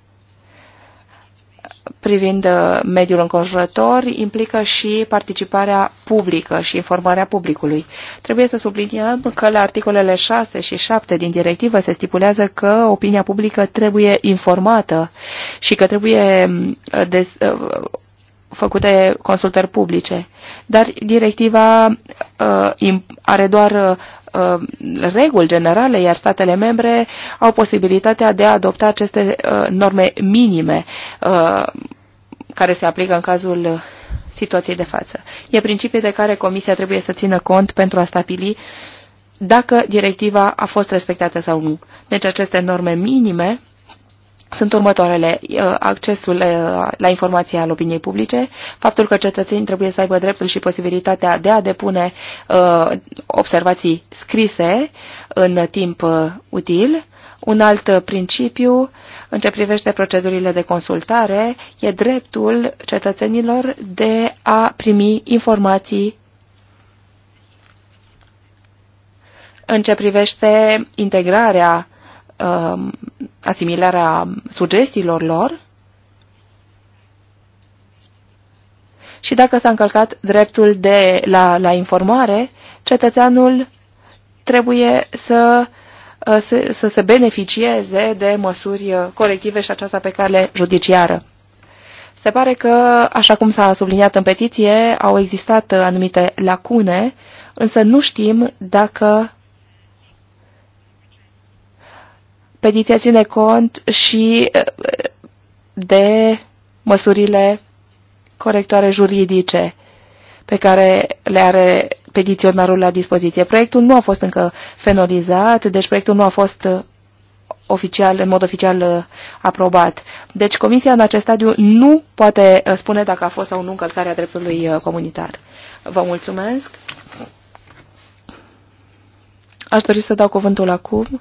privind uh, mediul înconjurător implică și participarea publică și informarea publicului. Trebuie să subliniem că la articolele 6 și 7 din directivă se stipulează că opinia publică trebuie informată și că trebuie mm, des, uh, făcute consultări publice. Dar directiva uh, are doar uh, Uh, reguli generale, iar statele membre au posibilitatea de a adopta aceste uh, norme minime uh, care se aplică în cazul situației de față. E principiul de care Comisia trebuie să țină cont pentru a stabili dacă directiva a fost respectată sau nu. Deci aceste norme minime sunt următoarele. Uh, accesul uh, la informația al opiniei publice, faptul că cetățenii trebuie să aibă dreptul și posibilitatea de a depune uh, observații scrise în timp util. Un alt principiu în ce privește procedurile de consultare e dreptul cetățenilor de a primi informații în ce privește integrarea um, asimilarea sugestiilor lor și dacă s-a încălcat dreptul de la, la informare, cetățeanul trebuie să, uh, să, să se beneficieze de măsuri uh, corective și aceasta pe cale judiciară. Se pare că, așa cum s-a subliniat în petiție, au existat uh, anumite lacune, însă nu știm dacă Petiția ține cont și de măsurile corectoare juridice pe care le are petiționarul la dispoziție. Proiectul nu a fost încă fenolizat, deci proiectul nu a fost oficial, în mod oficial aprobat. Deci Comisia în acest stadiu nu poate spune dacă a fost sau nu încălcarea dreptului comunitar. Vă mulțumesc. Aș dori să dau cuvântul acum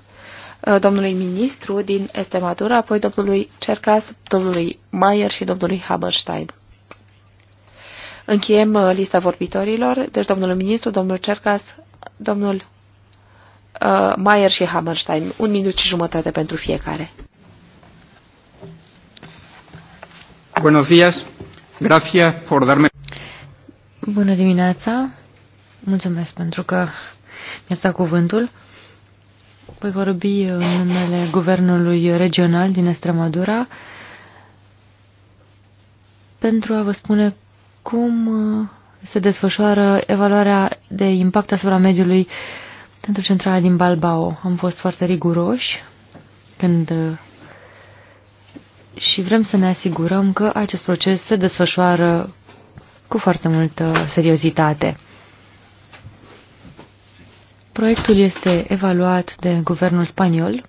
Uh, domnului ministru din Estematura, apoi domnului Cercas, domnului Mayer și domnului Haberstein. Încheiem uh, lista vorbitorilor, deci domnul ministru, domnul Cercas, domnul uh, Mayer și Hammerstein. Un minut și jumătate pentru fiecare. Bună dimineața. Mulțumesc pentru că mi-ați dat cuvântul. Voi vorbi în numele Guvernului Regional din Extremadura pentru a vă spune cum uh, se desfășoară evaluarea de impact asupra mediului pentru centrala din Balbao. Am fost foarte riguroși când uh, și vrem să ne asigurăm că acest proces se desfășoară cu foarte multă seriozitate. Proiectul este evaluat de guvernul spaniol.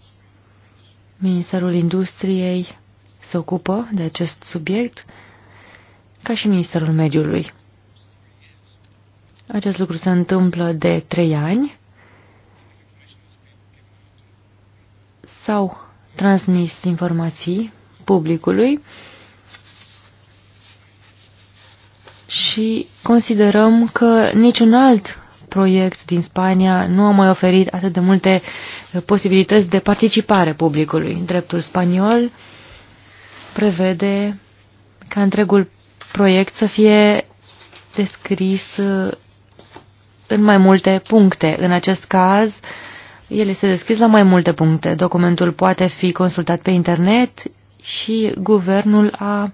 Ministerul Industriei se ocupă de acest subiect, ca și Ministerul Mediului. Acest lucru se întâmplă de trei ani. S-au transmis informații publicului și considerăm că niciun alt proiect din Spania nu a mai oferit atât de multe eh, posibilități de participare publicului. Dreptul spaniol prevede ca întregul proiect să fie descris eh, în mai multe puncte. În acest caz, el este descris la mai multe puncte. Documentul poate fi consultat pe internet și guvernul a uh,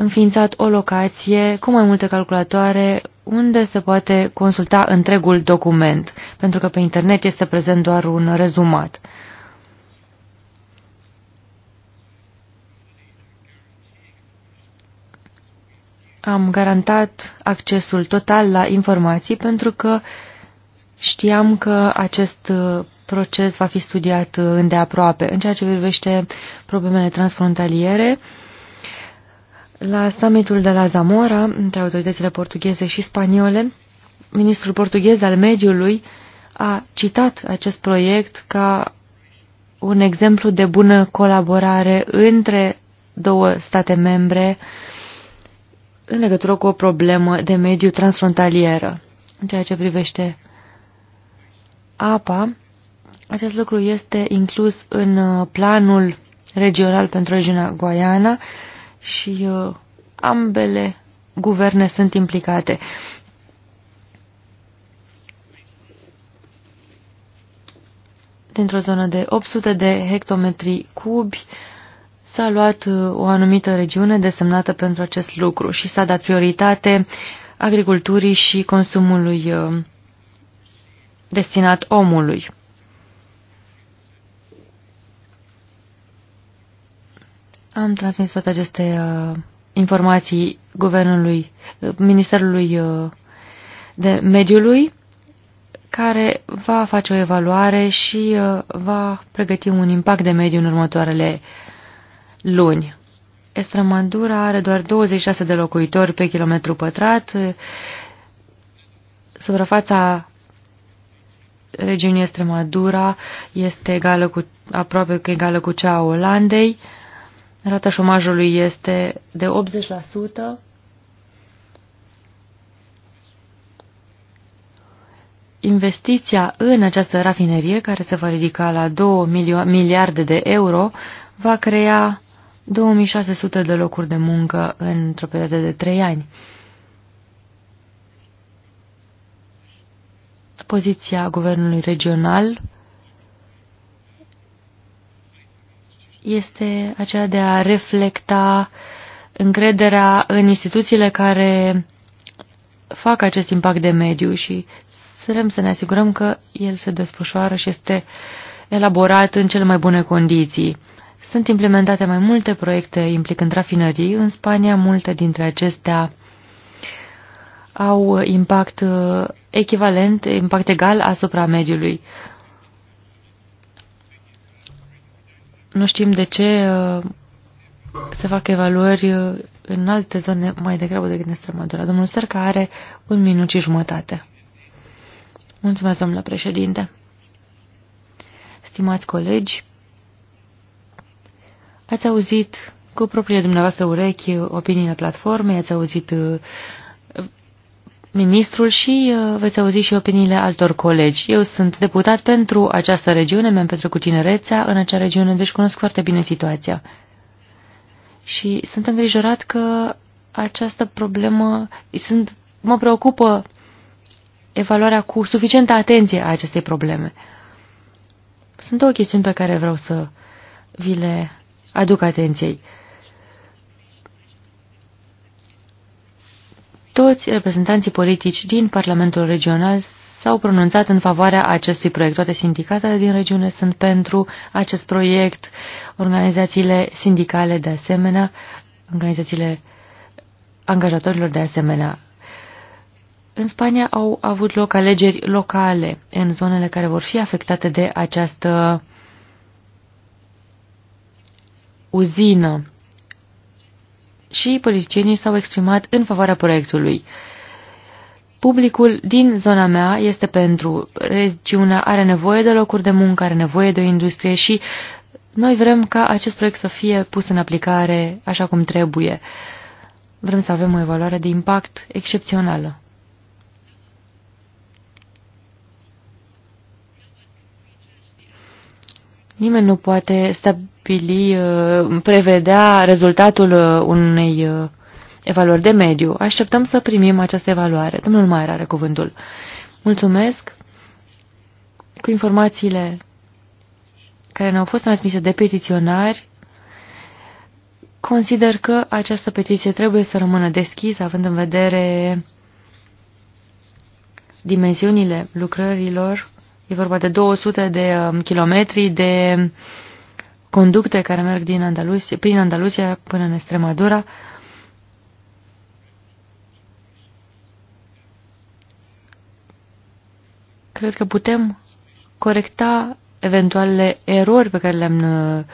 înființat o locație cu mai multe calculatoare unde se poate consulta întregul document, pentru că pe internet este prezent doar un rezumat. Am garantat accesul total la informații pentru că știam că acest uh, proces va fi studiat uh, îndeaproape. În ceea ce privește problemele transfrontaliere, uh, la summitul de la Zamora, între autoritățile portugheze și spaniole, ministrul portughez al mediului a citat acest proiect ca un exemplu de bună colaborare între două state membre în legătură cu o problemă de mediu transfrontalieră. În ceea ce privește apa, acest lucru este inclus în uh, planul regional pentru regiunea Guayana, și uh, ambele guverne sunt implicate. Dintr-o zonă de 800 de hectometri cubi s-a luat uh, o anumită regiune desemnată pentru acest lucru și s-a dat prioritate agriculturii și consumului uh, destinat omului. Am transmis toate aceste uh, informații guvernului, uh, Ministerului uh, de Mediului, care va face o evaluare și uh, va pregăti un impact de mediu în următoarele luni. Estremadura are doar 26 de locuitori pe kilometru pătrat. Suprafața regiunii Estremadura este egală cu, aproape egală cu cea a Olandei. Rata șomajului este de 80%. Investiția în această rafinerie, care se va ridica la 2 miliarde de euro, va crea 2600 de locuri de muncă într-o perioadă de 3 ani. Poziția guvernului regional este aceea de a reflecta încrederea în instituțiile care fac acest impact de mediu și vrem să ne asigurăm că el se desfășoară și este elaborat în cele mai bune condiții. Sunt implementate mai multe proiecte implicând rafinării. În Spania, multe dintre acestea au impact uh, echivalent, impact egal asupra mediului. Nu știm de ce uh, se fac evaluări uh, în alte zone mai degrabă decât în Extremadura. Domnul Sărca are un minut și jumătate. Mulțumesc, domnule președinte. Stimați colegi, ați auzit cu propriile dumneavoastră urechi opiniile platformei, ați auzit uh, ministrul și uh, veți auzi și opiniile altor colegi. Eu sunt deputat pentru această regiune, mi-am petrecut tinerețea în acea regiune, deci cunosc foarte bine situația. Și sunt îngrijorat că această problemă, sunt, mă preocupă evaluarea cu suficientă atenție a acestei probleme. Sunt două chestiuni pe care vreau să vi le aduc atenției. Toți reprezentanții politici din Parlamentul Regional s-au pronunțat în favoarea acestui proiect. Toate sindicatele din regiune sunt pentru acest proiect, organizațiile sindicale de asemenea, organizațiile angajatorilor de asemenea. În Spania au avut loc alegeri locale în zonele care vor fi afectate de această uzină și politicienii s-au exprimat în favoarea proiectului. Publicul din zona mea este pentru regiunea, are nevoie de locuri de muncă, are nevoie de o industrie și noi vrem ca acest proiect să fie pus în aplicare așa cum trebuie. Vrem să avem o evaluare de impact excepțională. Nimeni nu poate stabili, uh, prevedea rezultatul uh, unei uh, evaluări de mediu. Așteptăm să primim această evaluare. Domnul mai are cuvântul. Mulțumesc cu informațiile care ne-au fost transmise de petiționari, consider că această petiție trebuie să rămână deschisă, având în vedere dimensiunile lucrărilor E vorba de 200 de um, kilometri de conducte care merg din Andalusia, prin Andalusia până în Extremadura. Cred că putem corecta eventualele erori pe care le-am uh,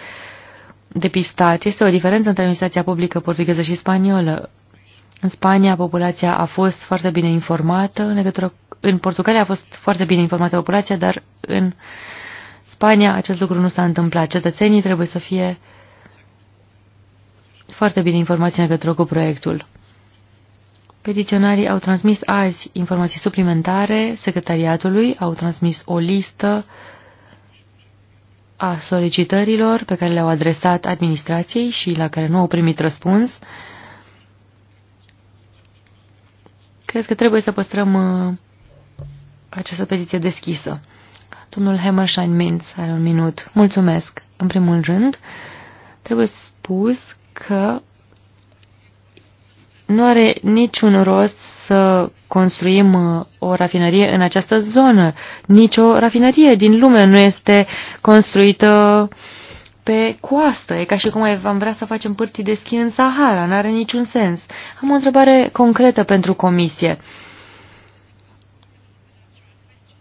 depistat. Este o diferență între administrația publică portugheză și spaniolă. În Spania, populația a fost foarte bine informată în legătură în Portugalia a fost foarte bine informată populația, dar în Spania acest lucru nu s-a întâmplat. Cetățenii trebuie să fie foarte bine informați în legătură cu proiectul. Petiționarii au transmis azi informații suplimentare secretariatului, au transmis o listă a solicitărilor pe care le-au adresat administrației și la care nu au primit răspuns. Cred că trebuie să păstrăm uh, această petiție deschisă. Domnul Hammershine Mintz are un minut. Mulțumesc. În primul rând, trebuie spus că nu are niciun rost să construim uh, o rafinărie în această zonă. Nici o rafinărie din lume nu este construită pe coastă. E ca și cum am vrea să facem pârtii de schi în Sahara. Nu are niciun sens. Am o întrebare concretă pentru comisie. Uh,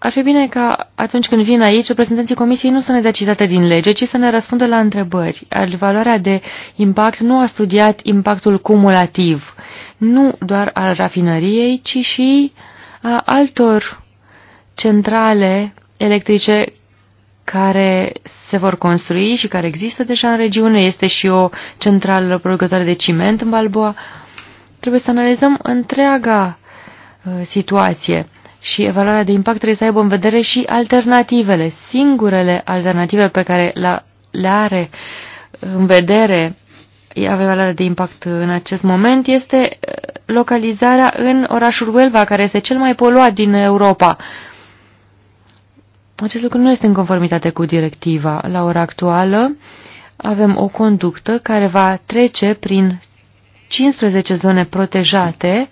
ar fi bine ca atunci când vin aici, reprezentanții Comisiei nu să ne dea citate din lege, ci să ne răspundă la întrebări. valoarea de impact nu a studiat impactul cumulativ, nu doar al rafinăriei, ci și a altor centrale electrice care se vor construi și care există deja în regiune. Este și o centrală producătoare de ciment în Balboa. Trebuie să analizăm întreaga uh, situație și evaluarea de impact trebuie să aibă în vedere și alternativele. Singurele alternative pe care le are în vedere evaluarea de impact în acest moment este uh, localizarea în orașul Huelva, care este cel mai poluat din Europa. Acest lucru nu este în conformitate cu directiva. La ora actuală avem o conductă care va trece prin 15 zone protejate,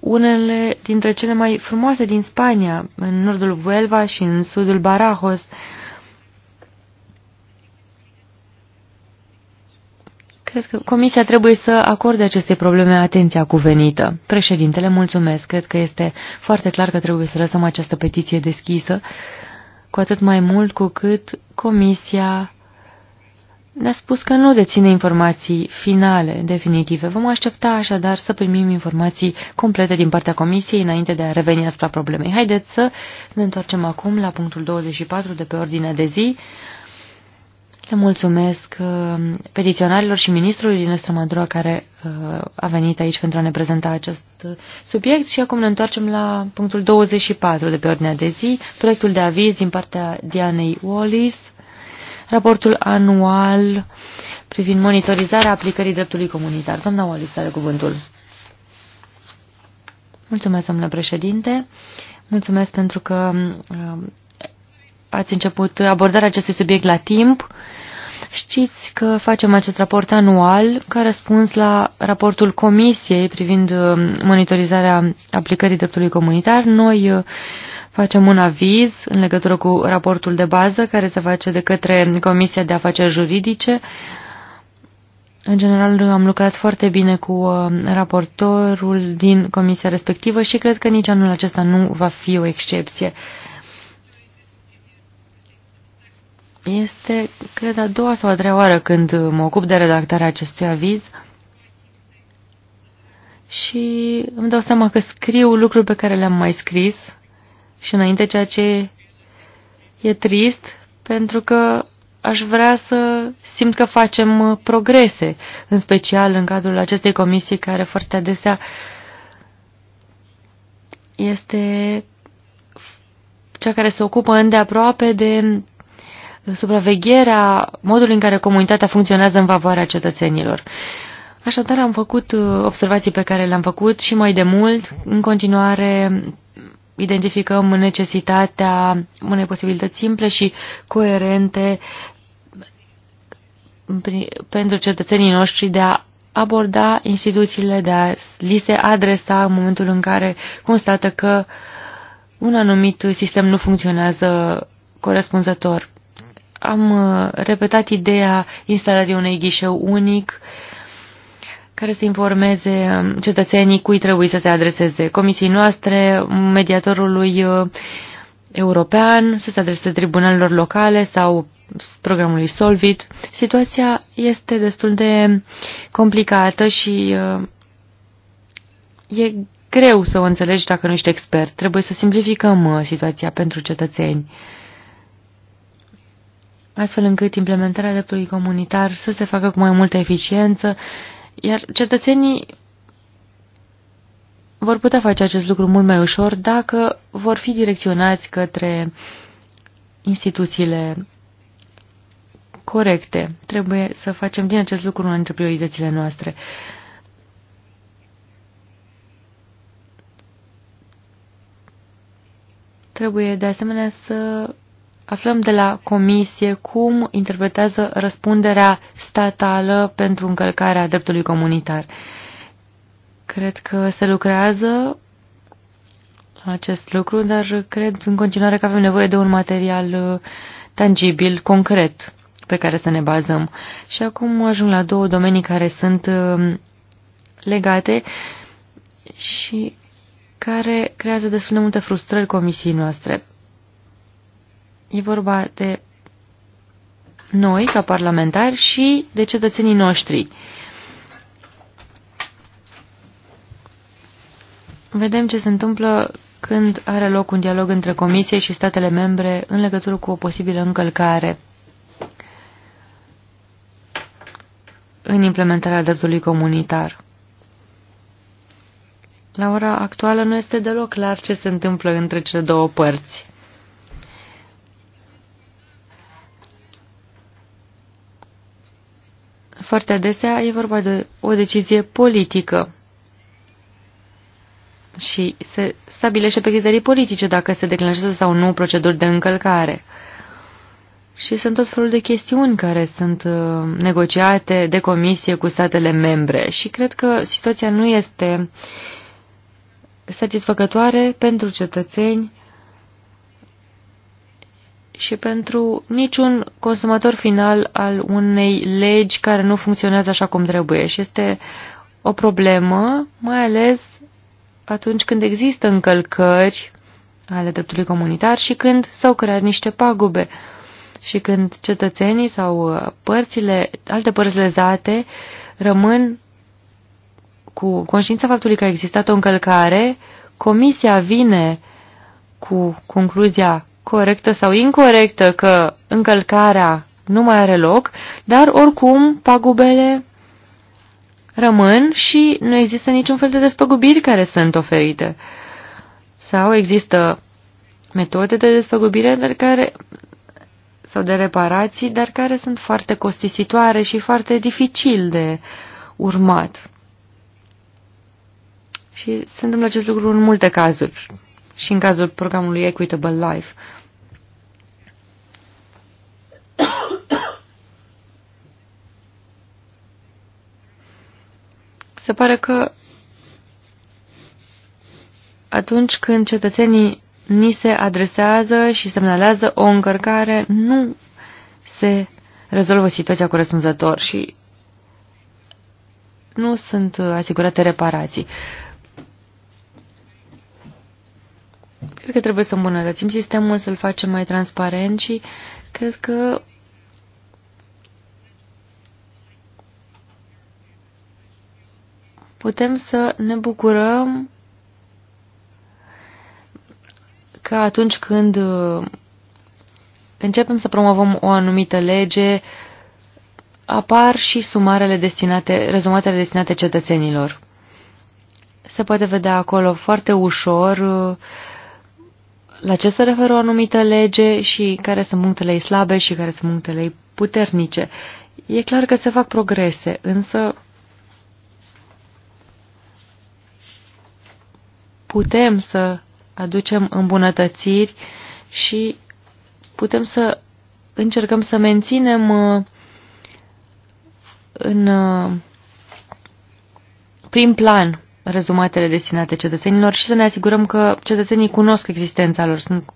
unele dintre cele mai frumoase din Spania, în nordul Vuelva și în sudul Barajos. Cred că Comisia trebuie să acorde aceste probleme atenția cuvenită. Președintele, mulțumesc. Cred că este foarte clar că trebuie să lăsăm această petiție deschisă, cu atât mai mult cu cât Comisia ne-a spus că nu deține informații finale, definitive. Vom aștepta așadar să primim informații complete din partea comisiei înainte de a reveni asupra problemei. Haideți să ne întoarcem acum la punctul 24 de pe ordinea de zi. Le mulțumesc uh, petiționarilor și ministrului din Estremadura care uh, a venit aici pentru a ne prezenta acest uh, subiect și acum ne întoarcem la punctul 24 de pe ordinea de zi, proiectul de aviz din partea Dianei Wallis raportul anual privind monitorizarea aplicării dreptului comunitar. Doamna Wallis are cuvântul. Mulțumesc, domnule președinte. Mulțumesc pentru că um, ați început abordarea acestui subiect la timp. Știți că facem acest raport anual ca răspuns la raportul Comisiei privind um, monitorizarea aplicării dreptului comunitar. Noi uh, Facem un aviz în legătură cu raportul de bază care se face de către Comisia de Afaceri Juridice. În general am lucrat foarte bine cu uh, raportorul din comisia respectivă și cred că nici anul acesta nu va fi o excepție. Este, cred, a doua sau a treia oară când mă ocup de redactarea acestui aviz și îmi dau seama că scriu lucruri pe care le-am mai scris și înainte, ceea ce e trist, pentru că aș vrea să simt că facem uh, progrese, în special în cadrul acestei comisii care foarte adesea este cea care se ocupă îndeaproape de supravegherea modului în care comunitatea funcționează în favoarea cetățenilor. Așadar, am făcut uh, observații pe care le-am făcut și mai de mult. În continuare, identificăm necesitatea unei posibilități simple și coerente pentru cetățenii noștri de a aborda instituțiile, de a li se adresa în momentul în care constată că un anumit sistem nu funcționează corespunzător. Am uh, repetat ideea instalării unei ghișeu unic, uh, care să informeze um, cetățenii cui trebuie să se adreseze. Comisiei noastre, mediatorului uh, european, să se adreseze tribunalelor locale sau programului Solvit. Situația este destul de complicată și uh, e greu să o înțelegi dacă nu ești expert. Trebuie să simplificăm uh, situația pentru cetățeni, astfel încât implementarea dreptului comunitar să se facă cu mai multă eficiență iar cetățenii vor putea face acest lucru mult mai ușor dacă vor fi direcționați către instituțiile corecte. Trebuie să facem din acest lucru una dintre prioritățile noastre. Trebuie de asemenea să aflăm de la Comisie cum interpretează răspunderea statală pentru încălcarea dreptului comunitar. Cred că se lucrează acest lucru, dar cred în continuare că avem nevoie de un material uh, tangibil, concret, pe care să ne bazăm. Și acum ajung la două domenii care sunt uh, legate și care creează destul de multe frustrări comisiei noastre. E vorba de noi, ca parlamentari, și de cetățenii noștri. Vedem ce se întâmplă când are loc un dialog între Comisie și statele membre în legătură cu o posibilă încălcare în implementarea dreptului comunitar. La ora actuală nu este deloc clar ce se întâmplă între cele două părți. foarte adesea e vorba de o decizie politică și se stabilește pe criterii politice dacă se declanșează sau nu proceduri de încălcare. Și sunt tot felul de chestiuni care sunt uh, negociate de comisie cu statele membre și cred că situația nu este satisfăcătoare pentru cetățeni și pentru niciun consumator final al unei legi care nu funcționează așa cum trebuie. Și este o problemă, mai ales atunci când există încălcări ale dreptului comunitar și când s-au creat niște pagube și când cetățenii sau uh, părțile, alte părți lezate rămân cu conștiința faptului că a existat o încălcare, comisia vine cu concluzia corectă sau incorrectă că încălcarea nu mai are loc, dar oricum pagubele rămân și nu există niciun fel de despăgubiri care sunt oferite. Sau există metode de despăgubire dar care, sau de reparații, dar care sunt foarte costisitoare și foarte dificil de urmat. Și se întâmplă acest lucru în multe cazuri și în cazul programului Equitable Life. Se pare că atunci când cetățenii ni se adresează și semnalează o încărcare, nu se rezolvă situația corespunzător și nu sunt asigurate reparații. Cred că trebuie să îmbunătățim sistemul, să-l facem mai transparent și cred că putem să ne bucurăm că atunci când uh, începem să promovăm o anumită lege, apar și sumarele destinate, rezumatele destinate cetățenilor. Se poate vedea acolo foarte ușor uh, la ce se referă o anumită lege și care sunt punctele ei slabe și care sunt punctele ei puternice. E clar că se fac progrese, însă putem să aducem îmbunătățiri și putem să încercăm să menținem uh, în uh, prim plan rezumatele destinate cetățenilor și să ne asigurăm că cetățenii cunosc existența lor. Sunt,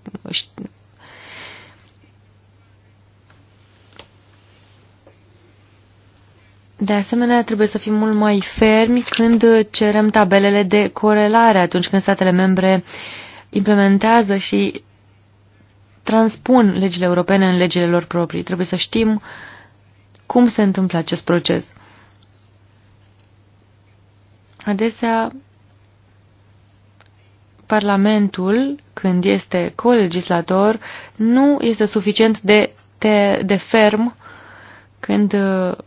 De asemenea, trebuie să fim mult mai fermi când cerem tabelele de corelare atunci când statele membre implementează și transpun legile europene în legile lor proprii. Trebuie să știm cum se întâmplă acest proces. Adesea, Parlamentul, când este colegislator, nu este suficient de, de, de ferm când uh,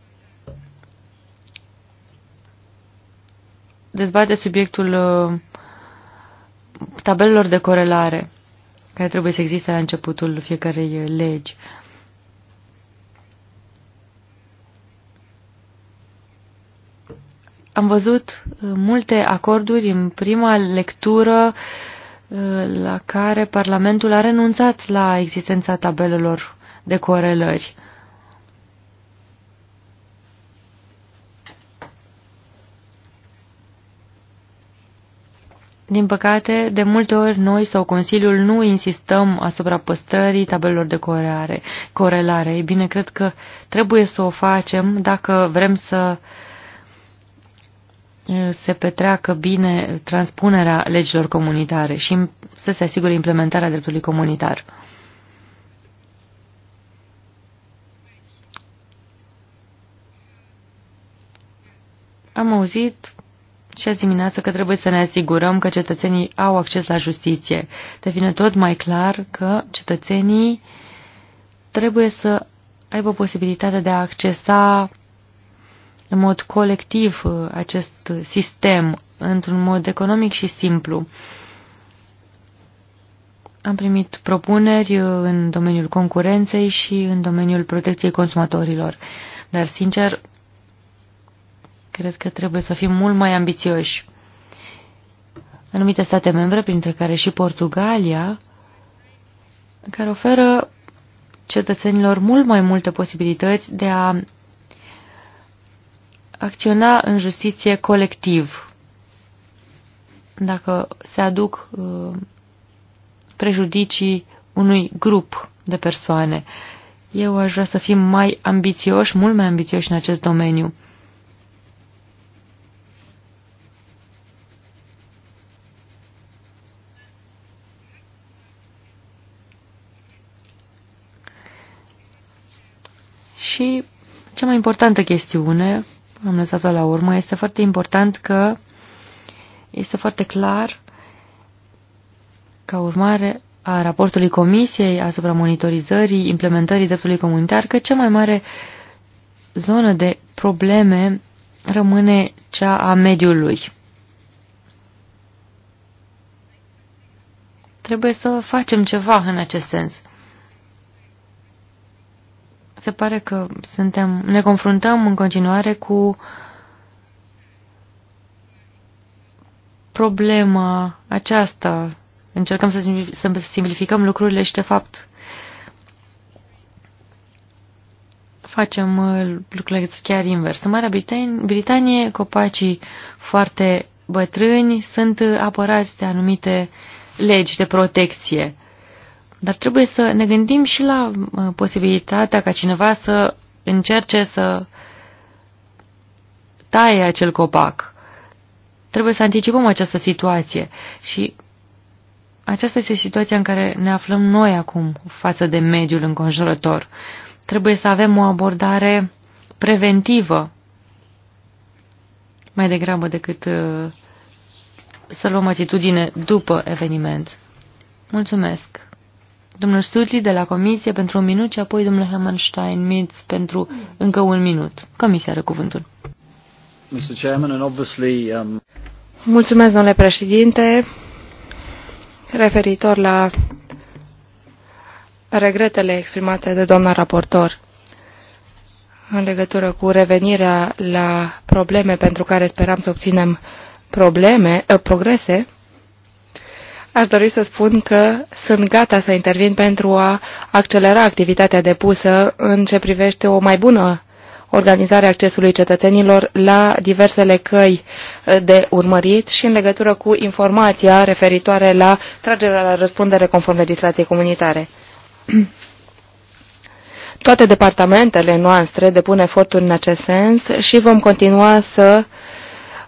dezbate subiectul uh, tabelelor de corelare care trebuie să existe la începutul fiecarei uh, legi. am văzut uh, multe acorduri în prima lectură uh, la care Parlamentul a renunțat la existența tabelelor de corelări. Din păcate, de multe ori noi sau Consiliul nu insistăm asupra păstrării tabelelor de corelare. corelare. Ei bine, cred că trebuie să o facem dacă vrem să uh, se petreacă bine transpunerea legilor comunitare și să se asigure implementarea dreptului comunitar. Am auzit și azi dimineață că trebuie să ne asigurăm că cetățenii au acces la justiție. Devine tot mai clar că cetățenii trebuie să aibă posibilitatea de a accesa în mod colectiv uh, acest sistem într-un mod economic și simplu. Am primit propuneri uh, în domeniul concurenței și în domeniul protecției consumatorilor, dar, sincer, cred că trebuie să fim mult mai ambițioși. Anumite state membre, printre care și Portugalia, care oferă cetățenilor mult mai multe posibilități de a acționa în justiție colectiv. Dacă se aduc uh, prejudicii unui grup de persoane. Eu aș vrea să fim mai ambițioși, mult mai ambițioși în acest domeniu. Și cea mai importantă chestiune am lăsat-o la urmă, este foarte important că este foarte clar ca urmare a raportului Comisiei asupra monitorizării implementării dreptului comunitar că cea mai mare zonă de probleme rămâne cea a mediului. Trebuie să facem ceva în acest sens se pare că suntem, ne confruntăm în continuare cu problema aceasta. Încercăm să, simplificăm lucrurile și, de fapt, facem uh, lucrurile chiar invers. În Marea Britanie, Britanie copacii foarte bătrâni sunt apărați de anumite legi de protecție. Dar trebuie să ne gândim și la uh, posibilitatea ca cineva să încerce să taie acel copac. Trebuie să anticipăm această situație și aceasta este situația în care ne aflăm noi acum față de mediul înconjurător. Trebuie să avem o abordare preventivă mai degrabă decât uh, să luăm atitudine după eveniment. Mulțumesc! domnul Sutli de la Comisie pentru un minut și apoi domnul Herman Mitz pentru încă un minut. Comisia are cuvântul. Mr. Chairman, and obviously, um... Mulțumesc, domnule președinte. Referitor la regretele exprimate de doamna raportor în legătură cu revenirea la probleme pentru care speram să obținem probleme, eh, progrese, Aș dori să spun că sunt gata să intervin pentru a accelera activitatea depusă în ce privește o mai bună organizare accesului cetățenilor la diversele căi de urmărit și în legătură cu informația referitoare la tragerea la răspundere conform legislației comunitare. Toate departamentele noastre depun eforturi în acest sens și vom continua să uh,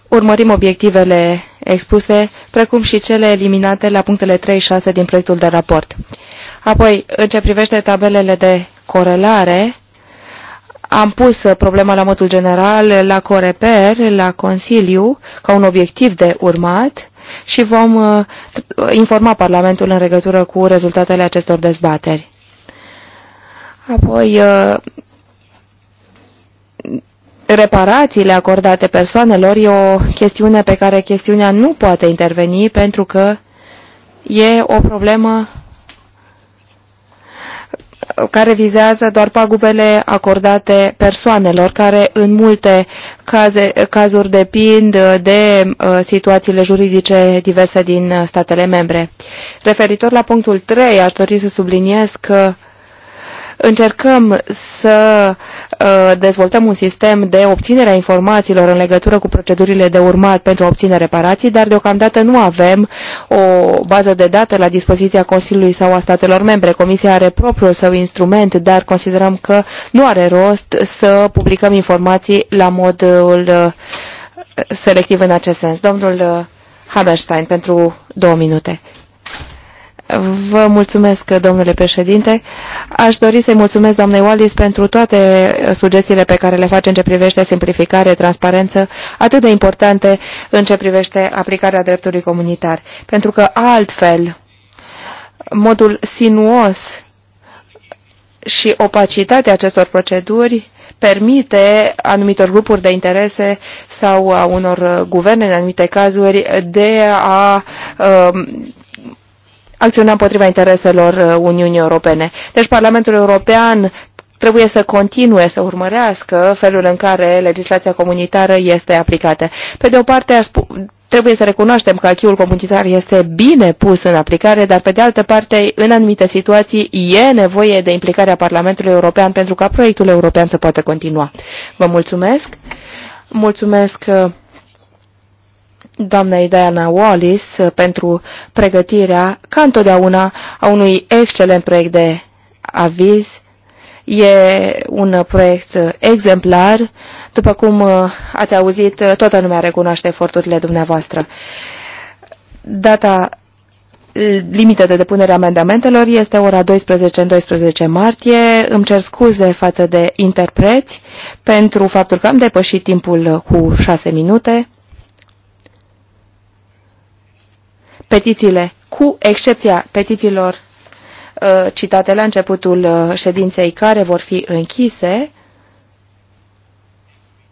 urmărim obiectivele expuse, precum și cele eliminate la punctele 3-6 din proiectul de raport. Apoi, în ce privește tabelele de corelare, am pus problema la modul general la Coreper, la Consiliu, ca un obiectiv de urmat și vom uh, informa Parlamentul în legătură cu rezultatele acestor dezbateri. Apoi, uh, reparațiile acordate persoanelor e o chestiune pe care chestiunea nu poate interveni pentru că e o problemă care vizează doar pagubele acordate persoanelor, care în multe caze, cazuri depind de uh, situațiile juridice diverse din uh, statele membre. Referitor la punctul 3, aș dori să subliniez că Încercăm să uh, dezvoltăm un sistem de obținere a informațiilor în legătură cu procedurile de urmat pentru a obține reparații, dar deocamdată nu avem o bază de date la dispoziția Consiliului sau a statelor membre. Comisia are propriul său instrument, dar considerăm că nu are rost să publicăm informații la modul uh, selectiv în acest sens. Domnul uh, Haberstein, pentru două minute. Vă mulțumesc, domnule președinte. Aș dori să-i mulțumesc doamnei Wallis pentru toate sugestiile pe care le face în ce privește simplificare, transparență, atât de importante în ce privește aplicarea dreptului comunitar. Pentru că altfel, modul sinuos și opacitatea acestor proceduri permite anumitor grupuri de interese sau a unor guverne, în anumite cazuri, de a um, acționa împotriva intereselor uh, Uniunii Europene. Deci Parlamentul European trebuie să continue să urmărească felul în care legislația comunitară este aplicată. Pe de o parte, trebuie să recunoaștem că acquis comunitar este bine pus în aplicare, dar pe de altă parte, în anumite situații, e nevoie de implicarea Parlamentului European pentru ca proiectul european să poată continua. Vă mulțumesc! Mulțumesc uh, doamnei Diana Wallis uh, pentru pregătirea, ca întotdeauna, a unui excelent proiect de aviz. E un proiect uh, exemplar. După cum uh, ați auzit, toată lumea recunoaște eforturile dumneavoastră. Data limită de depunere a amendamentelor este ora 12 în 12 martie. Îmi cer scuze față de interpreți pentru faptul că am depășit timpul cu 6 minute. petițiile, cu excepția petițiilor uh, citate la începutul uh, ședinței care vor fi închise,